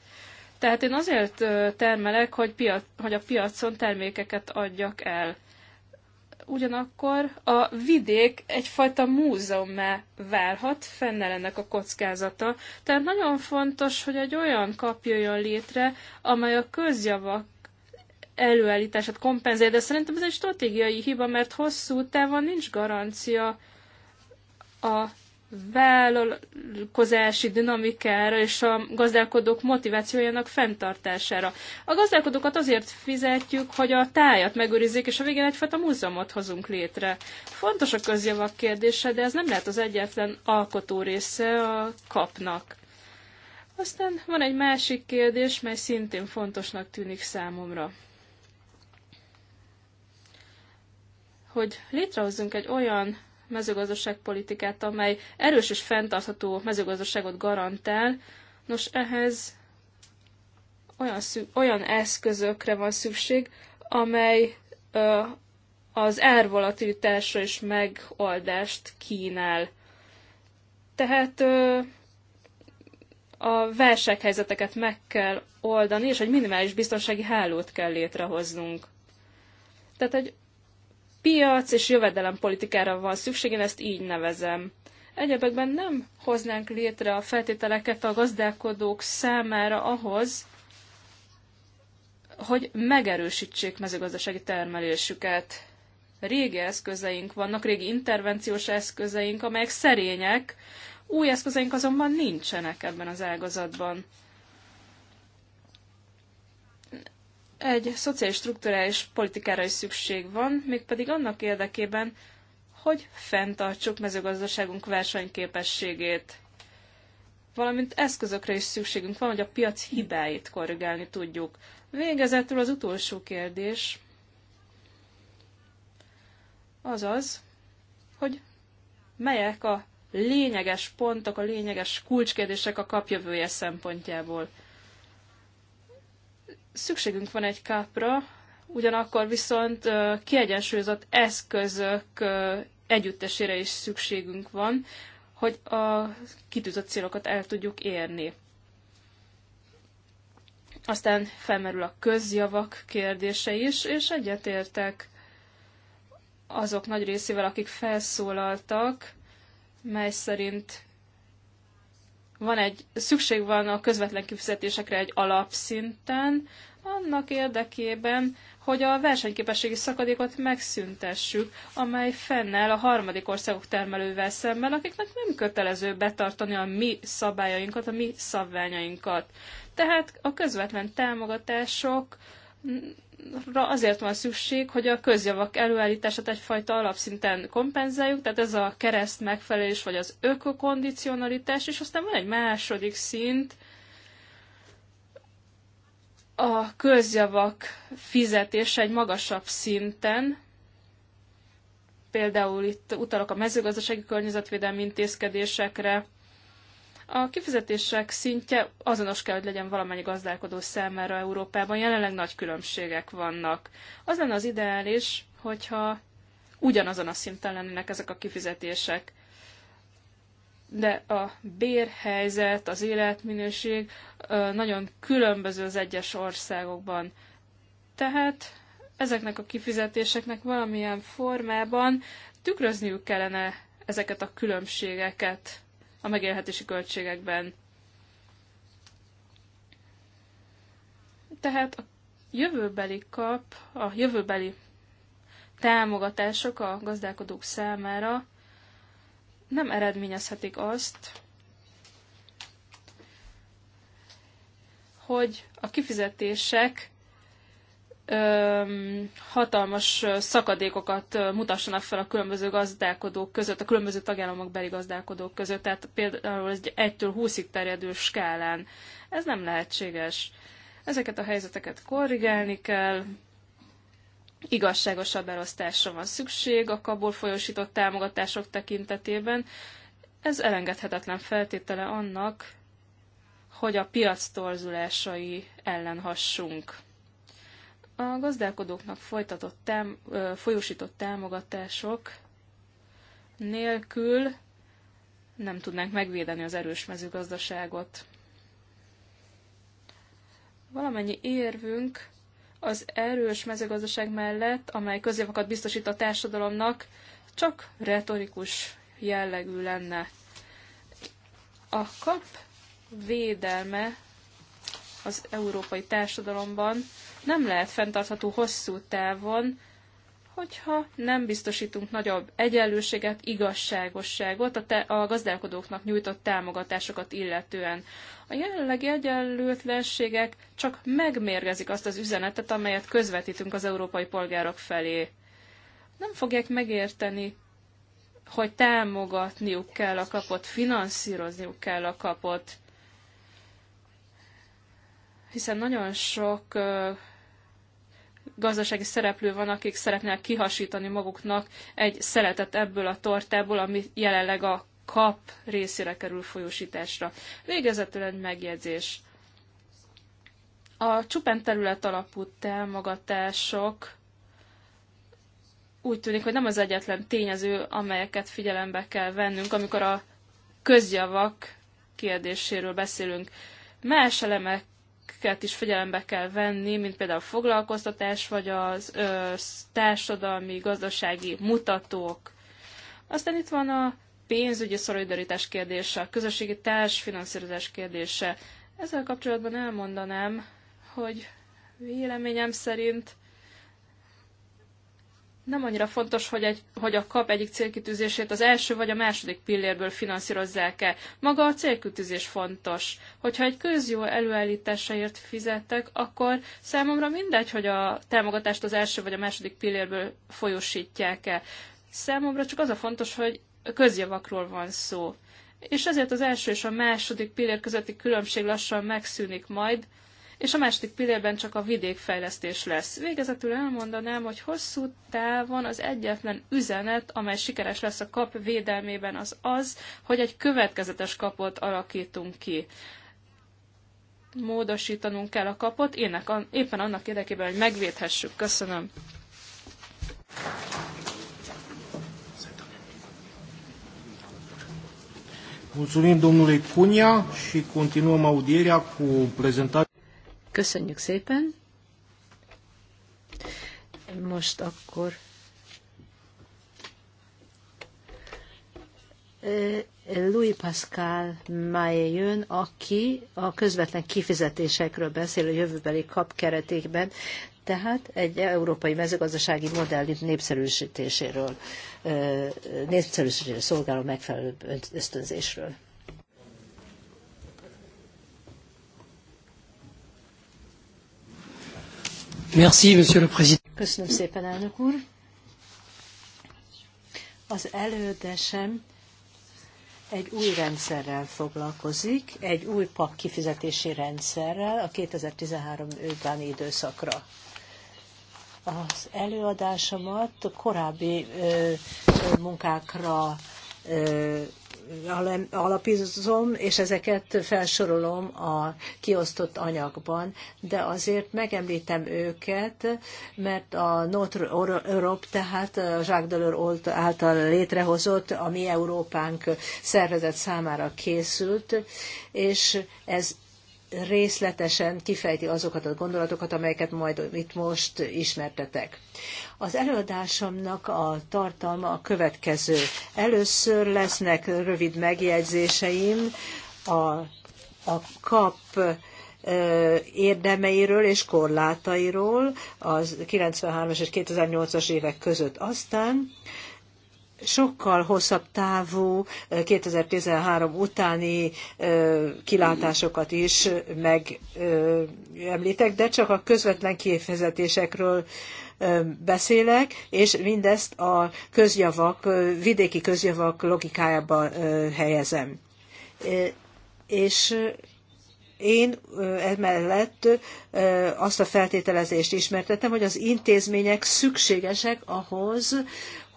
Tehát én azért termelek, hogy, piac, hogy a piacon termékeket adjak el. Ugyanakkor a vidék egyfajta múzeum, várhat, fenne ennek a kockázata. Tehát nagyon fontos, hogy egy olyan kap jöjjön létre, amely a közjavak előállítását kompenzálja, de szerintem ez egy stratégiai hiba, mert hosszú távon nincs garancia a vállalkozási dinamikára és a gazdálkodók motivációjának fenntartására. A gazdálkodókat azért fizetjük, hogy a tájat megőrizzék, és a végén egyfajta múzeumot hozunk létre. Fontos a közjavak kérdése, de ez nem lehet az egyetlen alkotó része a kapnak. Aztán van egy másik kérdés, mely szintén fontosnak tűnik számomra. Hogy létrehozzunk egy olyan mezőgazdaságpolitikát, amely erős és fenntartható mezőgazdaságot garantál. Nos, ehhez olyan, szü- olyan eszközökre van szükség, amely ö, az árvolatilitásra is megoldást kínál. Tehát ö, a válsághelyzeteket meg kell oldani, és egy minimális biztonsági hálót kell létrehoznunk. Tehát egy piac és jövedelempolitikára van szükség, én ezt így nevezem. Egyebekben nem hoznánk létre a feltételeket a gazdálkodók számára ahhoz, hogy megerősítsék mezőgazdasági termelésüket. Régi eszközeink vannak, régi intervenciós eszközeink, amelyek szerények, új eszközeink azonban nincsenek ebben az ágazatban. egy szociális strukturális politikára is szükség van, mégpedig annak érdekében, hogy fenntartsuk mezőgazdaságunk versenyképességét. Valamint eszközökre is szükségünk van, hogy a piac hibáit korrigálni tudjuk. Végezetül az utolsó kérdés az az, hogy melyek a lényeges pontok, a lényeges kulcskérdések a kapjövője szempontjából. Szükségünk van egy kápra, ugyanakkor viszont kiegyensúlyozott eszközök együttesére is szükségünk van, hogy a kitűzött célokat el tudjuk érni. Aztán felmerül a közjavak kérdése is, és egyetértek azok nagy részével, akik felszólaltak, mely szerint van egy, szükség van a közvetlen kifizetésekre egy alapszinten, annak érdekében, hogy a versenyképességi szakadékot megszüntessük, amely fennel a harmadik országok termelővel szemben, akiknek nem kötelező betartani a mi szabályainkat, a mi szabványainkat. Tehát a közvetlen támogatások azért van szükség, hogy a közjavak előállítását egyfajta alapszinten kompenzáljuk, tehát ez a kereszt megfelelés, vagy az ökokondicionalitás, és aztán van egy második szint, a közjavak fizetése egy magasabb szinten, például itt utalok a mezőgazdasági környezetvédelmi intézkedésekre, a kifizetések szintje azonos kell, hogy legyen valamennyi gazdálkodó számára Európában. Jelenleg nagy különbségek vannak. Az lenne az ideális, hogyha ugyanazon a szinten lennének ezek a kifizetések. De a bérhelyzet, az életminőség nagyon különböző az egyes országokban. Tehát ezeknek a kifizetéseknek valamilyen formában tükrözniük kellene ezeket a különbségeket a megélhetési költségekben. Tehát a jövőbeli kap, a jövőbeli támogatások a gazdálkodók számára nem eredményezhetik azt, hogy a kifizetések hatalmas szakadékokat mutassanak fel a különböző gazdálkodók között, a különböző tagállamok beli gazdálkodók között, tehát például egy 1 20-ig terjedő skálán. Ez nem lehetséges. Ezeket a helyzeteket korrigálni kell, igazságosabb elosztásra van szükség a kabul folyosított támogatások tekintetében. Ez elengedhetetlen feltétele annak, hogy a piac torzulásai ellen hassunk. A gazdálkodóknak folytatott tám, folyósított támogatások nélkül nem tudnánk megvédeni az erős mezőgazdaságot. Valamennyi érvünk az erős mezőgazdaság mellett, amely közjavakat biztosít a társadalomnak, csak retorikus jellegű lenne. A kap védelme az európai társadalomban nem lehet fenntartható hosszú távon, hogyha nem biztosítunk nagyobb egyenlőséget, igazságosságot a, te- a gazdálkodóknak nyújtott támogatásokat illetően. A jelenlegi egyenlőtlenségek csak megmérgezik azt az üzenetet, amelyet közvetítünk az európai polgárok felé. Nem fogják megérteni, hogy támogatniuk kell a kapot, finanszírozniuk kell a kapot, hiszen nagyon sok gazdasági szereplő van, akik szeretnének kihasítani maguknak egy szeretet ebből a tortából, ami jelenleg a kap részére kerül folyósításra. Végezetül egy megjegyzés. A csupán terület alapú támogatások úgy tűnik, hogy nem az egyetlen tényező, amelyeket figyelembe kell vennünk, amikor a közjavak kérdéséről beszélünk. Más elemek amiket is figyelembe kell venni, mint például a foglalkoztatás, vagy az ö, társadalmi, gazdasági mutatók. Aztán itt van a pénzügyi szolidaritás kérdése, a közösségi társfinanszírozás kérdése. Ezzel kapcsolatban elmondanám, hogy véleményem szerint nem annyira fontos, hogy, egy, hogy a kap egyik célkitűzését az első vagy a második pillérből finanszírozzák-e. Maga a célkitűzés fontos. Hogyha egy közjó előállításaért fizettek, akkor számomra mindegy, hogy a támogatást az első vagy a második pillérből folyósítják-e. Számomra csak az a fontos, hogy közjavakról van szó. És ezért az első és a második pillér közötti különbség lassan megszűnik majd, és a második pillérben csak a vidékfejlesztés lesz. Végezetül elmondanám, hogy hosszú távon az egyetlen üzenet, amely sikeres lesz a kap védelmében, az az, hogy egy következetes kapot alakítunk ki módosítanunk kell a kapot, énnek, éppen annak érdekében, hogy megvédhessük. Köszönöm. Mulțumim domnului Cunia și continuăm audierea cu prezentarea. Köszönjük szépen. Most akkor Louis Pascal Maé jön, aki a közvetlen kifizetésekről beszél a jövőbeli kap keretékben, tehát egy európai mezőgazdasági modell népszerűsítéséről, népszerűsítéséről szolgáló megfelelő ösztönzésről. Merci, Monsieur le Président. Köszönöm szépen, elnök úr. Az elődesem egy új rendszerrel foglalkozik, egy új pak kifizetési rendszerrel a 2013 utáni időszakra. Az előadásomat korábbi ö, munkákra ö, alapizom, és ezeket felsorolom a kiosztott anyagban, de azért megemlítem őket, mert a Notre Europe, tehát Jacques Delors által létrehozott, a mi Európánk szervezet számára készült, és ez részletesen kifejti azokat a gondolatokat, amelyeket majd itt most ismertetek. Az előadásomnak a tartalma a következő. Először lesznek rövid megjegyzéseim a, a kap érdemeiről és korlátairól az 93-as és 2008-as évek között. Aztán sokkal hosszabb távú 2013 utáni kilátásokat is megemlítek, de csak a közvetlen kifizetésekről beszélek, és mindezt a közjavak, vidéki közjavak logikájába helyezem. És én emellett azt a feltételezést ismertettem, hogy az intézmények szükségesek ahhoz,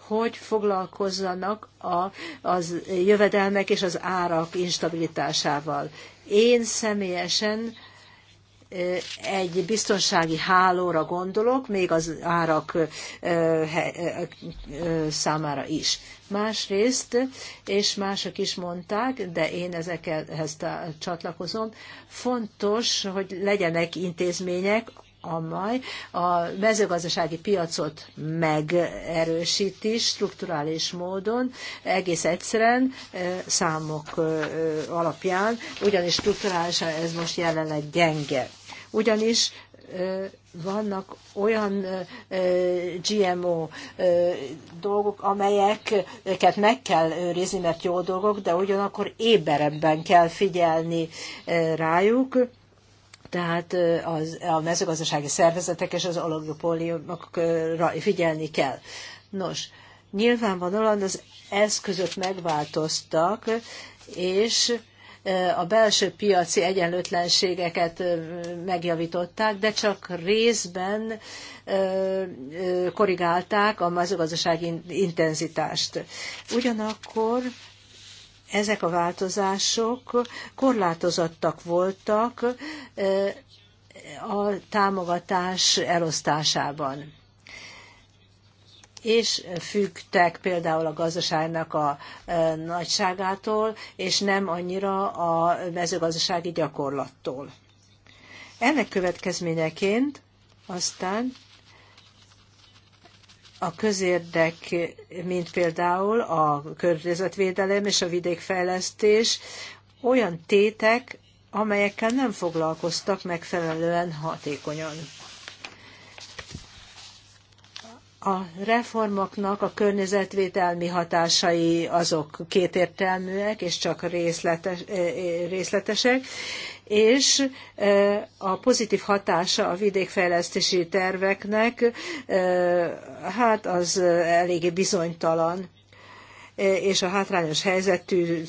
hogy foglalkozzanak a, az jövedelmek és az árak instabilitásával. Én személyesen egy biztonsági hálóra gondolok, még az árak számára is. Másrészt, és mások is mondták, de én ezekhez csatlakozom, fontos, hogy legyenek intézmények, amely a mezőgazdasági piacot megerősíti strukturális módon, egész egyszerűen számok alapján, ugyanis strukturálisan ez most jelenleg gyenge. Ugyanis vannak olyan GMO dolgok, amelyeket meg kell őrizni, mert jó dolgok, de ugyanakkor éberebben kell figyelni rájuk tehát az, a mezőgazdasági szervezetek és az oligopóliumokra figyelni kell. Nos, nyilvánvalóan az eszközök megváltoztak, és a belső piaci egyenlőtlenségeket megjavították, de csak részben korrigálták a mezőgazdasági intenzitást. Ugyanakkor ezek a változások korlátozottak voltak a támogatás elosztásában és függtek például a gazdaságnak a nagyságától, és nem annyira a mezőgazdasági gyakorlattól. Ennek következményeként aztán a közérdek, mint például a környezetvédelem és a vidékfejlesztés olyan tétek, amelyekkel nem foglalkoztak megfelelően hatékonyan. A reformoknak a környezetvédelmi hatásai azok kétértelműek és csak részletes, részletesek, és a pozitív hatása a vidékfejlesztési terveknek, hát az eléggé bizonytalan és a hátrányos helyzetű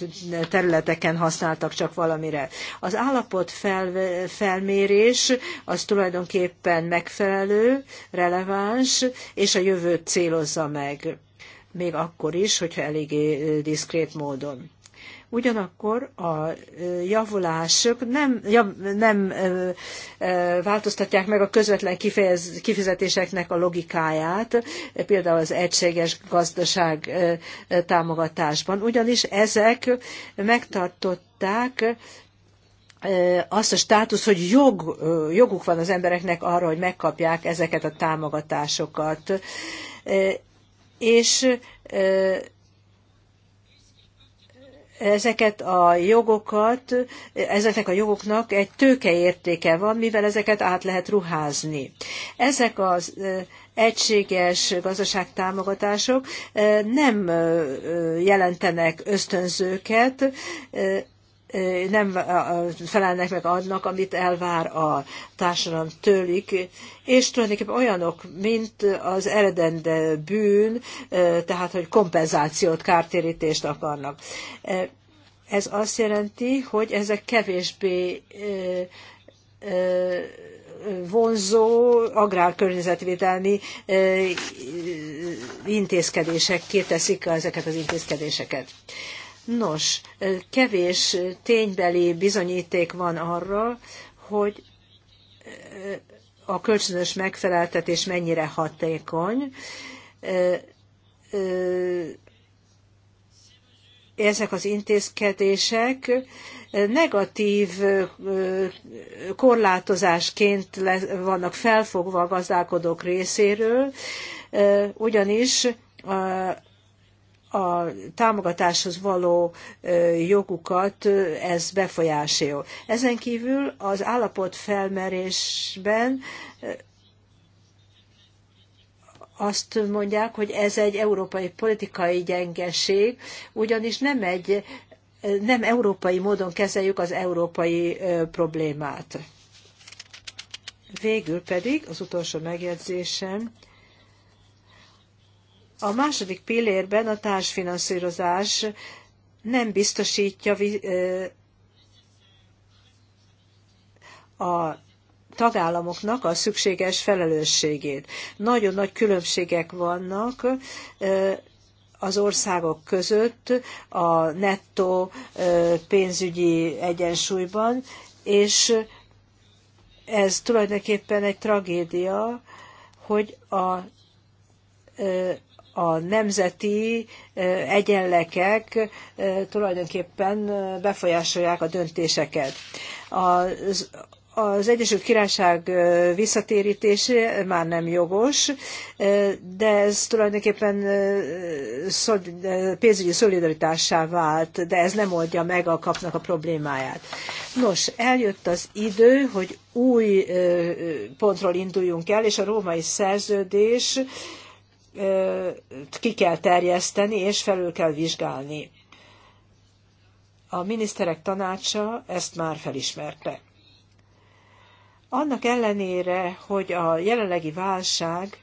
területeken használtak csak valamire. Az állapot fel, felmérés az tulajdonképpen megfelelő, releváns, és a jövőt célozza meg még akkor is, hogyha eléggé diszkrét módon. Ugyanakkor a javulások nem, nem változtatják meg a közvetlen kifejez, kifizetéseknek a logikáját, például az egységes gazdaság támogatásban, ugyanis ezek megtartották azt a státusz, hogy jog, joguk van az embereknek arra, hogy megkapják ezeket a támogatásokat. És ezeket a jogokat, ezeknek a jogoknak egy tőkeértéke van, mivel ezeket át lehet ruházni. Ezek az egységes gazdaságtámogatások nem jelentenek ösztönzőket, nem felelnek meg annak, amit elvár a társadalom tőlük, és tulajdonképpen olyanok, mint az eredende bűn, tehát, hogy kompenzációt, kártérítést akarnak. Ez azt jelenti, hogy ezek kevésbé vonzó agrárkörnyezetvédelmi intézkedések teszik ezeket az intézkedéseket. Nos, kevés ténybeli bizonyíték van arra, hogy a kölcsönös megfeleltetés mennyire hatékony. Ezek az intézkedések negatív korlátozásként vannak felfogva a gazdálkodók részéről, ugyanis a támogatáshoz való jogukat ez befolyásol. Ezen kívül az felmerésben azt mondják, hogy ez egy európai politikai gyengeség, ugyanis nem egy nem európai módon kezeljük az európai problémát. Végül pedig az utolsó megjegyzésem a második pillérben a társfinanszírozás nem biztosítja a tagállamoknak a szükséges felelősségét. Nagyon nagy különbségek vannak az országok között a nettó pénzügyi egyensúlyban, és ez tulajdonképpen egy tragédia, hogy a a nemzeti egyenlekek tulajdonképpen befolyásolják a döntéseket. Az, az Egyesült Királyság visszatérítése már nem jogos, de ez tulajdonképpen pénzügyi szolidaritássá vált, de ez nem oldja meg a kapnak a problémáját. Nos, eljött az idő, hogy új pontról induljunk el, és a római szerződés ki kell terjeszteni, és felül kell vizsgálni. A miniszterek tanácsa ezt már felismerte. Annak ellenére, hogy a jelenlegi válság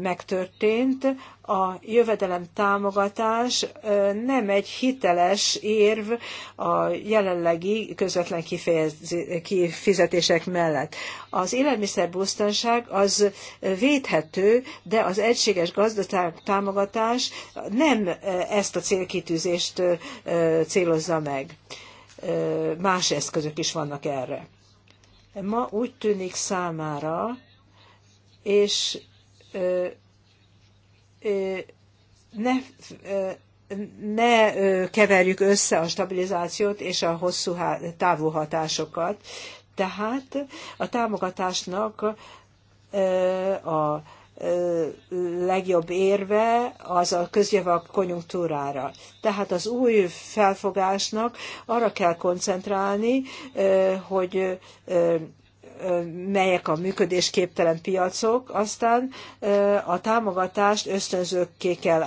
megtörtént, a jövedelem támogatás nem egy hiteles érv a jelenlegi közvetlen kifizetések mellett. Az élelmiszerbiztonság az védhető, de az egységes gazdaság támogatás nem ezt a célkitűzést célozza meg. Más eszközök is vannak erre. Ma úgy tűnik számára, és ne, ne keverjük össze a stabilizációt és a hosszú távú hatásokat. Tehát a támogatásnak a legjobb érve az a közjavak konjunktúrára. Tehát az új felfogásnak arra kell koncentrálni, hogy melyek a működésképtelen piacok, aztán a támogatást ösztönzőkké kell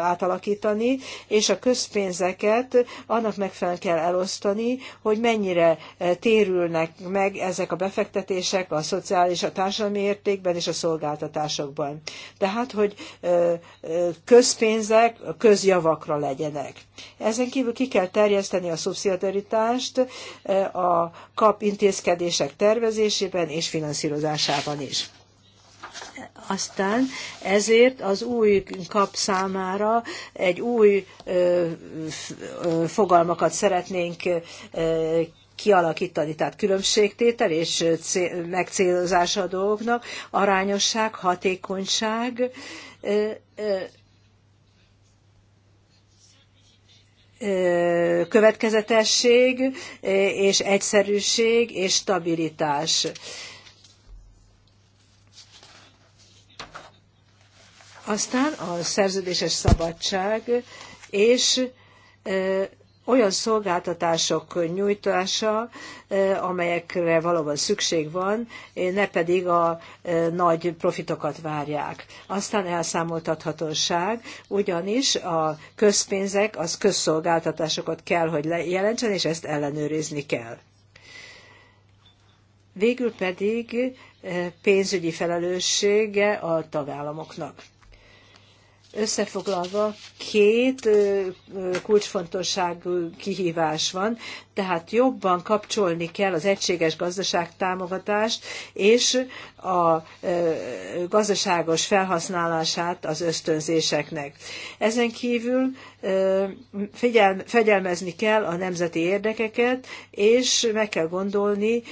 átalakítani, és a közpénzeket annak megfelelően kell elosztani, hogy mennyire térülnek meg ezek a befektetések a szociális, a társadalmi értékben és a szolgáltatásokban. Tehát, hogy közpénzek közjavakra legyenek. Ezen kívül ki kell terjeszteni a szubszidiaritást a kap intézkedések tervezését, szervezésében és finanszírozásában is. Aztán ezért az új kap számára egy új ö, ö, fogalmakat szeretnénk ö, kialakítani, tehát különbségtétel és megcélozása a dolgoknak, arányosság, hatékonyság, következetesség és egyszerűség és stabilitás. Aztán a szerződéses szabadság és olyan szolgáltatások nyújtása, eh, amelyekre valóban szükség van, eh, ne pedig a eh, nagy profitokat várják. Aztán elszámoltathatóság, ugyanis a közpénzek az közszolgáltatásokat kell, hogy jelentsen, és ezt ellenőrizni kell. Végül pedig pénzügyi felelőssége a tagállamoknak Összefoglalva két kulcsfontosságú kihívás van, tehát jobban kapcsolni kell az egységes gazdaságtámogatást és a gazdaságos felhasználását az ösztönzéseknek. Ezen kívül figyel, fegyelmezni kell a nemzeti érdekeket, és meg kell gondolni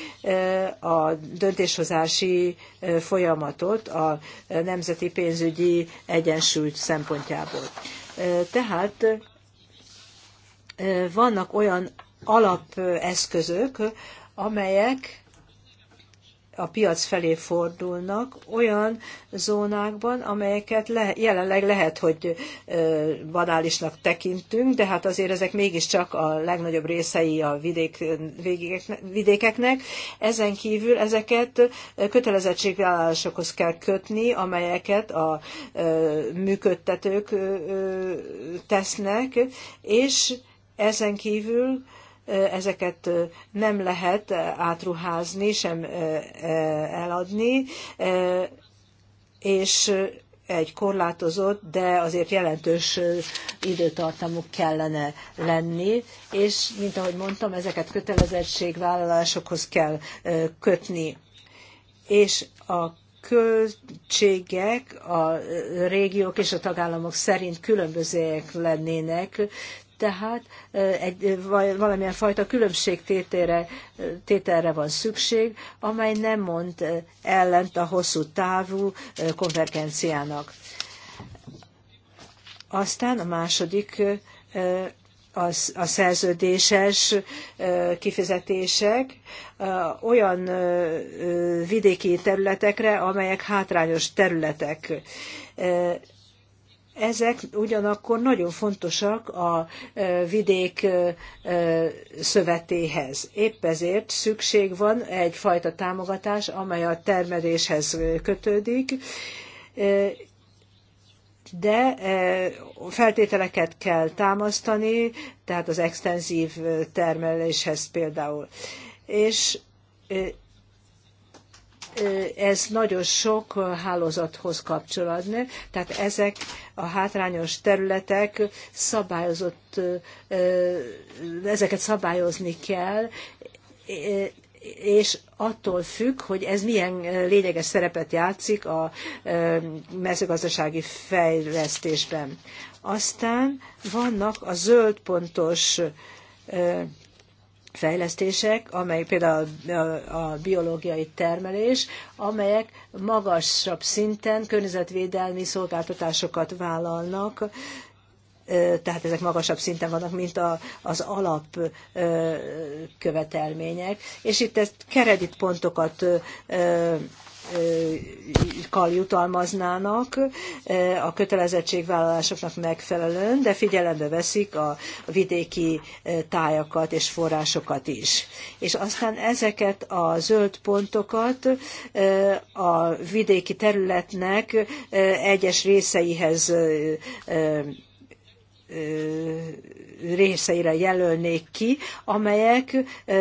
a döntéshozási folyamatot a nemzeti pénzügyi egyensúly szempontjából. Tehát vannak olyan alapeszközök, amelyek a piac felé fordulnak olyan zónákban, amelyeket le, jelenleg lehet, hogy ö, banálisnak tekintünk, de hát azért ezek mégiscsak a legnagyobb részei a vidék, vidékeknek. Ezen kívül ezeket kötelezettségvállalásokhoz kell kötni, amelyeket a ö, működtetők ö, tesznek, és ezen kívül ö, ezeket nem lehet átruházni, sem eladni, és egy korlátozott, de azért jelentős időtartamuk kellene lenni, és mint ahogy mondtam, ezeket kötelezettségvállalásokhoz kell kötni. És a költségek a régiók és a tagállamok szerint különbözőek lennének, tehát egy, valamilyen fajta különbségtételre tételre van szükség, amely nem mond ellent a hosszú távú konvergenciának. Aztán a második az, a szerződéses kifizetések olyan vidéki területekre, amelyek hátrányos területek. Ezek ugyanakkor nagyon fontosak a vidék szövetéhez. Épp ezért szükség van egyfajta támogatás, amely a termeléshez kötődik, de feltételeket kell támasztani, tehát az extenzív termeléshez például. És ez nagyon sok hálózathoz kapcsolódni, tehát ezek a hátrányos területek szabályozott, ezeket szabályozni kell, és attól függ, hogy ez milyen lényeges szerepet játszik a mezőgazdasági fejlesztésben. Aztán vannak a zöld pontos fejlesztések, amely például a biológiai termelés, amelyek magasabb szinten környezetvédelmi szolgáltatásokat vállalnak, tehát ezek magasabb szinten vannak, mint a, az alap követelmények. És itt ezt kreditpontokat kal jutalmaznának a kötelezettségvállalásoknak megfelelően, de figyelembe veszik a vidéki tájakat és forrásokat is. És aztán ezeket a zöld pontokat a vidéki területnek egyes részeihez részeire jelölnék ki, amelyek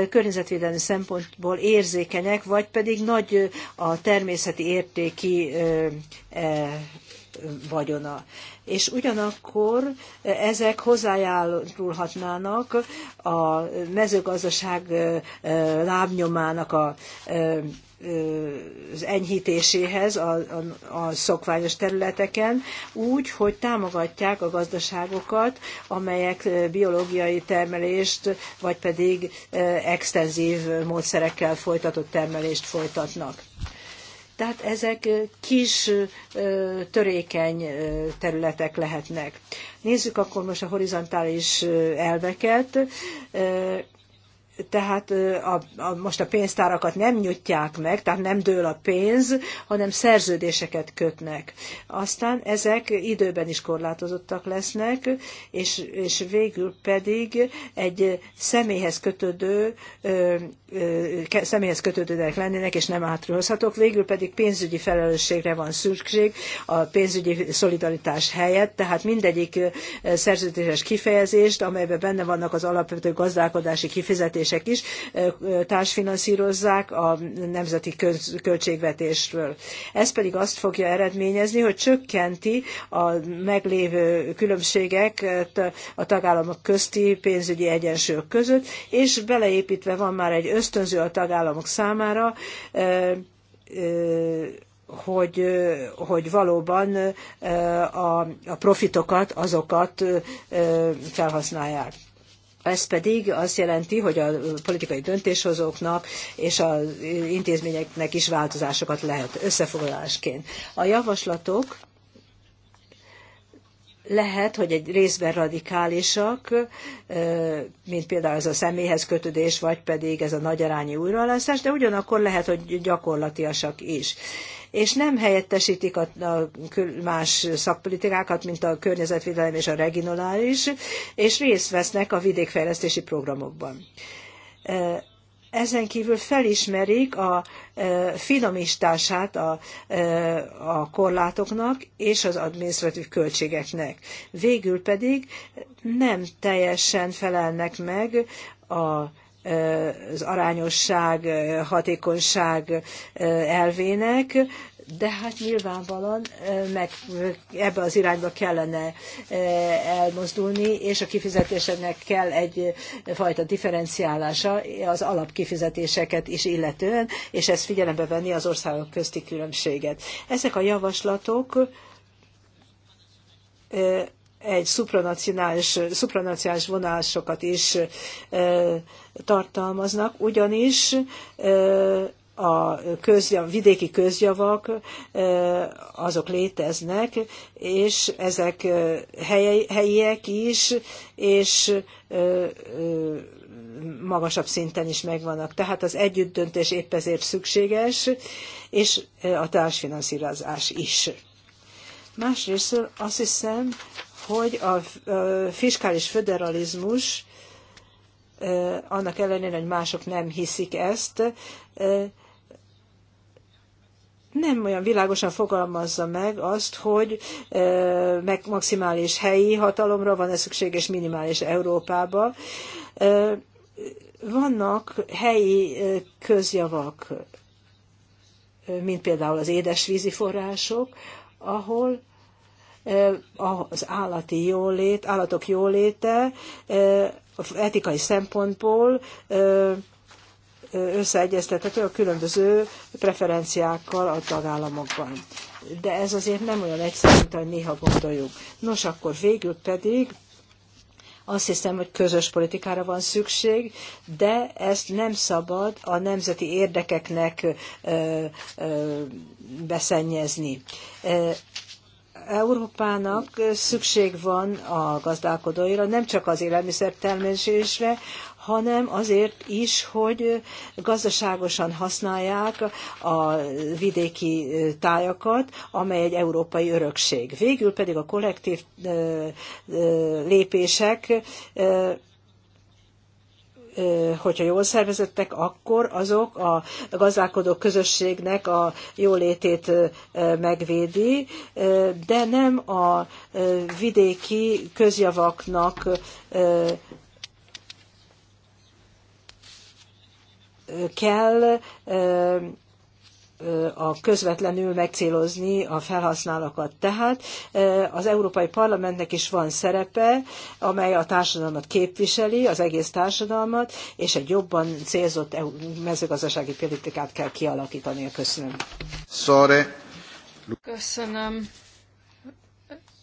környezetvédelmi szempontból érzékenyek, vagy pedig nagy a természeti értéki e, vagyona. És ugyanakkor ezek hozzájárulhatnának a mezőgazdaság lábnyomának a az enyhítéséhez a, a, a szokványos területeken, úgy, hogy támogatják a gazdaságokat, amelyek biológiai termelést, vagy pedig extenzív módszerekkel folytatott termelést folytatnak. Tehát ezek kis, törékeny területek lehetnek. Nézzük akkor most a horizontális elveket tehát a, a, most a pénztárakat nem nyújtják meg, tehát nem dől a pénz, hanem szerződéseket kötnek. Aztán ezek időben is korlátozottak lesznek, és, és végül pedig egy személyhez kötődő, ö, ö, személyhez kötődőnek lennének, és nem átrúhozhatók. Végül pedig pénzügyi felelősségre van szükség a pénzügyi szolidaritás helyett, tehát mindegyik szerződéses kifejezést, amelyben benne vannak az alapvető gazdálkodási kifizetések, intézkedések is társfinanszírozzák a nemzeti költségvetésről. Ez pedig azt fogja eredményezni, hogy csökkenti a meglévő különbségeket a tagállamok közti pénzügyi egyensúlyok között, és beleépítve van már egy ösztönző a tagállamok számára, hogy, hogy valóban a, a profitokat, azokat felhasználják. Ez pedig azt jelenti, hogy a politikai döntéshozóknak és az intézményeknek is változásokat lehet összefoglalásként. A javaslatok lehet, hogy egy részben radikálisak, mint például ez a személyhez kötődés, vagy pedig ez a nagyarányú újraelosztás, de ugyanakkor lehet, hogy gyakorlatiasak is és nem helyettesítik a, más szakpolitikákat, mint a környezetvédelem és a regionális, és részt vesznek a vidékfejlesztési programokban. Ezen kívül felismerik a finomistását a, a korlátoknak és az adminisztratív költségeknek. Végül pedig nem teljesen felelnek meg a az arányosság, hatékonyság elvének, de hát nyilvánvalóan meg ebbe az irányba kellene elmozdulni, és a kifizetéseknek kell egyfajta differenciálása az alapkifizetéseket is illetően, és ezt figyelembe venni az országok közti különbséget. Ezek a javaslatok egy szupranacionális, szupranacionális vonásokat is tartalmaznak, ugyanis a közjav, vidéki közjavak azok léteznek, és ezek hely, helyiek is, és magasabb szinten is megvannak. Tehát az együttdöntés épp ezért szükséges, és a társfinanszírozás is. Másrészt azt hiszem, hogy a fiskális föderalizmus, annak ellenére, hogy mások nem hiszik ezt, nem olyan világosan fogalmazza meg azt, hogy meg maximális helyi hatalomra van-e szükséges minimális Európába. Vannak helyi közjavak, mint például az édesvízi források, ahol az állati jólét, állatok jóléte etikai szempontból összeegyeztethető a különböző preferenciákkal a tagállamokban. De ez azért nem olyan egyszerű, mint ahogy néha gondoljuk. Nos, akkor végül pedig azt hiszem, hogy közös politikára van szükség, de ezt nem szabad a nemzeti érdekeknek ö, ö, Európának szükség van a gazdálkodóira, nem csak az élelmiszertermelésre, hanem azért is, hogy gazdaságosan használják a vidéki tájakat, amely egy európai örökség. Végül pedig a kollektív lépések hogyha jól szervezettek, akkor azok a gazdálkodó közösségnek a jólétét megvédi, de nem a vidéki közjavaknak kell a közvetlenül megcélozni a felhasználókat. Tehát eh, az Európai Parlamentnek is van szerepe, amely a társadalmat képviseli, az egész társadalmat, és egy jobban célzott mezőgazdasági politikát kell kialakítani. Köszönöm. Sorry. Köszönöm,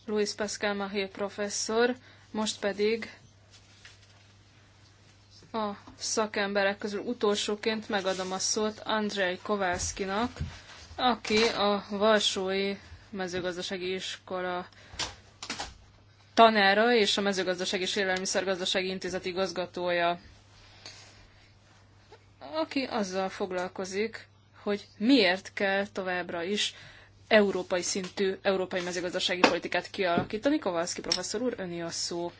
Luis Pascal Mahé professzor. Most pedig a szakemberek közül utolsóként megadom a szót Andrei Kovászkinak, aki a Varsói mezőgazdasági iskola tanára és a mezőgazdasági és élelmiszergazdasági intézet igazgatója, aki azzal foglalkozik, hogy miért kell továbbra is európai szintű, európai mezőgazdasági politikát kialakítani. Kovalszki professzor úr, öni a szó.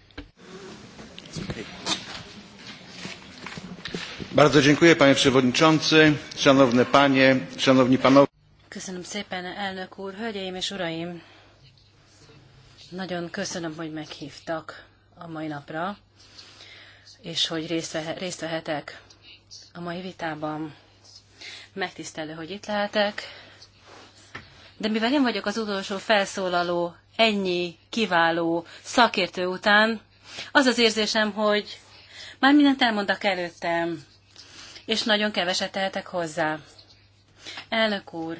Okay panie przewodniczący, szanowne panie, szanowni panowie. Köszönöm szépen, elnök úr, hölgyeim és uraim! Nagyon köszönöm, hogy meghívtak a mai napra, és hogy részt vehetek a mai vitában. Megtisztelő, hogy itt lehetek. De mivel én vagyok az utolsó felszólaló ennyi kiváló szakértő után, az az érzésem, hogy már mindent elmondtak előttem és nagyon keveset tehetek hozzá. Elnök úr,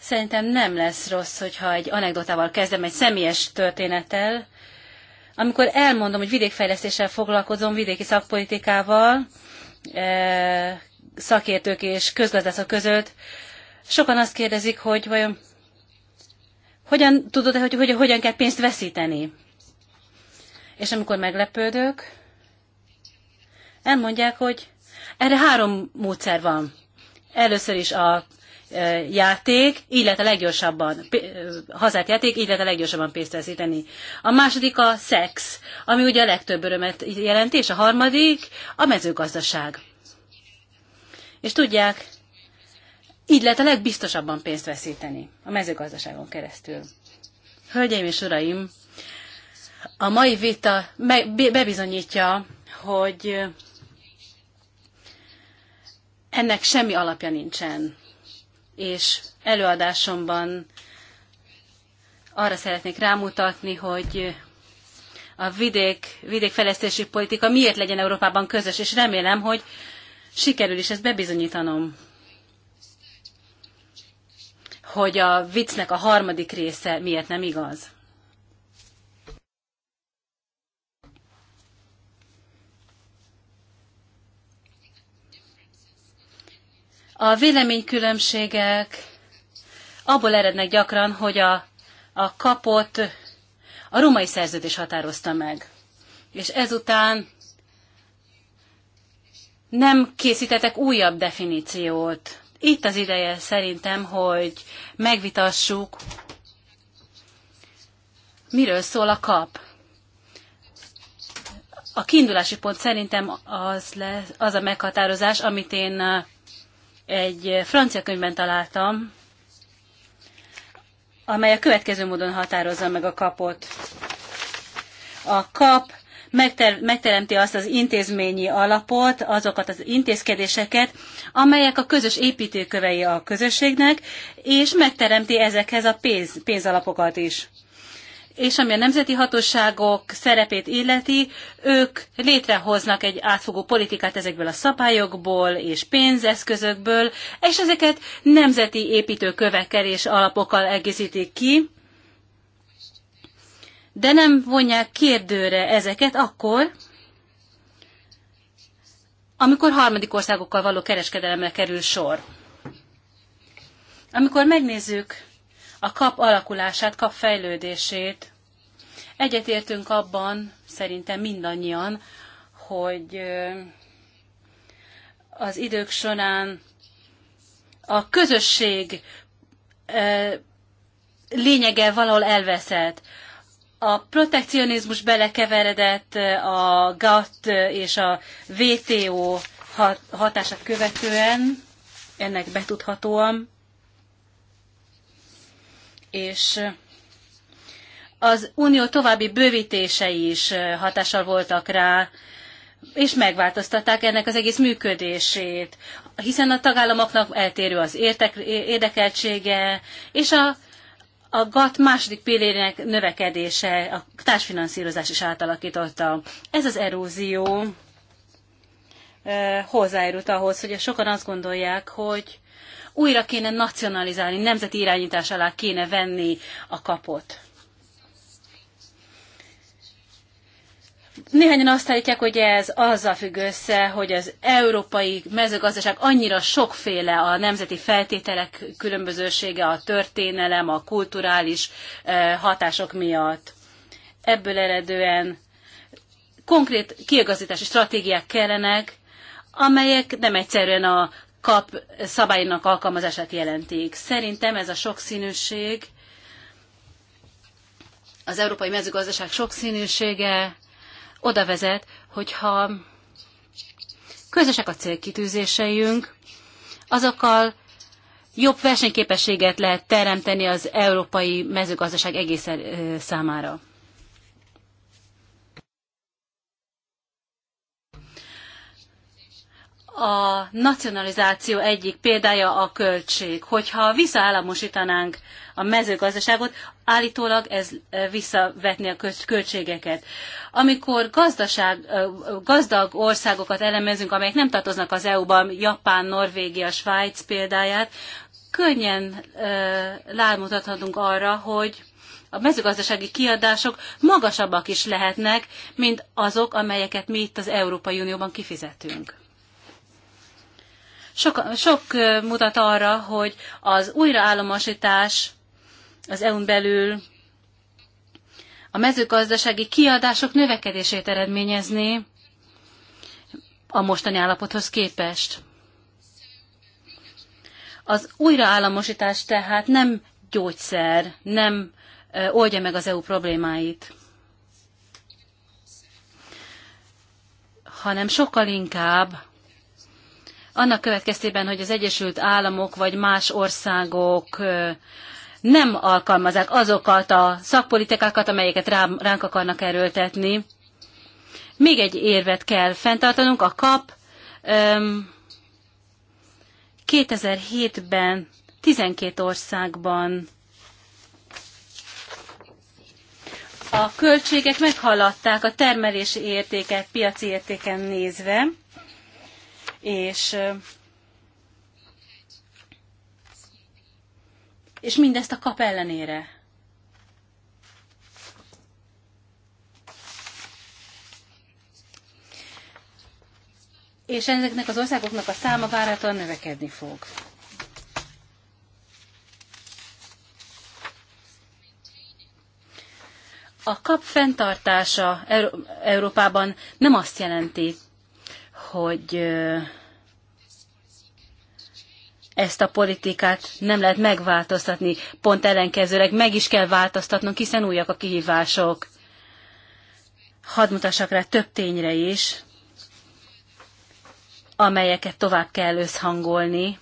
szerintem nem lesz rossz, hogyha egy anekdotával kezdem, egy személyes történettel. Amikor elmondom, hogy vidékfejlesztéssel foglalkozom, vidéki szakpolitikával, e, szakértők és közgazdászok között, sokan azt kérdezik, hogy vajon hogyan tudod, hogy, hogy hogyan kell pénzt veszíteni és amikor meglepődök, elmondják, hogy erre három módszer van. Először is a e, játék, így lehet a leggyorsabban, e, hazát játék, így lehet a leggyorsabban pénzt veszíteni. A második a szex, ami ugye a legtöbb örömet jelenti, és a harmadik a mezőgazdaság. És tudják, így lehet a legbiztosabban pénzt veszíteni, a mezőgazdaságon keresztül. Hölgyeim és uraim, a mai vita bebizonyítja, hogy ennek semmi alapja nincsen. És előadásomban arra szeretnék rámutatni, hogy a vidék, vidékfejlesztési politika miért legyen Európában közös, és remélem, hogy sikerül is ezt bebizonyítanom. Hogy a viccnek a harmadik része miért nem igaz. A véleménykülönbségek abból erednek gyakran, hogy a, a kapot a római szerződés határozta meg. És ezután nem készítetek újabb definíciót. Itt az ideje szerintem, hogy megvitassuk, miről szól a kap. A kiindulási pont szerintem az, lesz, az a meghatározás, amit én egy francia könyvben találtam, amely a következő módon határozza meg a kapot. A kap megteremti azt az intézményi alapot, azokat az intézkedéseket, amelyek a közös építőkövei a közösségnek, és megteremti ezekhez a pénz, pénzalapokat is és ami a nemzeti hatóságok szerepét illeti, ők létrehoznak egy átfogó politikát ezekből a szabályokból és pénzeszközökből, és ezeket nemzeti építőkövekkel és alapokkal egészítik ki, de nem vonják kérdőre ezeket akkor, amikor harmadik országokkal való kereskedelemre kerül sor. Amikor megnézzük a kap alakulását, kap fejlődését. Egyetértünk abban, szerintem mindannyian, hogy az idők során a közösség lényege valahol elveszett. A protekcionizmus belekeveredett a GATT és a WTO hatását követően, ennek betudhatóan és az unió további bővítései is hatással voltak rá, és megváltoztatták ennek az egész működését, hiszen a tagállamoknak eltérő az értek, érdekeltsége, és a, a GATT második pillérének növekedése, a társfinanszírozás is átalakította. Ez az erózió hozzájárult ahhoz, hogy sokan azt gondolják, hogy újra kéne nacionalizálni, nemzeti irányítás alá kéne venni a kapot. Néhányan azt állítják, hogy ez azzal függ össze, hogy az európai mezőgazdaság annyira sokféle a nemzeti feltételek különbözősége, a történelem, a kulturális eh, hatások miatt. Ebből eredően konkrét kiegazítási stratégiák kellenek, amelyek nem egyszerűen a kap szabálynak alkalmazását jelentik. Szerintem ez a sokszínűség, az európai mezőgazdaság sokszínűsége oda vezet, hogyha közösek a célkitűzéseink, azokkal jobb versenyképességet lehet teremteni az európai mezőgazdaság egész számára. A nacionalizáció egyik példája a költség. Hogyha visszaállamosítanánk a mezőgazdaságot, állítólag ez e, visszavetni a költségeket. Amikor gazdaság, e, gazdag országokat elemezünk, amelyek nem tartoznak az EU-ban, Japán, Norvégia, Svájc példáját, könnyen e, lámutathatunk arra, hogy a mezőgazdasági kiadások magasabbak is lehetnek, mint azok, amelyeket mi itt az Európai Unióban kifizetünk. Sok, sok mutat arra, hogy az újraállamosítás az EU-n belül a mezőgazdasági kiadások növekedését eredményezni a mostani állapothoz képest. Az újraállamosítás tehát nem gyógyszer, nem oldja meg az EU problémáit, hanem sokkal inkább annak következtében, hogy az Egyesült Államok vagy más országok nem alkalmazzák azokat a szakpolitikákat, amelyeket ránk akarnak erőltetni. Még egy érvet kell fenntartanunk, a KAP 2007-ben 12 országban a költségek meghaladták a termelési értéket piaci értéken nézve, és és mindezt a kap ellenére. És ezeknek az országoknak a száma várhatóan növekedni fog. A kap fenntartása Európában nem azt jelenti, hogy ezt a politikát nem lehet megváltoztatni, pont ellenkezőleg meg is kell változtatnunk, hiszen újak a kihívások. Hadd mutassak rá több tényre is, amelyeket tovább kell összhangolni,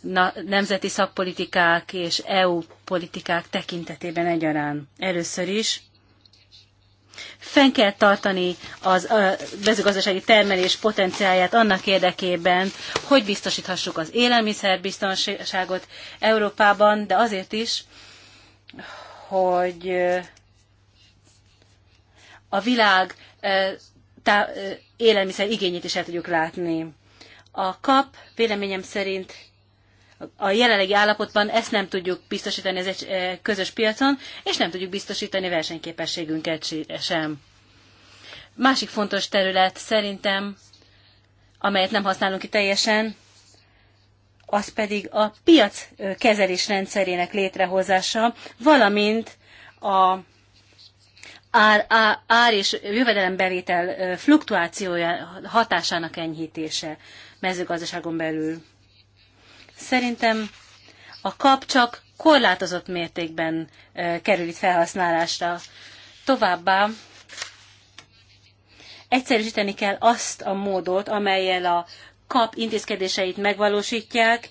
na, nemzeti szakpolitikák és EU politikák tekintetében egyaránt. Először is Fenn kell tartani az a mezőgazdasági termelés potenciáját annak érdekében, hogy biztosíthassuk az élelmiszerbiztonságot Európában, de azért is, hogy a világ élelmiszer igényét is el tudjuk látni. A kap véleményem szerint a jelenlegi állapotban ezt nem tudjuk biztosítani ez egy e, közös piacon, és nem tudjuk biztosítani versenyképességünket sem. Másik fontos terület szerintem, amelyet nem használunk ki teljesen, az pedig a piac e, kezelés rendszerének létrehozása, valamint a ár, ár, ár és jövedelembevétel e, fluktuációja hatásának enyhítése mezőgazdaságon belül. Szerintem a kap csak korlátozott mértékben kerül itt felhasználásra. Továbbá egyszerűsíteni kell azt a módot, amelyel a kap intézkedéseit megvalósítják,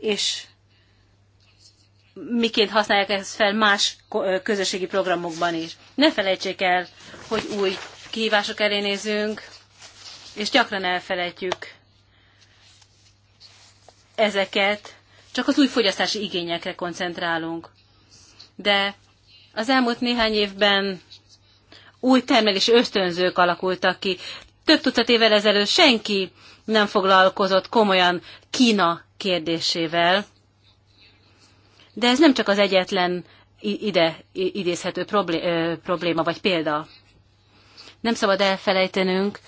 és miként használják ezt fel más közösségi programokban is. Ne felejtsék el, hogy új kihívások elé nézünk, és gyakran elfelejtjük ezeket, csak az új fogyasztási igényekre koncentrálunk. De az elmúlt néhány évben új termelési ösztönzők alakultak ki. Több tucat évvel ezelőtt senki nem foglalkozott komolyan Kína kérdésével, de ez nem csak az egyetlen ide idézhető probléma vagy példa. Nem szabad elfelejtenünk,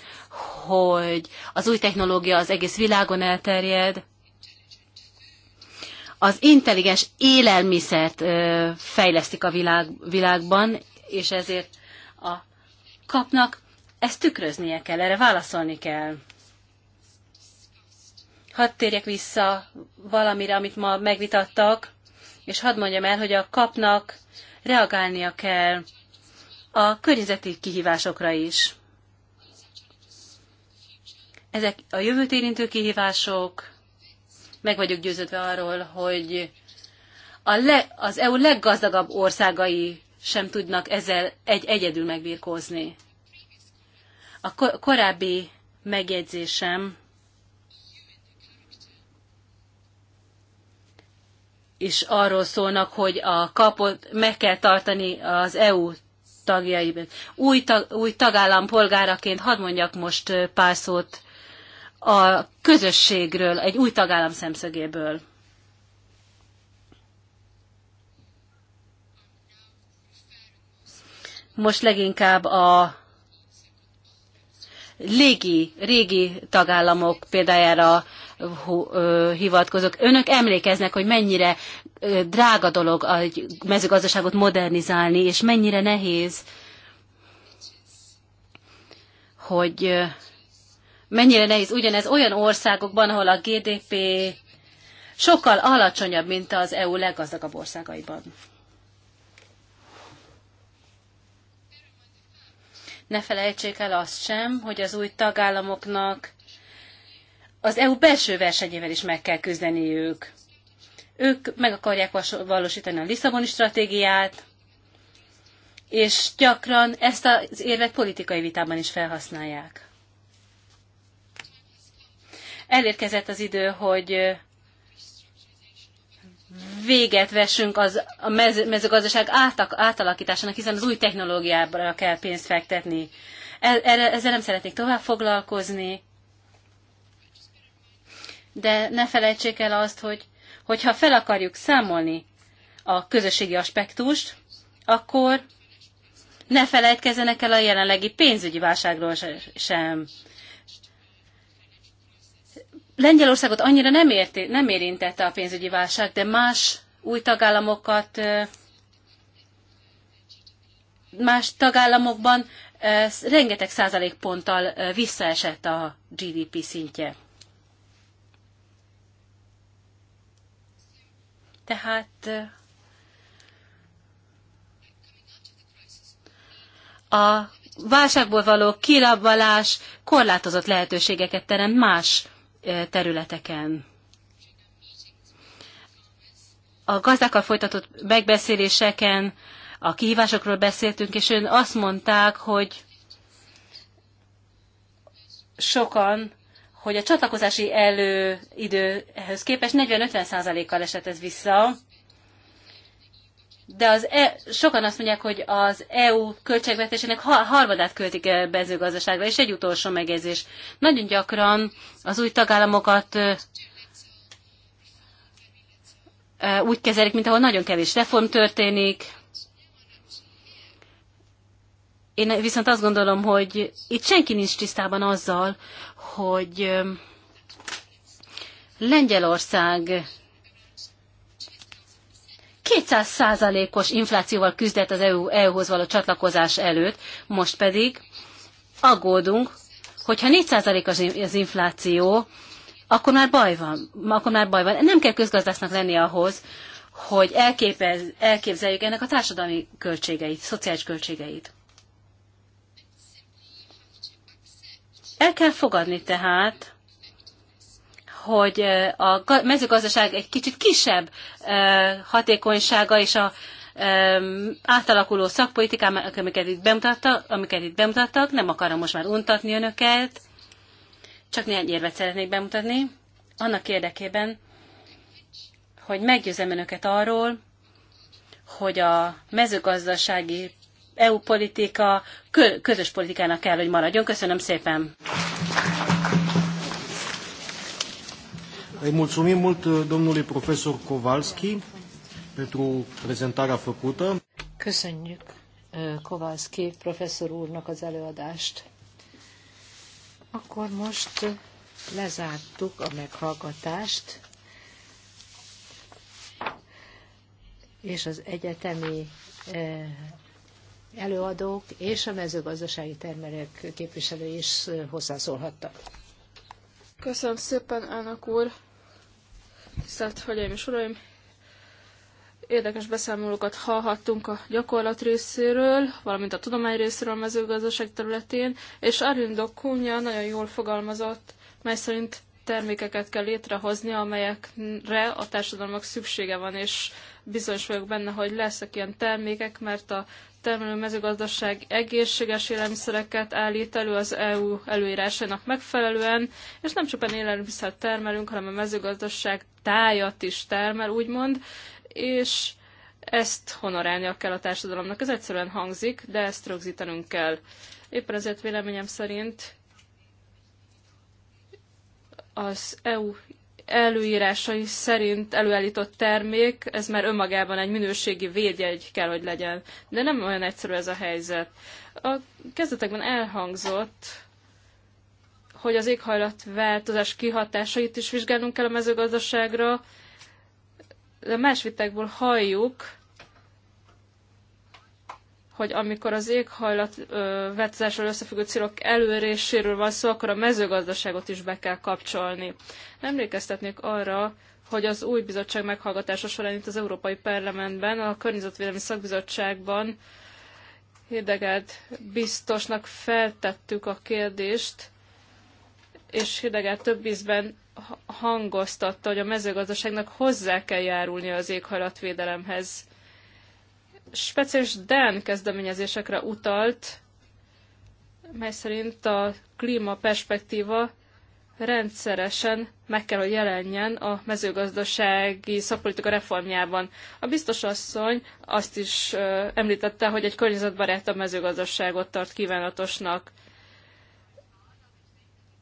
hogy az új technológia az egész világon elterjed, az intelligens élelmiszert fejlesztik a világ, világban, és ezért a kapnak ezt tükröznie kell, erre válaszolni kell. Hadd térjek vissza valamire, amit ma megvitattak, és hadd mondjam el, hogy a kapnak reagálnia kell a környezeti kihívásokra is. Ezek a jövőt érintő kihívások, meg vagyok győződve arról, hogy a le, az EU leggazdagabb országai sem tudnak ezzel egy egyedül megbírkózni. A ko- korábbi megjegyzésem is arról szólnak, hogy a kapot meg kell tartani az EU tagjaiben. Új, tag, új tagállam polgáraként hadd mondjak most pár szót a közösségről, egy új tagállam szemszögéből. Most leginkább a légi, régi tagállamok példájára hivatkozok. Önök emlékeznek, hogy mennyire drága dolog a mezőgazdaságot modernizálni, és mennyire nehéz, hogy mennyire nehéz ugyanez olyan országokban, ahol a GDP sokkal alacsonyabb, mint az EU leggazdagabb országaiban. Ne felejtsék el azt sem, hogy az új tagállamoknak az EU belső versenyével is meg kell küzdeniük. Ők meg akarják valósítani a Lisszaboni stratégiát, és gyakran ezt az érvet politikai vitában is felhasználják elérkezett az idő, hogy véget vessünk az, a mezőgazdaság átak, átalakításának, hiszen az új technológiára kell pénzt fektetni. Ezzel nem szeretnék tovább foglalkozni, de ne felejtsék el azt, hogy hogyha fel akarjuk számolni a közösségi aspektust, akkor ne felejtkezzenek el a jelenlegi pénzügyi válságról sem. Lengyelországot annyira nem, érti, nem érintette a pénzügyi válság, de más új tagállamokat, más tagállamokban rengeteg százalékponttal visszaesett a GDP szintje. Tehát a válságból való kirabbalás korlátozott lehetőségeket teremt más területeken. A gazdákkal folytatott megbeszéléseken a kihívásokról beszéltünk, és ön azt mondták, hogy sokan, hogy a csatlakozási előidőhöz képest 40-50 kal esett ez vissza de az e, sokan azt mondják, hogy az EU költségvetésének harmadát költik el mezőgazdaságra, és egy utolsó megjegyzés. Nagyon gyakran az új tagállamokat úgy kezelik, mint ahol nagyon kevés reform történik. Én viszont azt gondolom, hogy itt senki nincs tisztában azzal, hogy Lengyelország 200%-os inflációval küzdett az EU, EU-hoz való csatlakozás előtt, most pedig aggódunk, hogyha 4% az infláció, akkor már baj van. Akkor már baj van. Nem kell közgazdásznak lenni ahhoz, hogy elképez, elképzeljük ennek a társadalmi költségeit, szociális költségeit. El kell fogadni tehát, hogy a mezőgazdaság egy kicsit kisebb hatékonysága és a átalakuló szakpolitikák, amiket itt bemutattak, amiket itt bemutattak, nem akarom most már untatni önöket, csak néhány érvet szeretnék bemutatni, annak érdekében, hogy meggyőzem önöket arról, hogy a mezőgazdasági EU politika közös politikának kell, hogy maradjon. Köszönöm szépen! Îi mulțumim mult uh, domnului profesor Kowalski pentru prezentarea făcută. Köszönjük uh, Kowalski professzor úrnak az előadást. Akkor most uh, lezártuk a meghallgatást, és az egyetemi előadók és a mezőgazdasági termelők képviselői is hozzászólhattak. Köszönöm szépen, elnök úr! Tisztelt Hölgyeim és Uraim! Érdekes beszámolókat hallhattunk a gyakorlat részéről, valamint a tudomány részéről a mezőgazdaság területén, és Arindok Kunya nagyon jól fogalmazott, mely szerint termékeket kell létrehozni, amelyekre a társadalomnak szüksége van, és bizonyos vagyok benne, hogy leszek ilyen termékek, mert a termelő mezőgazdaság egészséges élelmiszereket állít elő az EU előírásainak megfelelően, és nem csupán élelmiszert termelünk, hanem a mezőgazdaság tájat is termel, úgymond, és ezt honorálnia kell a társadalomnak. Ez egyszerűen hangzik, de ezt rögzítenünk kell. Éppen ezért véleményem szerint az EU előírásai szerint előállított termék, ez már önmagában egy minőségi védjegy kell, hogy legyen. De nem olyan egyszerű ez a helyzet. A kezdetekben elhangzott, hogy az éghajlatváltozás kihatásait is vizsgálnunk kell a mezőgazdaságra, de más vitákból halljuk, hogy amikor az éghajlatváltozásról összefüggő célok előréséről van szó, akkor a mezőgazdaságot is be kell kapcsolni. Emlékeztetnék arra, hogy az új bizottság meghallgatása során itt az Európai Parlamentben, a Környezetvédelmi Szakbizottságban Hidegelt biztosnak feltettük a kérdést, és Hidegelt több ízben hangoztatta, hogy a mezőgazdaságnak hozzá kell járulnia az éghajlatvédelemhez speciális DEN kezdeményezésekre utalt, mely szerint a klíma perspektíva rendszeresen meg kell, hogy jelenjen a mezőgazdasági szakpolitika reformjában. A biztos asszony azt is említette, hogy egy környezetbarátabb mezőgazdaságot tart kívánatosnak.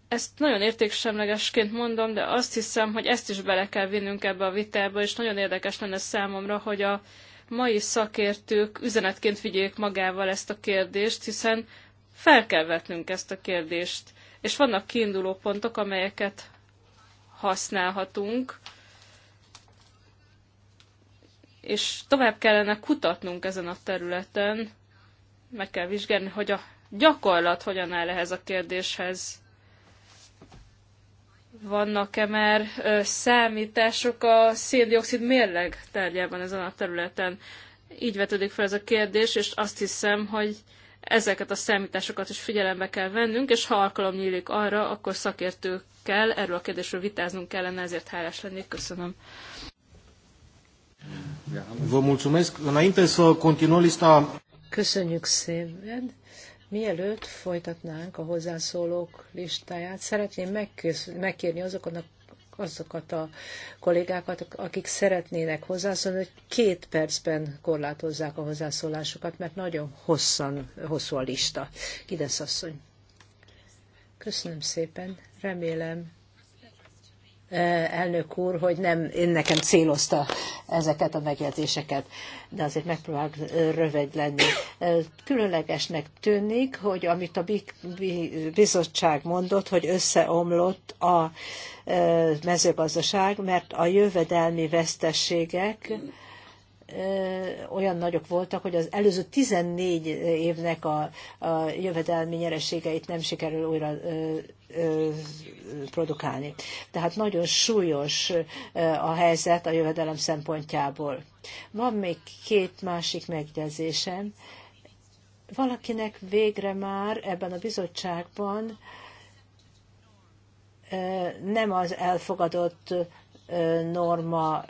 Ezt nagyon értéksemlegesként mondom, de azt hiszem, hogy ezt is bele kell vinnünk ebbe a vitába, és nagyon érdekes lenne számomra, hogy a mai szakértők üzenetként vigyék magával ezt a kérdést, hiszen fel kell vetnünk ezt a kérdést, és vannak kiinduló pontok, amelyeket használhatunk, és tovább kellene kutatnunk ezen a területen, meg kell vizsgálni, hogy a gyakorlat hogyan áll ehhez a kérdéshez vannak-e már számítások a széndiokszid mérleg tárgyában ezen a területen? Így vetődik fel ez a kérdés, és azt hiszem, hogy ezeket a számításokat is figyelembe kell vennünk, és ha alkalom nyílik arra, akkor szakértőkkel erről a kérdésről vitáznunk kellene, ezért hálás lennék. Köszönöm. Vă mulțumesc. Înainte să continuăm lista... Köszönjük szépen. Mielőtt folytatnánk a hozzászólók listáját, szeretném megkérni azokat, azokat a kollégákat, akik szeretnének hozzászólni, hogy két percben korlátozzák a hozzászólásokat, mert nagyon hosszan, hosszú a lista. Kidesz asszony. Köszönöm szépen. Remélem, Eh, elnök úr, hogy nem én nekem célozta ezeket a megjegyzéseket, de azért megpróbálok eh, rövid lenni. Eh, különlegesnek tűnik, hogy amit a bizottság mondott, hogy összeomlott a mezőgazdaság, mert a jövedelmi veszteségek olyan nagyok voltak, hogy az előző 14 évnek a, a jövedelmi nyereségeit nem sikerül újra produkálni. Tehát nagyon súlyos a helyzet a jövedelem szempontjából. Van még két másik megjegyzésem. Valakinek végre már ebben a bizottságban nem az elfogadott norma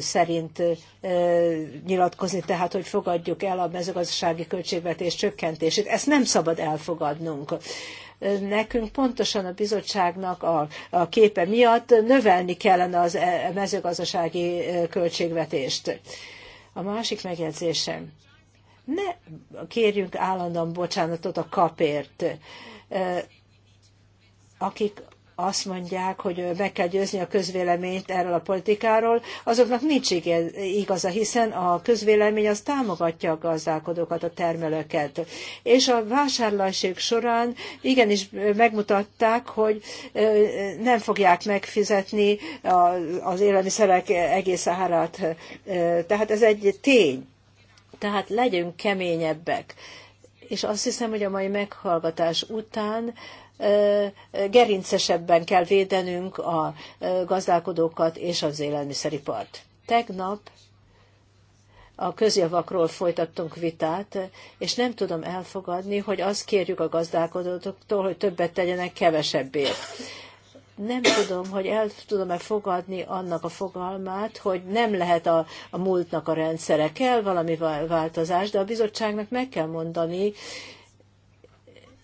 szerint nyilatkozni, tehát hogy fogadjuk el a mezőgazdasági költségvetés csökkentését. Ezt nem szabad elfogadnunk. Nekünk pontosan a bizottságnak a, a képe miatt növelni kellene az e, mezőgazdasági költségvetést. A másik megjegyzésem. Ne kérjünk állandóan bocsánatot a kapért akik azt mondják, hogy meg kell győzni a közvéleményt erről a politikáról, azoknak nincs igaza, hiszen a közvélemény az támogatja a gazdálkodókat, a termelőket. És a vásárlások során igenis megmutatták, hogy nem fogják megfizetni az élelmiszerek egész árát. Tehát ez egy tény. Tehát legyünk keményebbek. És azt hiszem, hogy a mai meghallgatás után gerincesebben kell védenünk a gazdálkodókat és az élelmiszeripart. Tegnap a közjavakról folytattunk vitát, és nem tudom elfogadni, hogy azt kérjük a gazdálkodóktól, hogy többet tegyenek kevesebbért. Nem tudom, hogy el tudom-e fogadni annak a fogalmát, hogy nem lehet a, a múltnak a rendszere. Kell valami változás, de a bizottságnak meg kell mondani,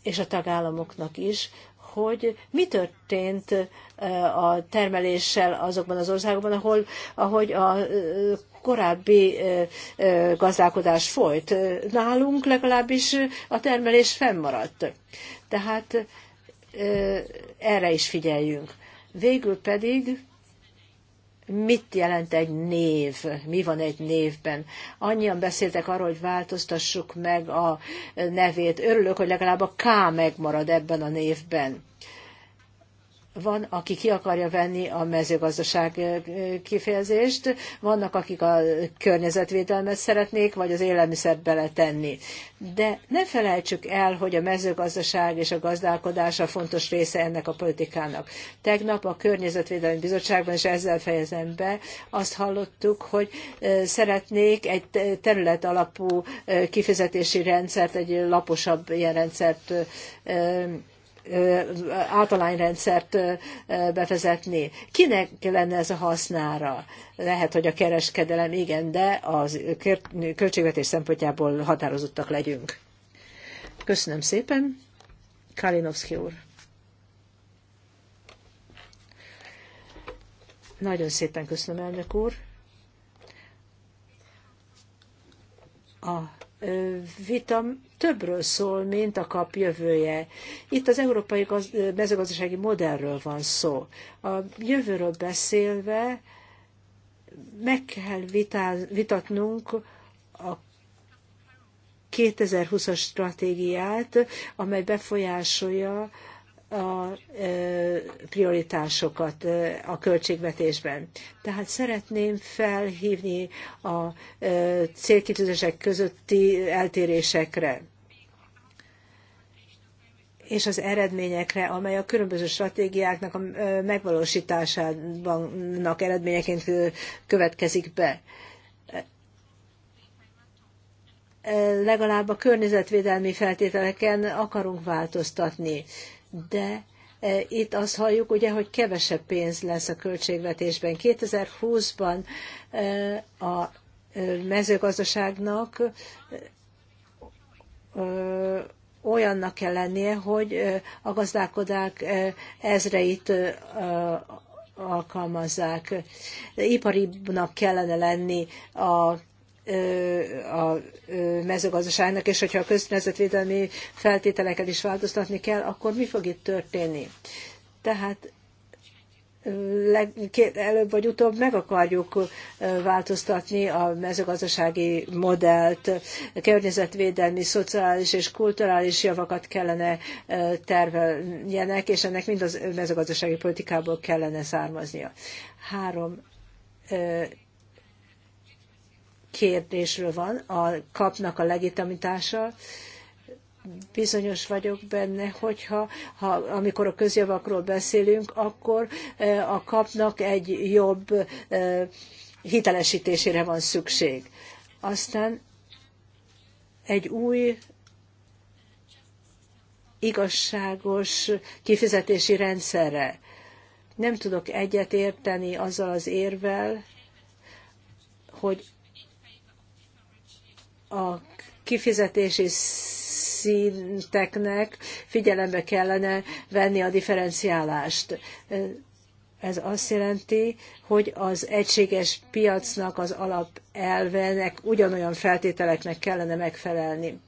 és a tagállamoknak is, hogy mi történt eh, a termeléssel azokban az országokban, ahol, ahogy a eh, korábbi eh, gazdálkodás folyt. Nálunk legalábbis a termelés fennmaradt. Tehát erre is figyeljünk. Végül pedig mit jelent egy név, mi van egy névben. Annyian beszéltek arról, hogy változtassuk meg a nevét. Örülök, hogy legalább a K megmarad ebben a névben. Van, aki ki akarja venni a mezőgazdaság kifejezést, vannak, akik a környezetvédelmet szeretnék, vagy az élelmiszert beletenni. De ne felejtsük el, hogy a mezőgazdaság és a gazdálkodás a fontos része ennek a politikának. Tegnap a Környezetvédelmi Bizottságban, és ezzel fejezem be, azt hallottuk, hogy szeretnék egy terület alapú kifizetési rendszert, egy laposabb ilyen rendszert általányrendszert bevezetni. Kinek lenne ez a hasznára? Lehet, hogy a kereskedelem igen, de a költségvetés szempontjából határozottak legyünk. Köszönöm szépen. Kalinowski úr. Nagyon szépen köszönöm, elnök úr. A vita többről szól, mint a kap jövője. Itt az európai mezőgazdasági modellről van szó. A jövőről beszélve meg kell vitatnunk a 2020-as stratégiát, amely befolyásolja a prioritásokat a költségvetésben. Tehát szeretném felhívni a célkitűzések közötti eltérésekre és az eredményekre, amely a különböző stratégiáknak a megvalósításának eredményeként következik be legalább a környezetvédelmi feltételeken akarunk változtatni de e, itt azt halljuk, ugye, hogy kevesebb pénz lesz a költségvetésben. 2020-ban e, a e, mezőgazdaságnak olyannak kell lennie, hogy a gazdálkodák ezreit alkalmazzák. Iparibnak kellene lenni a a mezőgazdaságnak, és hogyha a közvetvédelmi feltételeket is változtatni kell, akkor mi fog itt történni? Tehát előbb vagy utóbb meg akarjuk változtatni a mezőgazdasági modellt, környezetvédelmi, szociális és kulturális javakat kellene terveljenek, és ennek mind a mezőgazdasági politikából kellene származnia. Három kérdésről van, a kapnak a legitimitása. Bizonyos vagyok benne, hogyha ha, amikor a közjavakról beszélünk, akkor eh, a kapnak egy jobb eh, hitelesítésére van szükség. Aztán egy új igazságos kifizetési rendszerre. Nem tudok egyet érteni azzal az érvel, hogy a kifizetési szinteknek figyelembe kellene venni a differenciálást. Ez azt jelenti, hogy az egységes piacnak az alapelvenek ugyanolyan feltételeknek kellene megfelelni.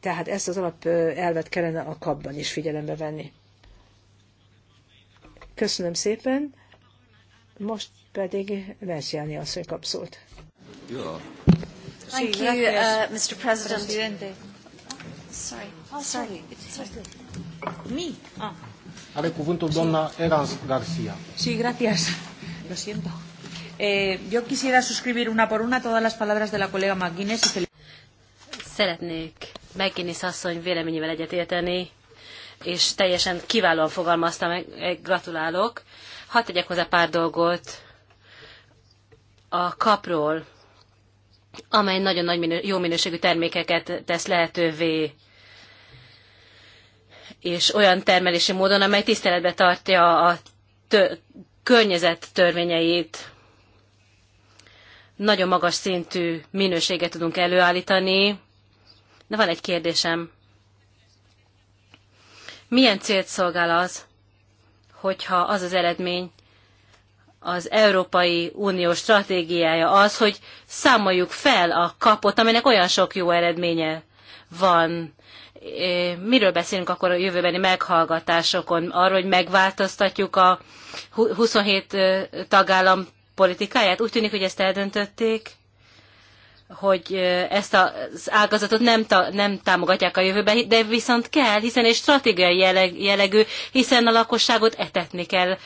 Tehát ezt az alapelvet kellene a kapban is figyelembe venni. Köszönöm szépen. Most pedig Versjáni asszony kap szót. Ja. Thank you, uh, Mr. President. Presidente. Sorry. Oh, sorry. It's sorry. me. Ah. Are cuvântul doamna Erans Garcia. Sí, gracias. Lo siento. Eh, yo quisiera suscribir una por una todas las palabras de la colega McGuinness. Y Szeretnék McGuinness asszony véleményével egyetérteni, és teljesen kiválóan fogalmazta meg, eh, gratulálok. Hadd tegyek hozzá pár dolgot a kapról, amely nagyon nagy minő, jó minőségű termékeket tesz lehetővé, és olyan termelési módon, amely tiszteletbe tartja a tör, környezet törvényeit. Nagyon magas szintű minőséget tudunk előállítani. De van egy kérdésem. Milyen célt szolgál az, hogyha az az eredmény, az Európai Unió stratégiája az, hogy számoljuk fel a kapot, aminek olyan sok jó eredménye van. Miről beszélünk akkor a jövőbeni meghallgatásokon? Arról, hogy megváltoztatjuk a 27 tagállam politikáját? Úgy tűnik, hogy ezt eldöntötték hogy ezt az ágazatot nem, ta, nem támogatják a jövőben, de viszont kell, hiszen egy stratégiai jellegű, hiszen a lakosságot etetni kell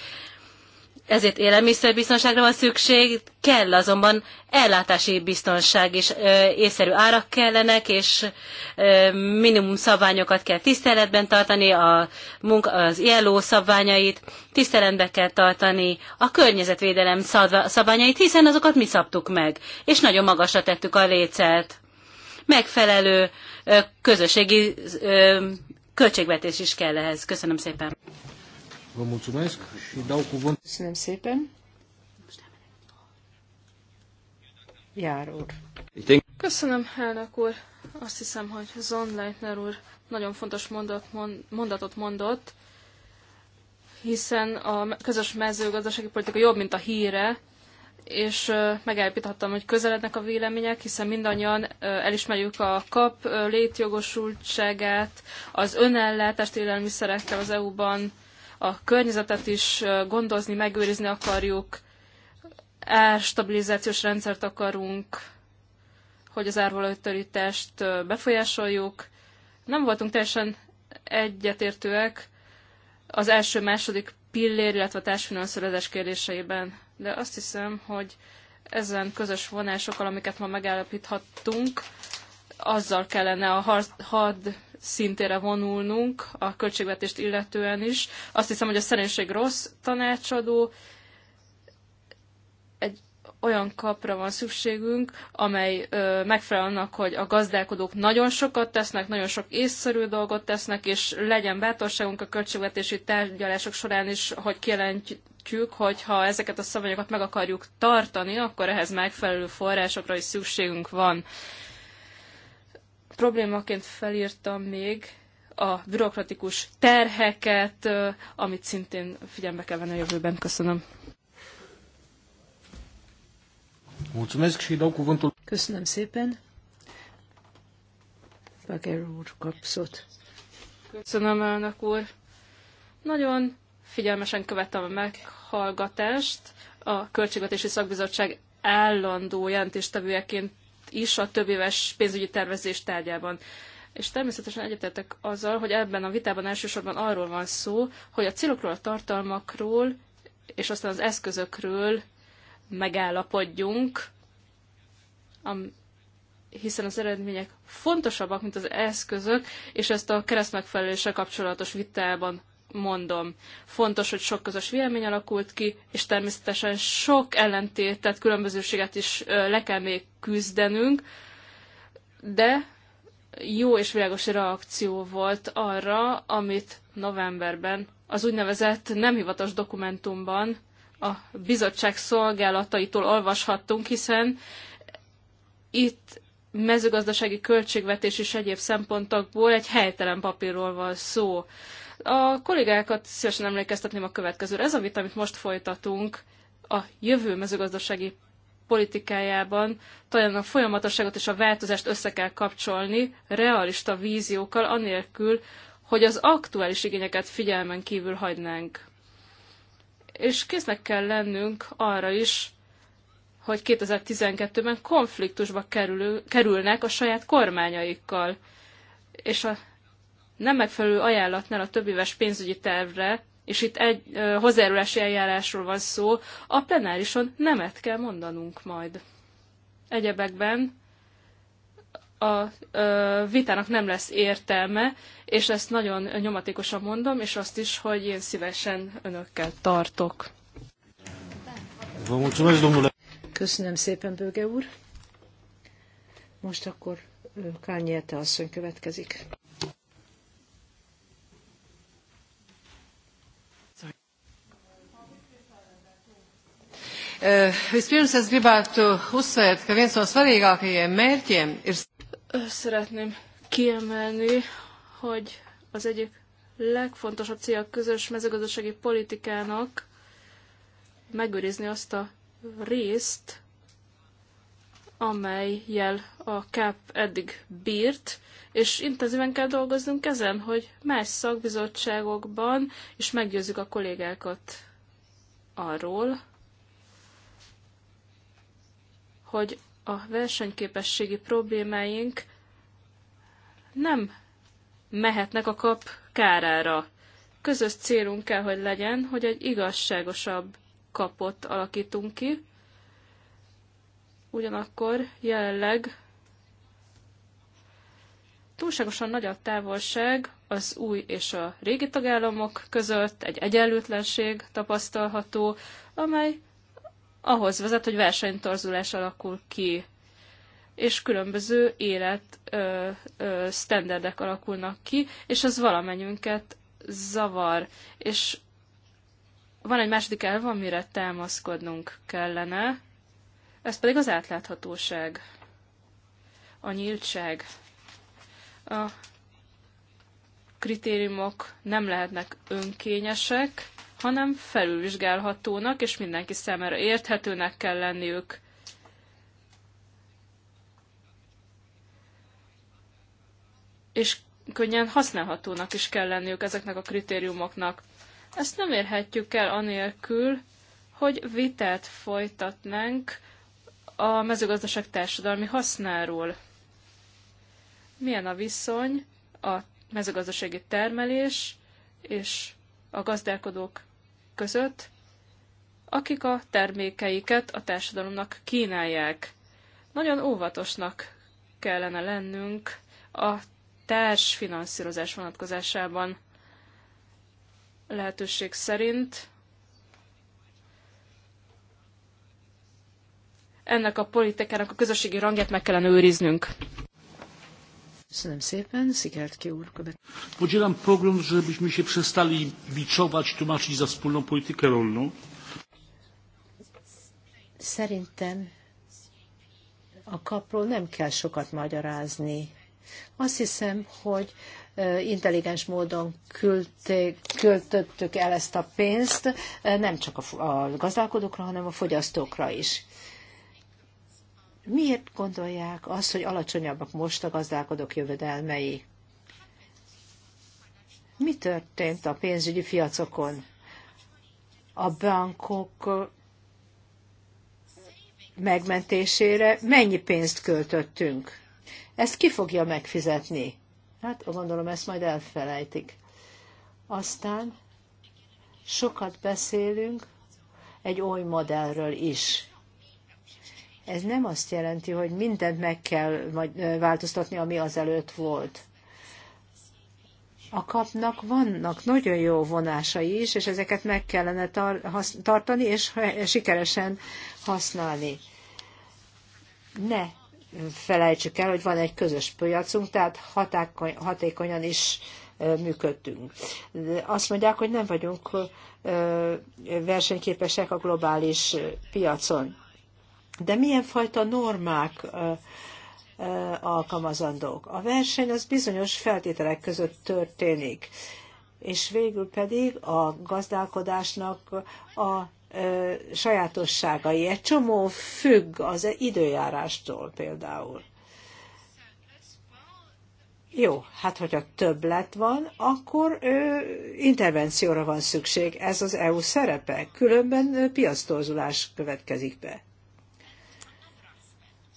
ezért élelmiszerbiztonságra van szükség, kell azonban ellátási biztonság és észszerű árak kellenek, és minimum szabványokat kell tiszteletben tartani, a munka, az ILO szabványait tiszteletben kell tartani, a környezetvédelem szabványait, hiszen azokat mi szabtuk meg, és nagyon magasra tettük a lécet. Megfelelő közösségi költségvetés is kell ehhez. Köszönöm szépen. Vă mulțumesc și dau cuvânt. Köszönöm szépen. Jár úr. Köszönöm, elnök úr. Azt hiszem, hogy Zon Leitner úr nagyon fontos mondat, mondatot mondott, hiszen a közös mezőgazdasági politika jobb, mint a híre, és megállapíthattam, hogy közelednek a vélemények, hiszen mindannyian elismerjük a kap létjogosultságát, az önellátást élelmiszerekkel az EU-ban, a környezetet is gondozni, megőrizni akarjuk, árstabilizációs rendszert akarunk, hogy az árvalótörítést befolyásoljuk. Nem voltunk teljesen egyetértőek az első-második pillér, illetve a társfinanszírozás kérdéseiben. De azt hiszem, hogy ezen közös vonásokkal, amiket ma megállapíthattunk, azzal kellene a had szintére vonulnunk a költségvetést illetően is. Azt hiszem, hogy a szerénység rossz tanácsadó, egy olyan kapra van szükségünk, amely ö, megfelel annak, hogy a gazdálkodók nagyon sokat tesznek, nagyon sok észszerű dolgot tesznek, és legyen bátorságunk a költségvetési tárgyalások során is, hogy kijelentjük, hogy ha ezeket a szabályokat meg akarjuk tartani, akkor ehhez megfelelő forrásokra is szükségünk van. Ö, problémaként felírtam még a bürokratikus terheket, amit szintén figyelme kell venni a jövőben. Köszönöm. Köszönöm szépen. Bager úr kapszott. Köszönöm, elnök úr. Nagyon figyelmesen követtem a meghallgatást. A Költségvetési Szakbizottság állandó jelentéstevőjeként is a éves pénzügyi tervezés tárgyában. És természetesen egyetetek azzal, hogy ebben a vitában elsősorban arról van szó, hogy a célokról, a tartalmakról és aztán az eszközökről megállapodjunk, hiszen az eredmények fontosabbak, mint az eszközök, és ezt a keresztmegfeleléssel kapcsolatos vitában mondom. Fontos, hogy sok közös vélemény alakult ki, és természetesen sok ellentétet, különbözőséget is le kell még küzdenünk, de jó és világos reakció volt arra, amit novemberben az úgynevezett nem hivatalos dokumentumban a bizottság szolgálataitól olvashattunk, hiszen itt mezőgazdasági költségvetés és egyéb szempontokból egy helytelen papírról van szó. A kollégákat szívesen emlékeztetném a következőre. Ez a vita, amit most folytatunk, a jövő mezőgazdasági politikájában talán a folyamatosságot és a változást össze kell kapcsolni realista víziókkal, anélkül, hogy az aktuális igényeket figyelmen kívül hagynánk. És késznek kell lennünk arra is, hogy 2012-ben konfliktusba kerül, kerülnek a saját kormányaikkal. És a nem megfelelő ajánlatnál a éves pénzügyi tervre, és itt egy ö, hozzájárulási eljárásról van szó, a plenárison nemet kell mondanunk majd. Egyebekben a ö, vitának nem lesz értelme, és ezt nagyon nyomatékosan mondom, és azt is, hogy én szívesen önökkel tartok. Köszönöm szépen, Bőge úr. Most akkor Kányérte asszony következik. Vispirms es gribētu uzsvērt, ka viens no svarīgākajiem mērķiem ir... Szeretném kiemelni, hogy az egyik legfontosabb cél a közös mezőgazdasági politikának megőrizni azt a részt, amelyel a CAP eddig bírt, és intenzíven kell dolgoznunk ezen, hogy más szakbizottságokban is meggyőzzük a kollégákat arról, hogy a versenyképességi problémáink nem mehetnek a kap kárára. Közös célunk kell, hogy legyen, hogy egy igazságosabb kapot alakítunk ki. Ugyanakkor jelenleg túlságosan nagy a távolság az új és a régi tagállamok között, egy egyenlőtlenség tapasztalható, amely ahhoz vezet, hogy versenytorzulás alakul ki, és különböző élet ö, ö, standardek alakulnak ki, és az valamennyünket zavar. És van egy második elv, amire támaszkodnunk kellene, ez pedig az átláthatóság, a nyíltság. A kritériumok nem lehetnek önkényesek, hanem felülvizsgálhatónak, és mindenki számára érthetőnek kell lenniük. És könnyen használhatónak is kell lenniük ezeknek a kritériumoknak. Ezt nem érhetjük el anélkül, hogy vitát folytatnánk a mezőgazdaság társadalmi hasznáról. Milyen a viszony a mezőgazdasági termelés és a gazdálkodók között, akik a termékeiket a társadalomnak kínálják. Nagyon óvatosnak kellene lennünk a társfinanszírozás vonatkozásában lehetőség szerint. Ennek a politikának a közösségi rangját meg kellene őriznünk. Köszönöm szépen, Szigeltki úr követ. Podzielam program, żebyśmy się przestali biczować, tłumaczyć za wspólną politykę rolną. Szerintem a kapról nem kell sokat magyarázni. Azt hiszem, hogy e, intelligens módon költöttük el ezt a pénzt, e, nem csak a gazdálkodókra, hanem a fogyasztókra is. Miért gondolják azt, hogy alacsonyabbak most a gazdálkodók jövedelmei? Mi történt a pénzügyi fiacokon? A bankok megmentésére mennyi pénzt költöttünk? Ezt ki fogja megfizetni? Hát gondolom ezt majd elfelejtik. Aztán sokat beszélünk egy oly modellről is, ez nem azt jelenti, hogy mindent meg kell változtatni, ami azelőtt volt. A kapnak vannak nagyon jó vonásai is, és ezeket meg kellene tar- hasz- tartani, és sikeresen használni. Ne felejtsük el, hogy van egy közös piacunk, tehát hatákony, hatékonyan is működtünk. Azt mondják, hogy nem vagyunk versenyképesek a globális piacon. De milyen fajta normák alkalmazandók? A verseny az bizonyos feltételek között történik, és végül pedig a gazdálkodásnak a sajátosságai. Egy csomó függ az időjárástól például. Jó, hát hogyha többlet van, akkor ö, intervencióra van szükség. Ez az EU szerepe. Különben piasztorzulás következik be.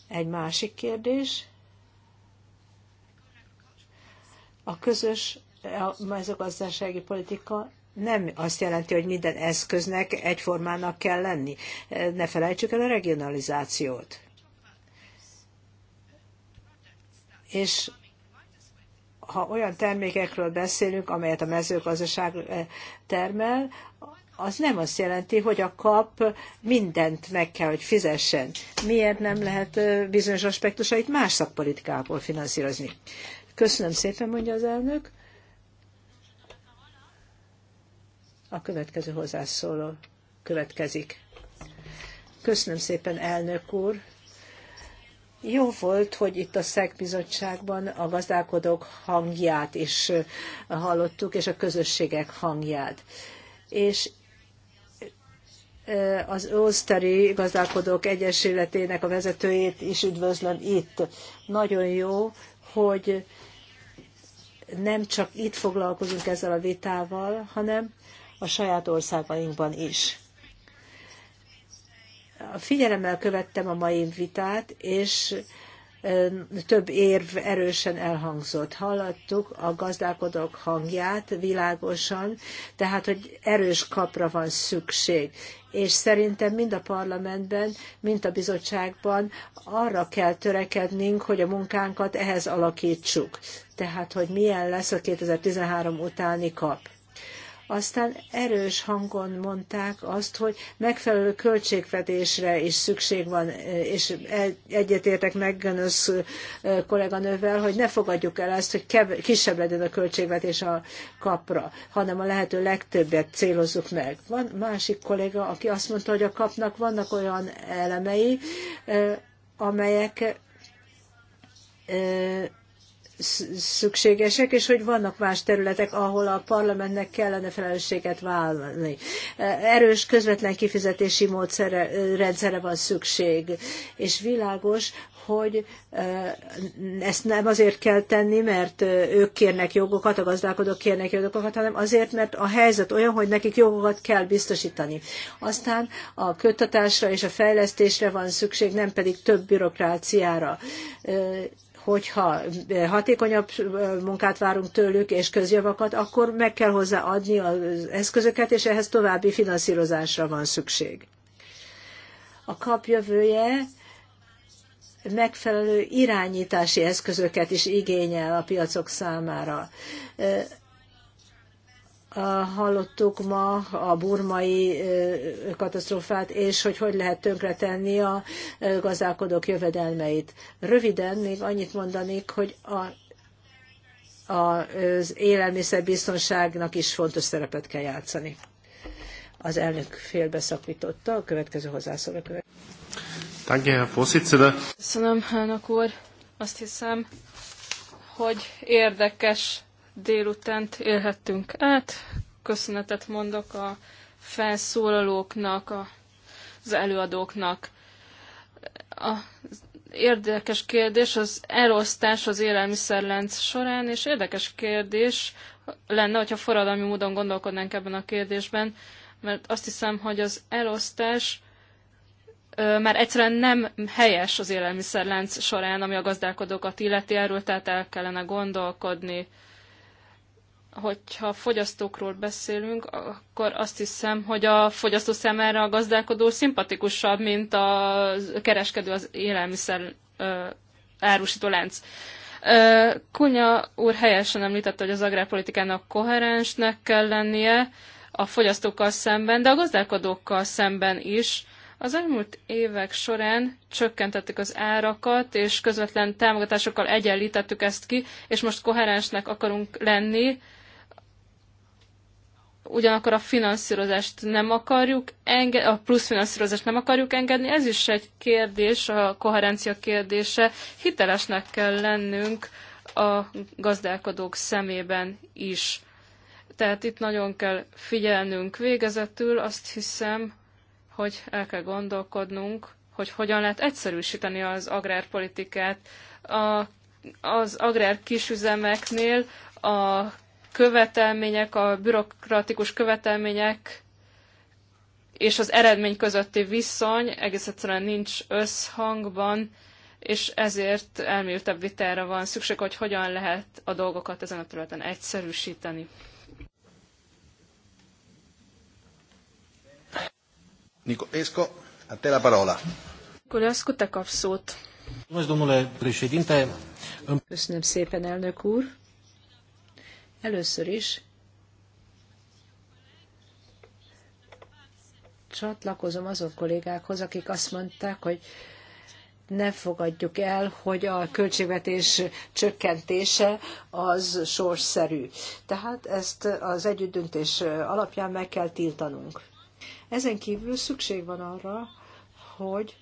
Egy másik kérdés. A közös mezőgazdasági politika nem azt jelenti, hogy minden eszköznek egyformának kell lenni. Ne felejtsük el a regionalizációt. És ha olyan termékekről beszélünk, amelyet a mezőgazdaság termel, az nem azt jelenti, hogy a kap mindent meg kell, hogy fizessen. Miért nem lehet bizonyos aspektusait más szakpolitikából finanszírozni? Köszönöm szépen, mondja az elnök. A következő hozzászóló következik. Köszönöm szépen, elnök úr. Jó volt, hogy itt a szegbizottságban a gazdálkodók hangját is hallottuk, és a közösségek hangját. És az Ószteri Gazdálkodók Egyesületének a vezetőjét is üdvözlöm itt. Nagyon jó, hogy nem csak itt foglalkozunk ezzel a vitával, hanem a saját országainkban is. Figyelemmel követtem a mai vitát, és több érv erősen elhangzott. Hallottuk a gazdálkodók hangját világosan, tehát, hogy erős kapra van szükség. És szerintem mind a parlamentben, mind a bizottságban arra kell törekednünk, hogy a munkánkat ehhez alakítsuk. Tehát, hogy milyen lesz a 2013 utáni kap aztán erős hangon mondták azt, hogy megfelelő költségvetésre is szükség van, és egyetértek Gönösz kolléganővel, hogy ne fogadjuk el azt, hogy kev- kisebb legyen a költségvetés a kapra, hanem a lehető legtöbbet célozzuk meg. Van másik kolléga, aki azt mondta, hogy a kapnak vannak olyan elemei, amelyek szükségesek, és hogy vannak más területek, ahol a parlamentnek kellene felelősséget vállalni. Erős közvetlen kifizetési módszere, rendszere van szükség, és világos, hogy ezt nem azért kell tenni, mert ők kérnek jogokat, a gazdálkodók kérnek jogokat, hanem azért, mert a helyzet olyan, hogy nekik jogokat kell biztosítani. Aztán a köttatásra és a fejlesztésre van szükség, nem pedig több bürokráciára hogyha eh, hatékonyabb eh, munkát várunk tőlük és közjavakat, akkor meg kell hozzá adni az eszközöket, és ehhez további finanszírozásra van szükség. A kap jövője megfelelő irányítási eszközöket is igényel a piacok számára. Eh, hallottuk ma a burmai katasztrófát, és hogy hogy lehet tönkretenni a gazdálkodók jövedelmeit. Röviden még annyit mondanék, hogy a, az élelmiszerbiztonságnak is fontos szerepet kell játszani. Az elnök félbeszakította, a következő hozzászól következő. Köszönöm, elnök úr. Azt hiszem, hogy érdekes délutánt élhettünk át. Köszönetet mondok a felszólalóknak, a, az előadóknak. A érdekes kérdés az elosztás az élelmiszerlenc során, és érdekes kérdés lenne, hogyha forradalmi módon gondolkodnánk ebben a kérdésben, mert azt hiszem, hogy az elosztás már egyszerűen nem helyes az élelmiszerlánc során, ami a gazdálkodókat illeti, erről tehát el kellene gondolkodni hogyha fogyasztókról beszélünk, akkor azt hiszem, hogy a fogyasztó számára a gazdálkodó szimpatikusabb, mint a kereskedő az élelmiszer árusító lánc. Kunya úr helyesen említette, hogy az agrárpolitikának koherensnek kell lennie a fogyasztókkal szemben, de a gazdálkodókkal szemben is. Az elmúlt évek során csökkentettük az árakat, és közvetlen támogatásokkal egyenlítettük ezt ki, és most koherensnek akarunk lenni, ugyanakkor a finanszírozást nem akarjuk engedni, a plusz finanszírozást nem akarjuk engedni, ez is egy kérdés, a koherencia kérdése. Hitelesnek kell lennünk a gazdálkodók szemében is. Tehát itt nagyon kell figyelnünk végezetül, azt hiszem, hogy el kell gondolkodnunk, hogy hogyan lehet egyszerűsíteni az agrárpolitikát. A, az agrár kisüzemeknél a követelmények, a bürokratikus követelmények és az eredmény közötti viszony egész egyszerűen nincs összhangban, és ezért elméltebb vitára van szükség, hogy hogyan lehet a dolgokat ezen a területen egyszerűsíteni. Esco a te la parola. Nicolescu, te kapsz szót. Köszönöm szépen, elnök úr. Először is csatlakozom azok kollégákhoz, akik azt mondták, hogy ne fogadjuk el, hogy a költségvetés csökkentése az sorsszerű. Tehát ezt az együttdöntés alapján meg kell tiltanunk. Ezen kívül szükség van arra, hogy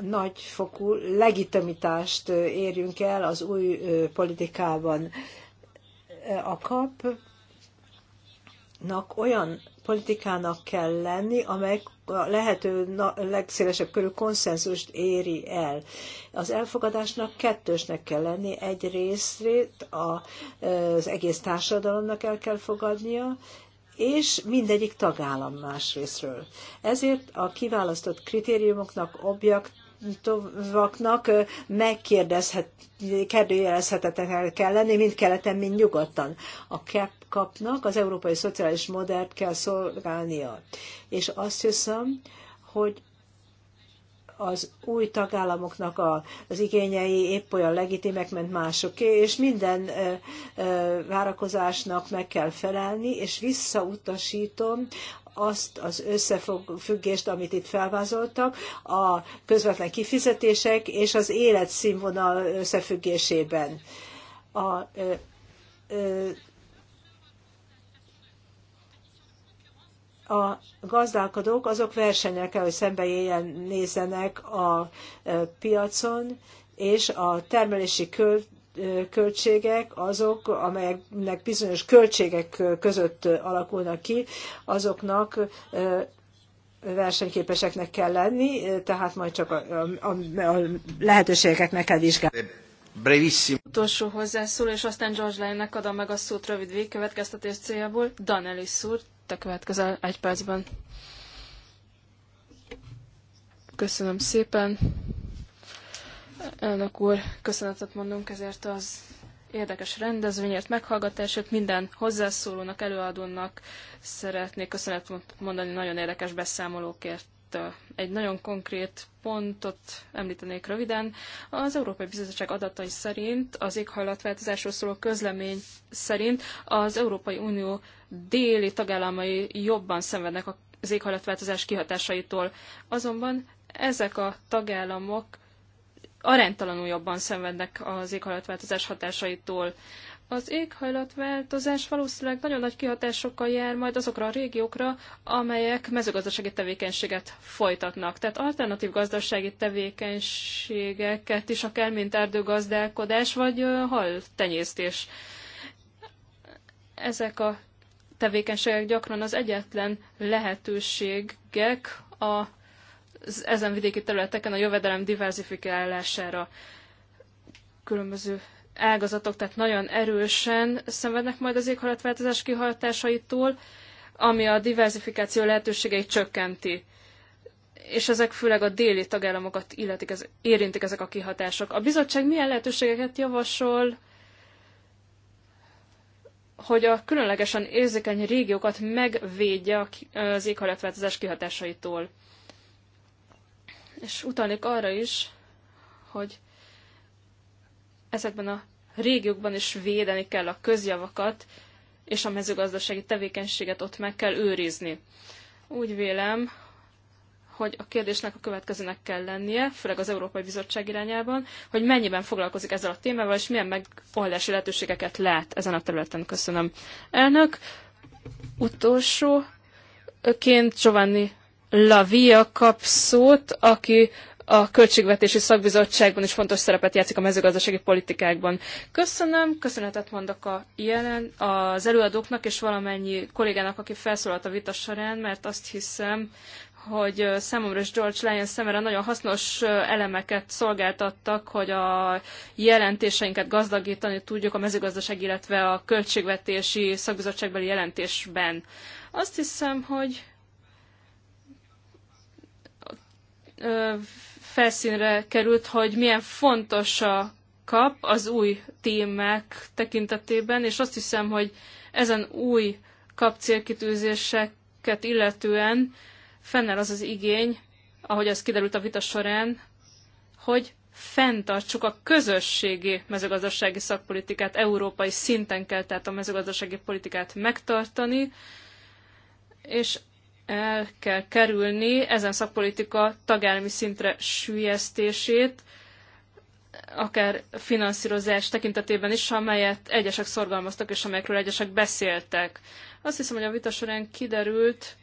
nagyfokú legitimitást érjünk el az új politikában a kapnak olyan politikának kell lenni, amely a lehető legszélesebb körű konszenzust éri el. Az elfogadásnak kettősnek kell lenni, egy részét az egész társadalomnak el kell fogadnia, és mindegyik tagállam más részről. Ezért a kiválasztott kritériumoknak objekt tavaknak megkérdezhetetlenek kell lenni, mind keleten, mind nyugodtan. A CAP e kapnak, az Európai Szociális Modellt kell szolgálnia. És azt hiszem, hogy az új tagállamoknak a az igényei épp olyan legitimek, mint másoké, és minden várakozásnak meg kell felelni, és visszautasítom azt az összefüggést, amit itt felvázoltak, a közvetlen kifizetések és az életszínvonal összefüggésében. A, a gazdálkodók azok versenyre hogy szembe nézzenek a piacon, és a termelési költ költségek, azok, amelyeknek bizonyos költségek között alakulnak ki, azoknak versenyképeseknek kell lenni, tehát majd csak a, a, a lehetőségeket meg kell vizsgálni. Brevissimo. Utolsó hozzászól, és aztán George Lane-nek adom meg a szót rövid végkövetkeztetés céljából. Danelis úr, te következel egy percben. Köszönöm szépen. Elnök úr, köszönetet mondunk ezért az érdekes rendezvényért, meghallgatásért. Minden hozzászólónak, előadónak szeretnék köszönetet mondani nagyon érdekes beszámolókért. Egy nagyon konkrét pontot említenék röviden. Az Európai Bizottság adatai szerint, az éghajlatváltozásról szóló közlemény szerint az Európai Unió déli tagállamai jobban szenvednek az éghajlatváltozás kihatásaitól. Azonban ezek a tagállamok aránytalanul jobban szenvednek az éghajlatváltozás hatásaitól. Az éghajlatváltozás valószínűleg nagyon nagy kihatásokkal jár majd azokra a régiókra, amelyek mezőgazdasági tevékenységet folytatnak. Tehát alternatív gazdasági tevékenységeket is, akár mint erdőgazdálkodás vagy hal tenyésztés. Ezek a tevékenységek gyakran az egyetlen lehetőségek a ezen vidéki területeken a jövedelem diversifikálására különböző ágazatok, tehát nagyon erősen szenvednek majd az éghajlatváltozás kihajtásaitól, ami a diversifikáció lehetőségeit csökkenti. És ezek főleg a déli tagállamokat illetik, ez, érintik ezek a kihatások. A bizottság milyen lehetőségeket javasol, hogy a különlegesen érzékeny régiókat megvédje az éghajlatváltozás kihatásaitól? és utalnék arra is, hogy ezekben a régiókban is védeni kell a közjavakat, és a mezőgazdasági tevékenységet ott meg kell őrizni. Úgy vélem, hogy a kérdésnek a következőnek kell lennie, főleg az Európai Bizottság irányában, hogy mennyiben foglalkozik ezzel a témával, és milyen megoldási lehetőségeket lát ezen a területen. Köszönöm. Elnök, utolsó ként Giovanni Lavia kap szót, aki a Költségvetési Szakbizottságban is fontos szerepet játszik a mezőgazdasági politikákban. Köszönöm, köszönetet mondok a jelen, az előadóknak és valamennyi kollégának, aki felszólalt a vita során, mert azt hiszem, hogy számomra és George Lyon szemére nagyon hasznos elemeket szolgáltattak, hogy a jelentéseinket gazdagítani tudjuk a mezőgazdaság, illetve a költségvetési szakbizottságbeli jelentésben. Azt hiszem, hogy felszínre került, hogy milyen fontos a kap az új témák tekintetében, és azt hiszem, hogy ezen új kap célkitűzéseket illetően fennel az az igény, ahogy ez kiderült a vita során, hogy fenntartsuk a közösségi mezőgazdasági szakpolitikát, európai szinten kell tehát a mezőgazdasági politikát megtartani, és el kell kerülni ezen szakpolitika tagállami szintre sűjesztését, akár finanszírozás tekintetében is, amelyet egyesek szorgalmaztak, és amelyekről egyesek beszéltek. Azt hiszem, hogy a vita során kiderült,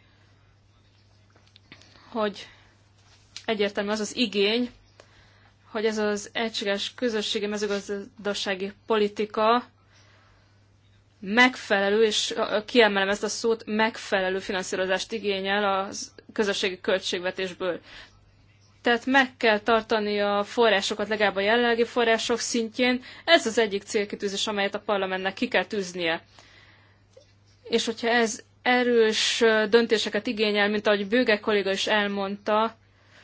hogy egyértelmű az az igény, hogy ez az egységes közösségi mezőgazdasági politika megfelelő, és kiemelem ezt a szót, megfelelő finanszírozást igényel a közösségi költségvetésből. Tehát meg kell tartani a forrásokat legalább a jelenlegi források szintjén. Ez az egyik célkitűzés, amelyet a parlamentnek ki kell tűznie. És hogyha ez erős döntéseket igényel, mint ahogy Bőge kolléga is elmondta,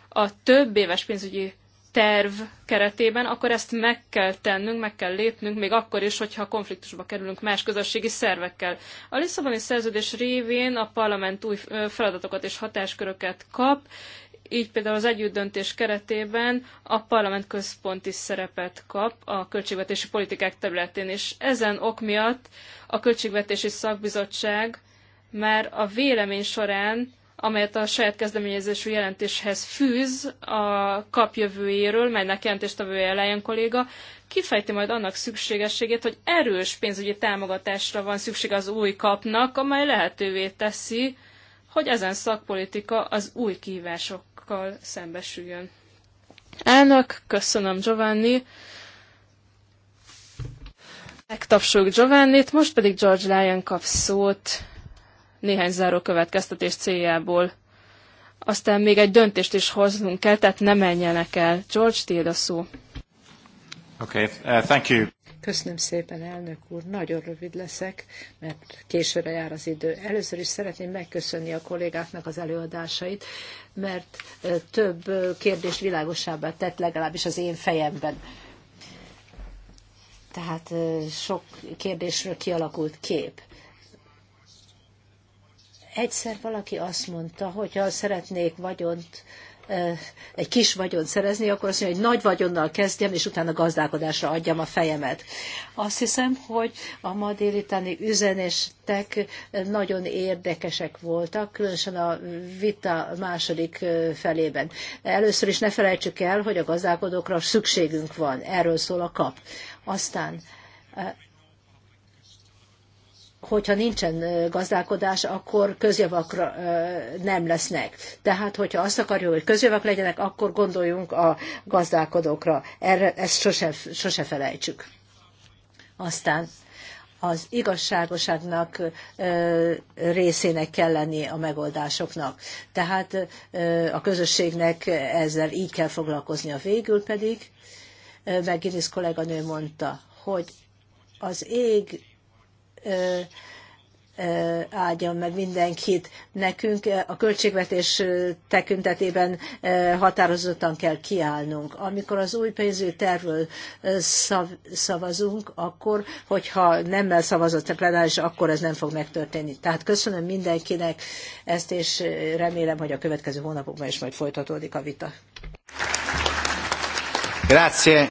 a több éves pénzügyi terv keretében, akkor ezt meg kell tennünk, meg kell lépnünk, még akkor is, hogyha konfliktusba kerülünk más közösségi szervekkel. A Lisszaboni szerződés révén a parlament új feladatokat és hatásköröket kap, így például az együttdöntés keretében a parlament központi szerepet kap a költségvetési politikák területén, és ezen ok miatt a Költségvetési Szakbizottság már a vélemény során amelyet a saját kezdeményezésű jelentéshez fűz a kap jövőjéről, melynek jelentéstevője Elejen kolléga, kifejti majd annak szükségességét, hogy erős pénzügyi támogatásra van szükség az új kapnak, amely lehetővé teszi, hogy ezen szakpolitika az új kihívásokkal szembesüljön. Elnök, köszönöm Giovanni. Megtapsoljuk Giovannit, most pedig George Lyon kap szót néhány záró következtetés céljából. Aztán még egy döntést is hoznunk kell, tehát ne menjenek el. George, tiéd a szó. Okay, uh, thank you. Köszönöm szépen, elnök úr. Nagyon rövid leszek, mert későre jár az idő. Először is szeretném megköszönni a kollégáknak az előadásait, mert több kérdést világosabbá tett legalábbis az én fejemben. Tehát sok kérdésről kialakult kép. Egyszer valaki azt mondta, hogy ha szeretnék vagyont egy kis vagyont szerezni, akkor azt mondja, hogy nagy vagyonnal kezdjem, és utána gazdálkodásra adjam a fejemet. Azt hiszem, hogy a ma délitáni üzenestek nagyon érdekesek voltak, különösen a vita második felében. Először is ne felejtsük el, hogy a gazdálkodókra szükségünk van, erről szól a kap. Aztán hogyha nincsen gazdálkodás, akkor közjavakra nem lesznek. Tehát, hogyha azt akarjuk, hogy közjavak legyenek, akkor gondoljunk a gazdálkodókra. Erre, ezt sose, sose felejtsük. Aztán az igazságoságnak részének kell lenni a megoldásoknak. Tehát a közösségnek ezzel így kell foglalkoznia. Végül pedig, meg Guinness kolléganő mondta, hogy az ég áldjon meg mindenkit. Nekünk a költségvetés tekintetében határozottan kell kiállnunk. Amikor az új pénzügyi tervről szavazunk, akkor, hogyha nem szavazott a plenáris, akkor ez nem fog megtörténni. Tehát köszönöm mindenkinek ezt, és remélem, hogy a következő hónapokban is majd folytatódik a vita. Grazie.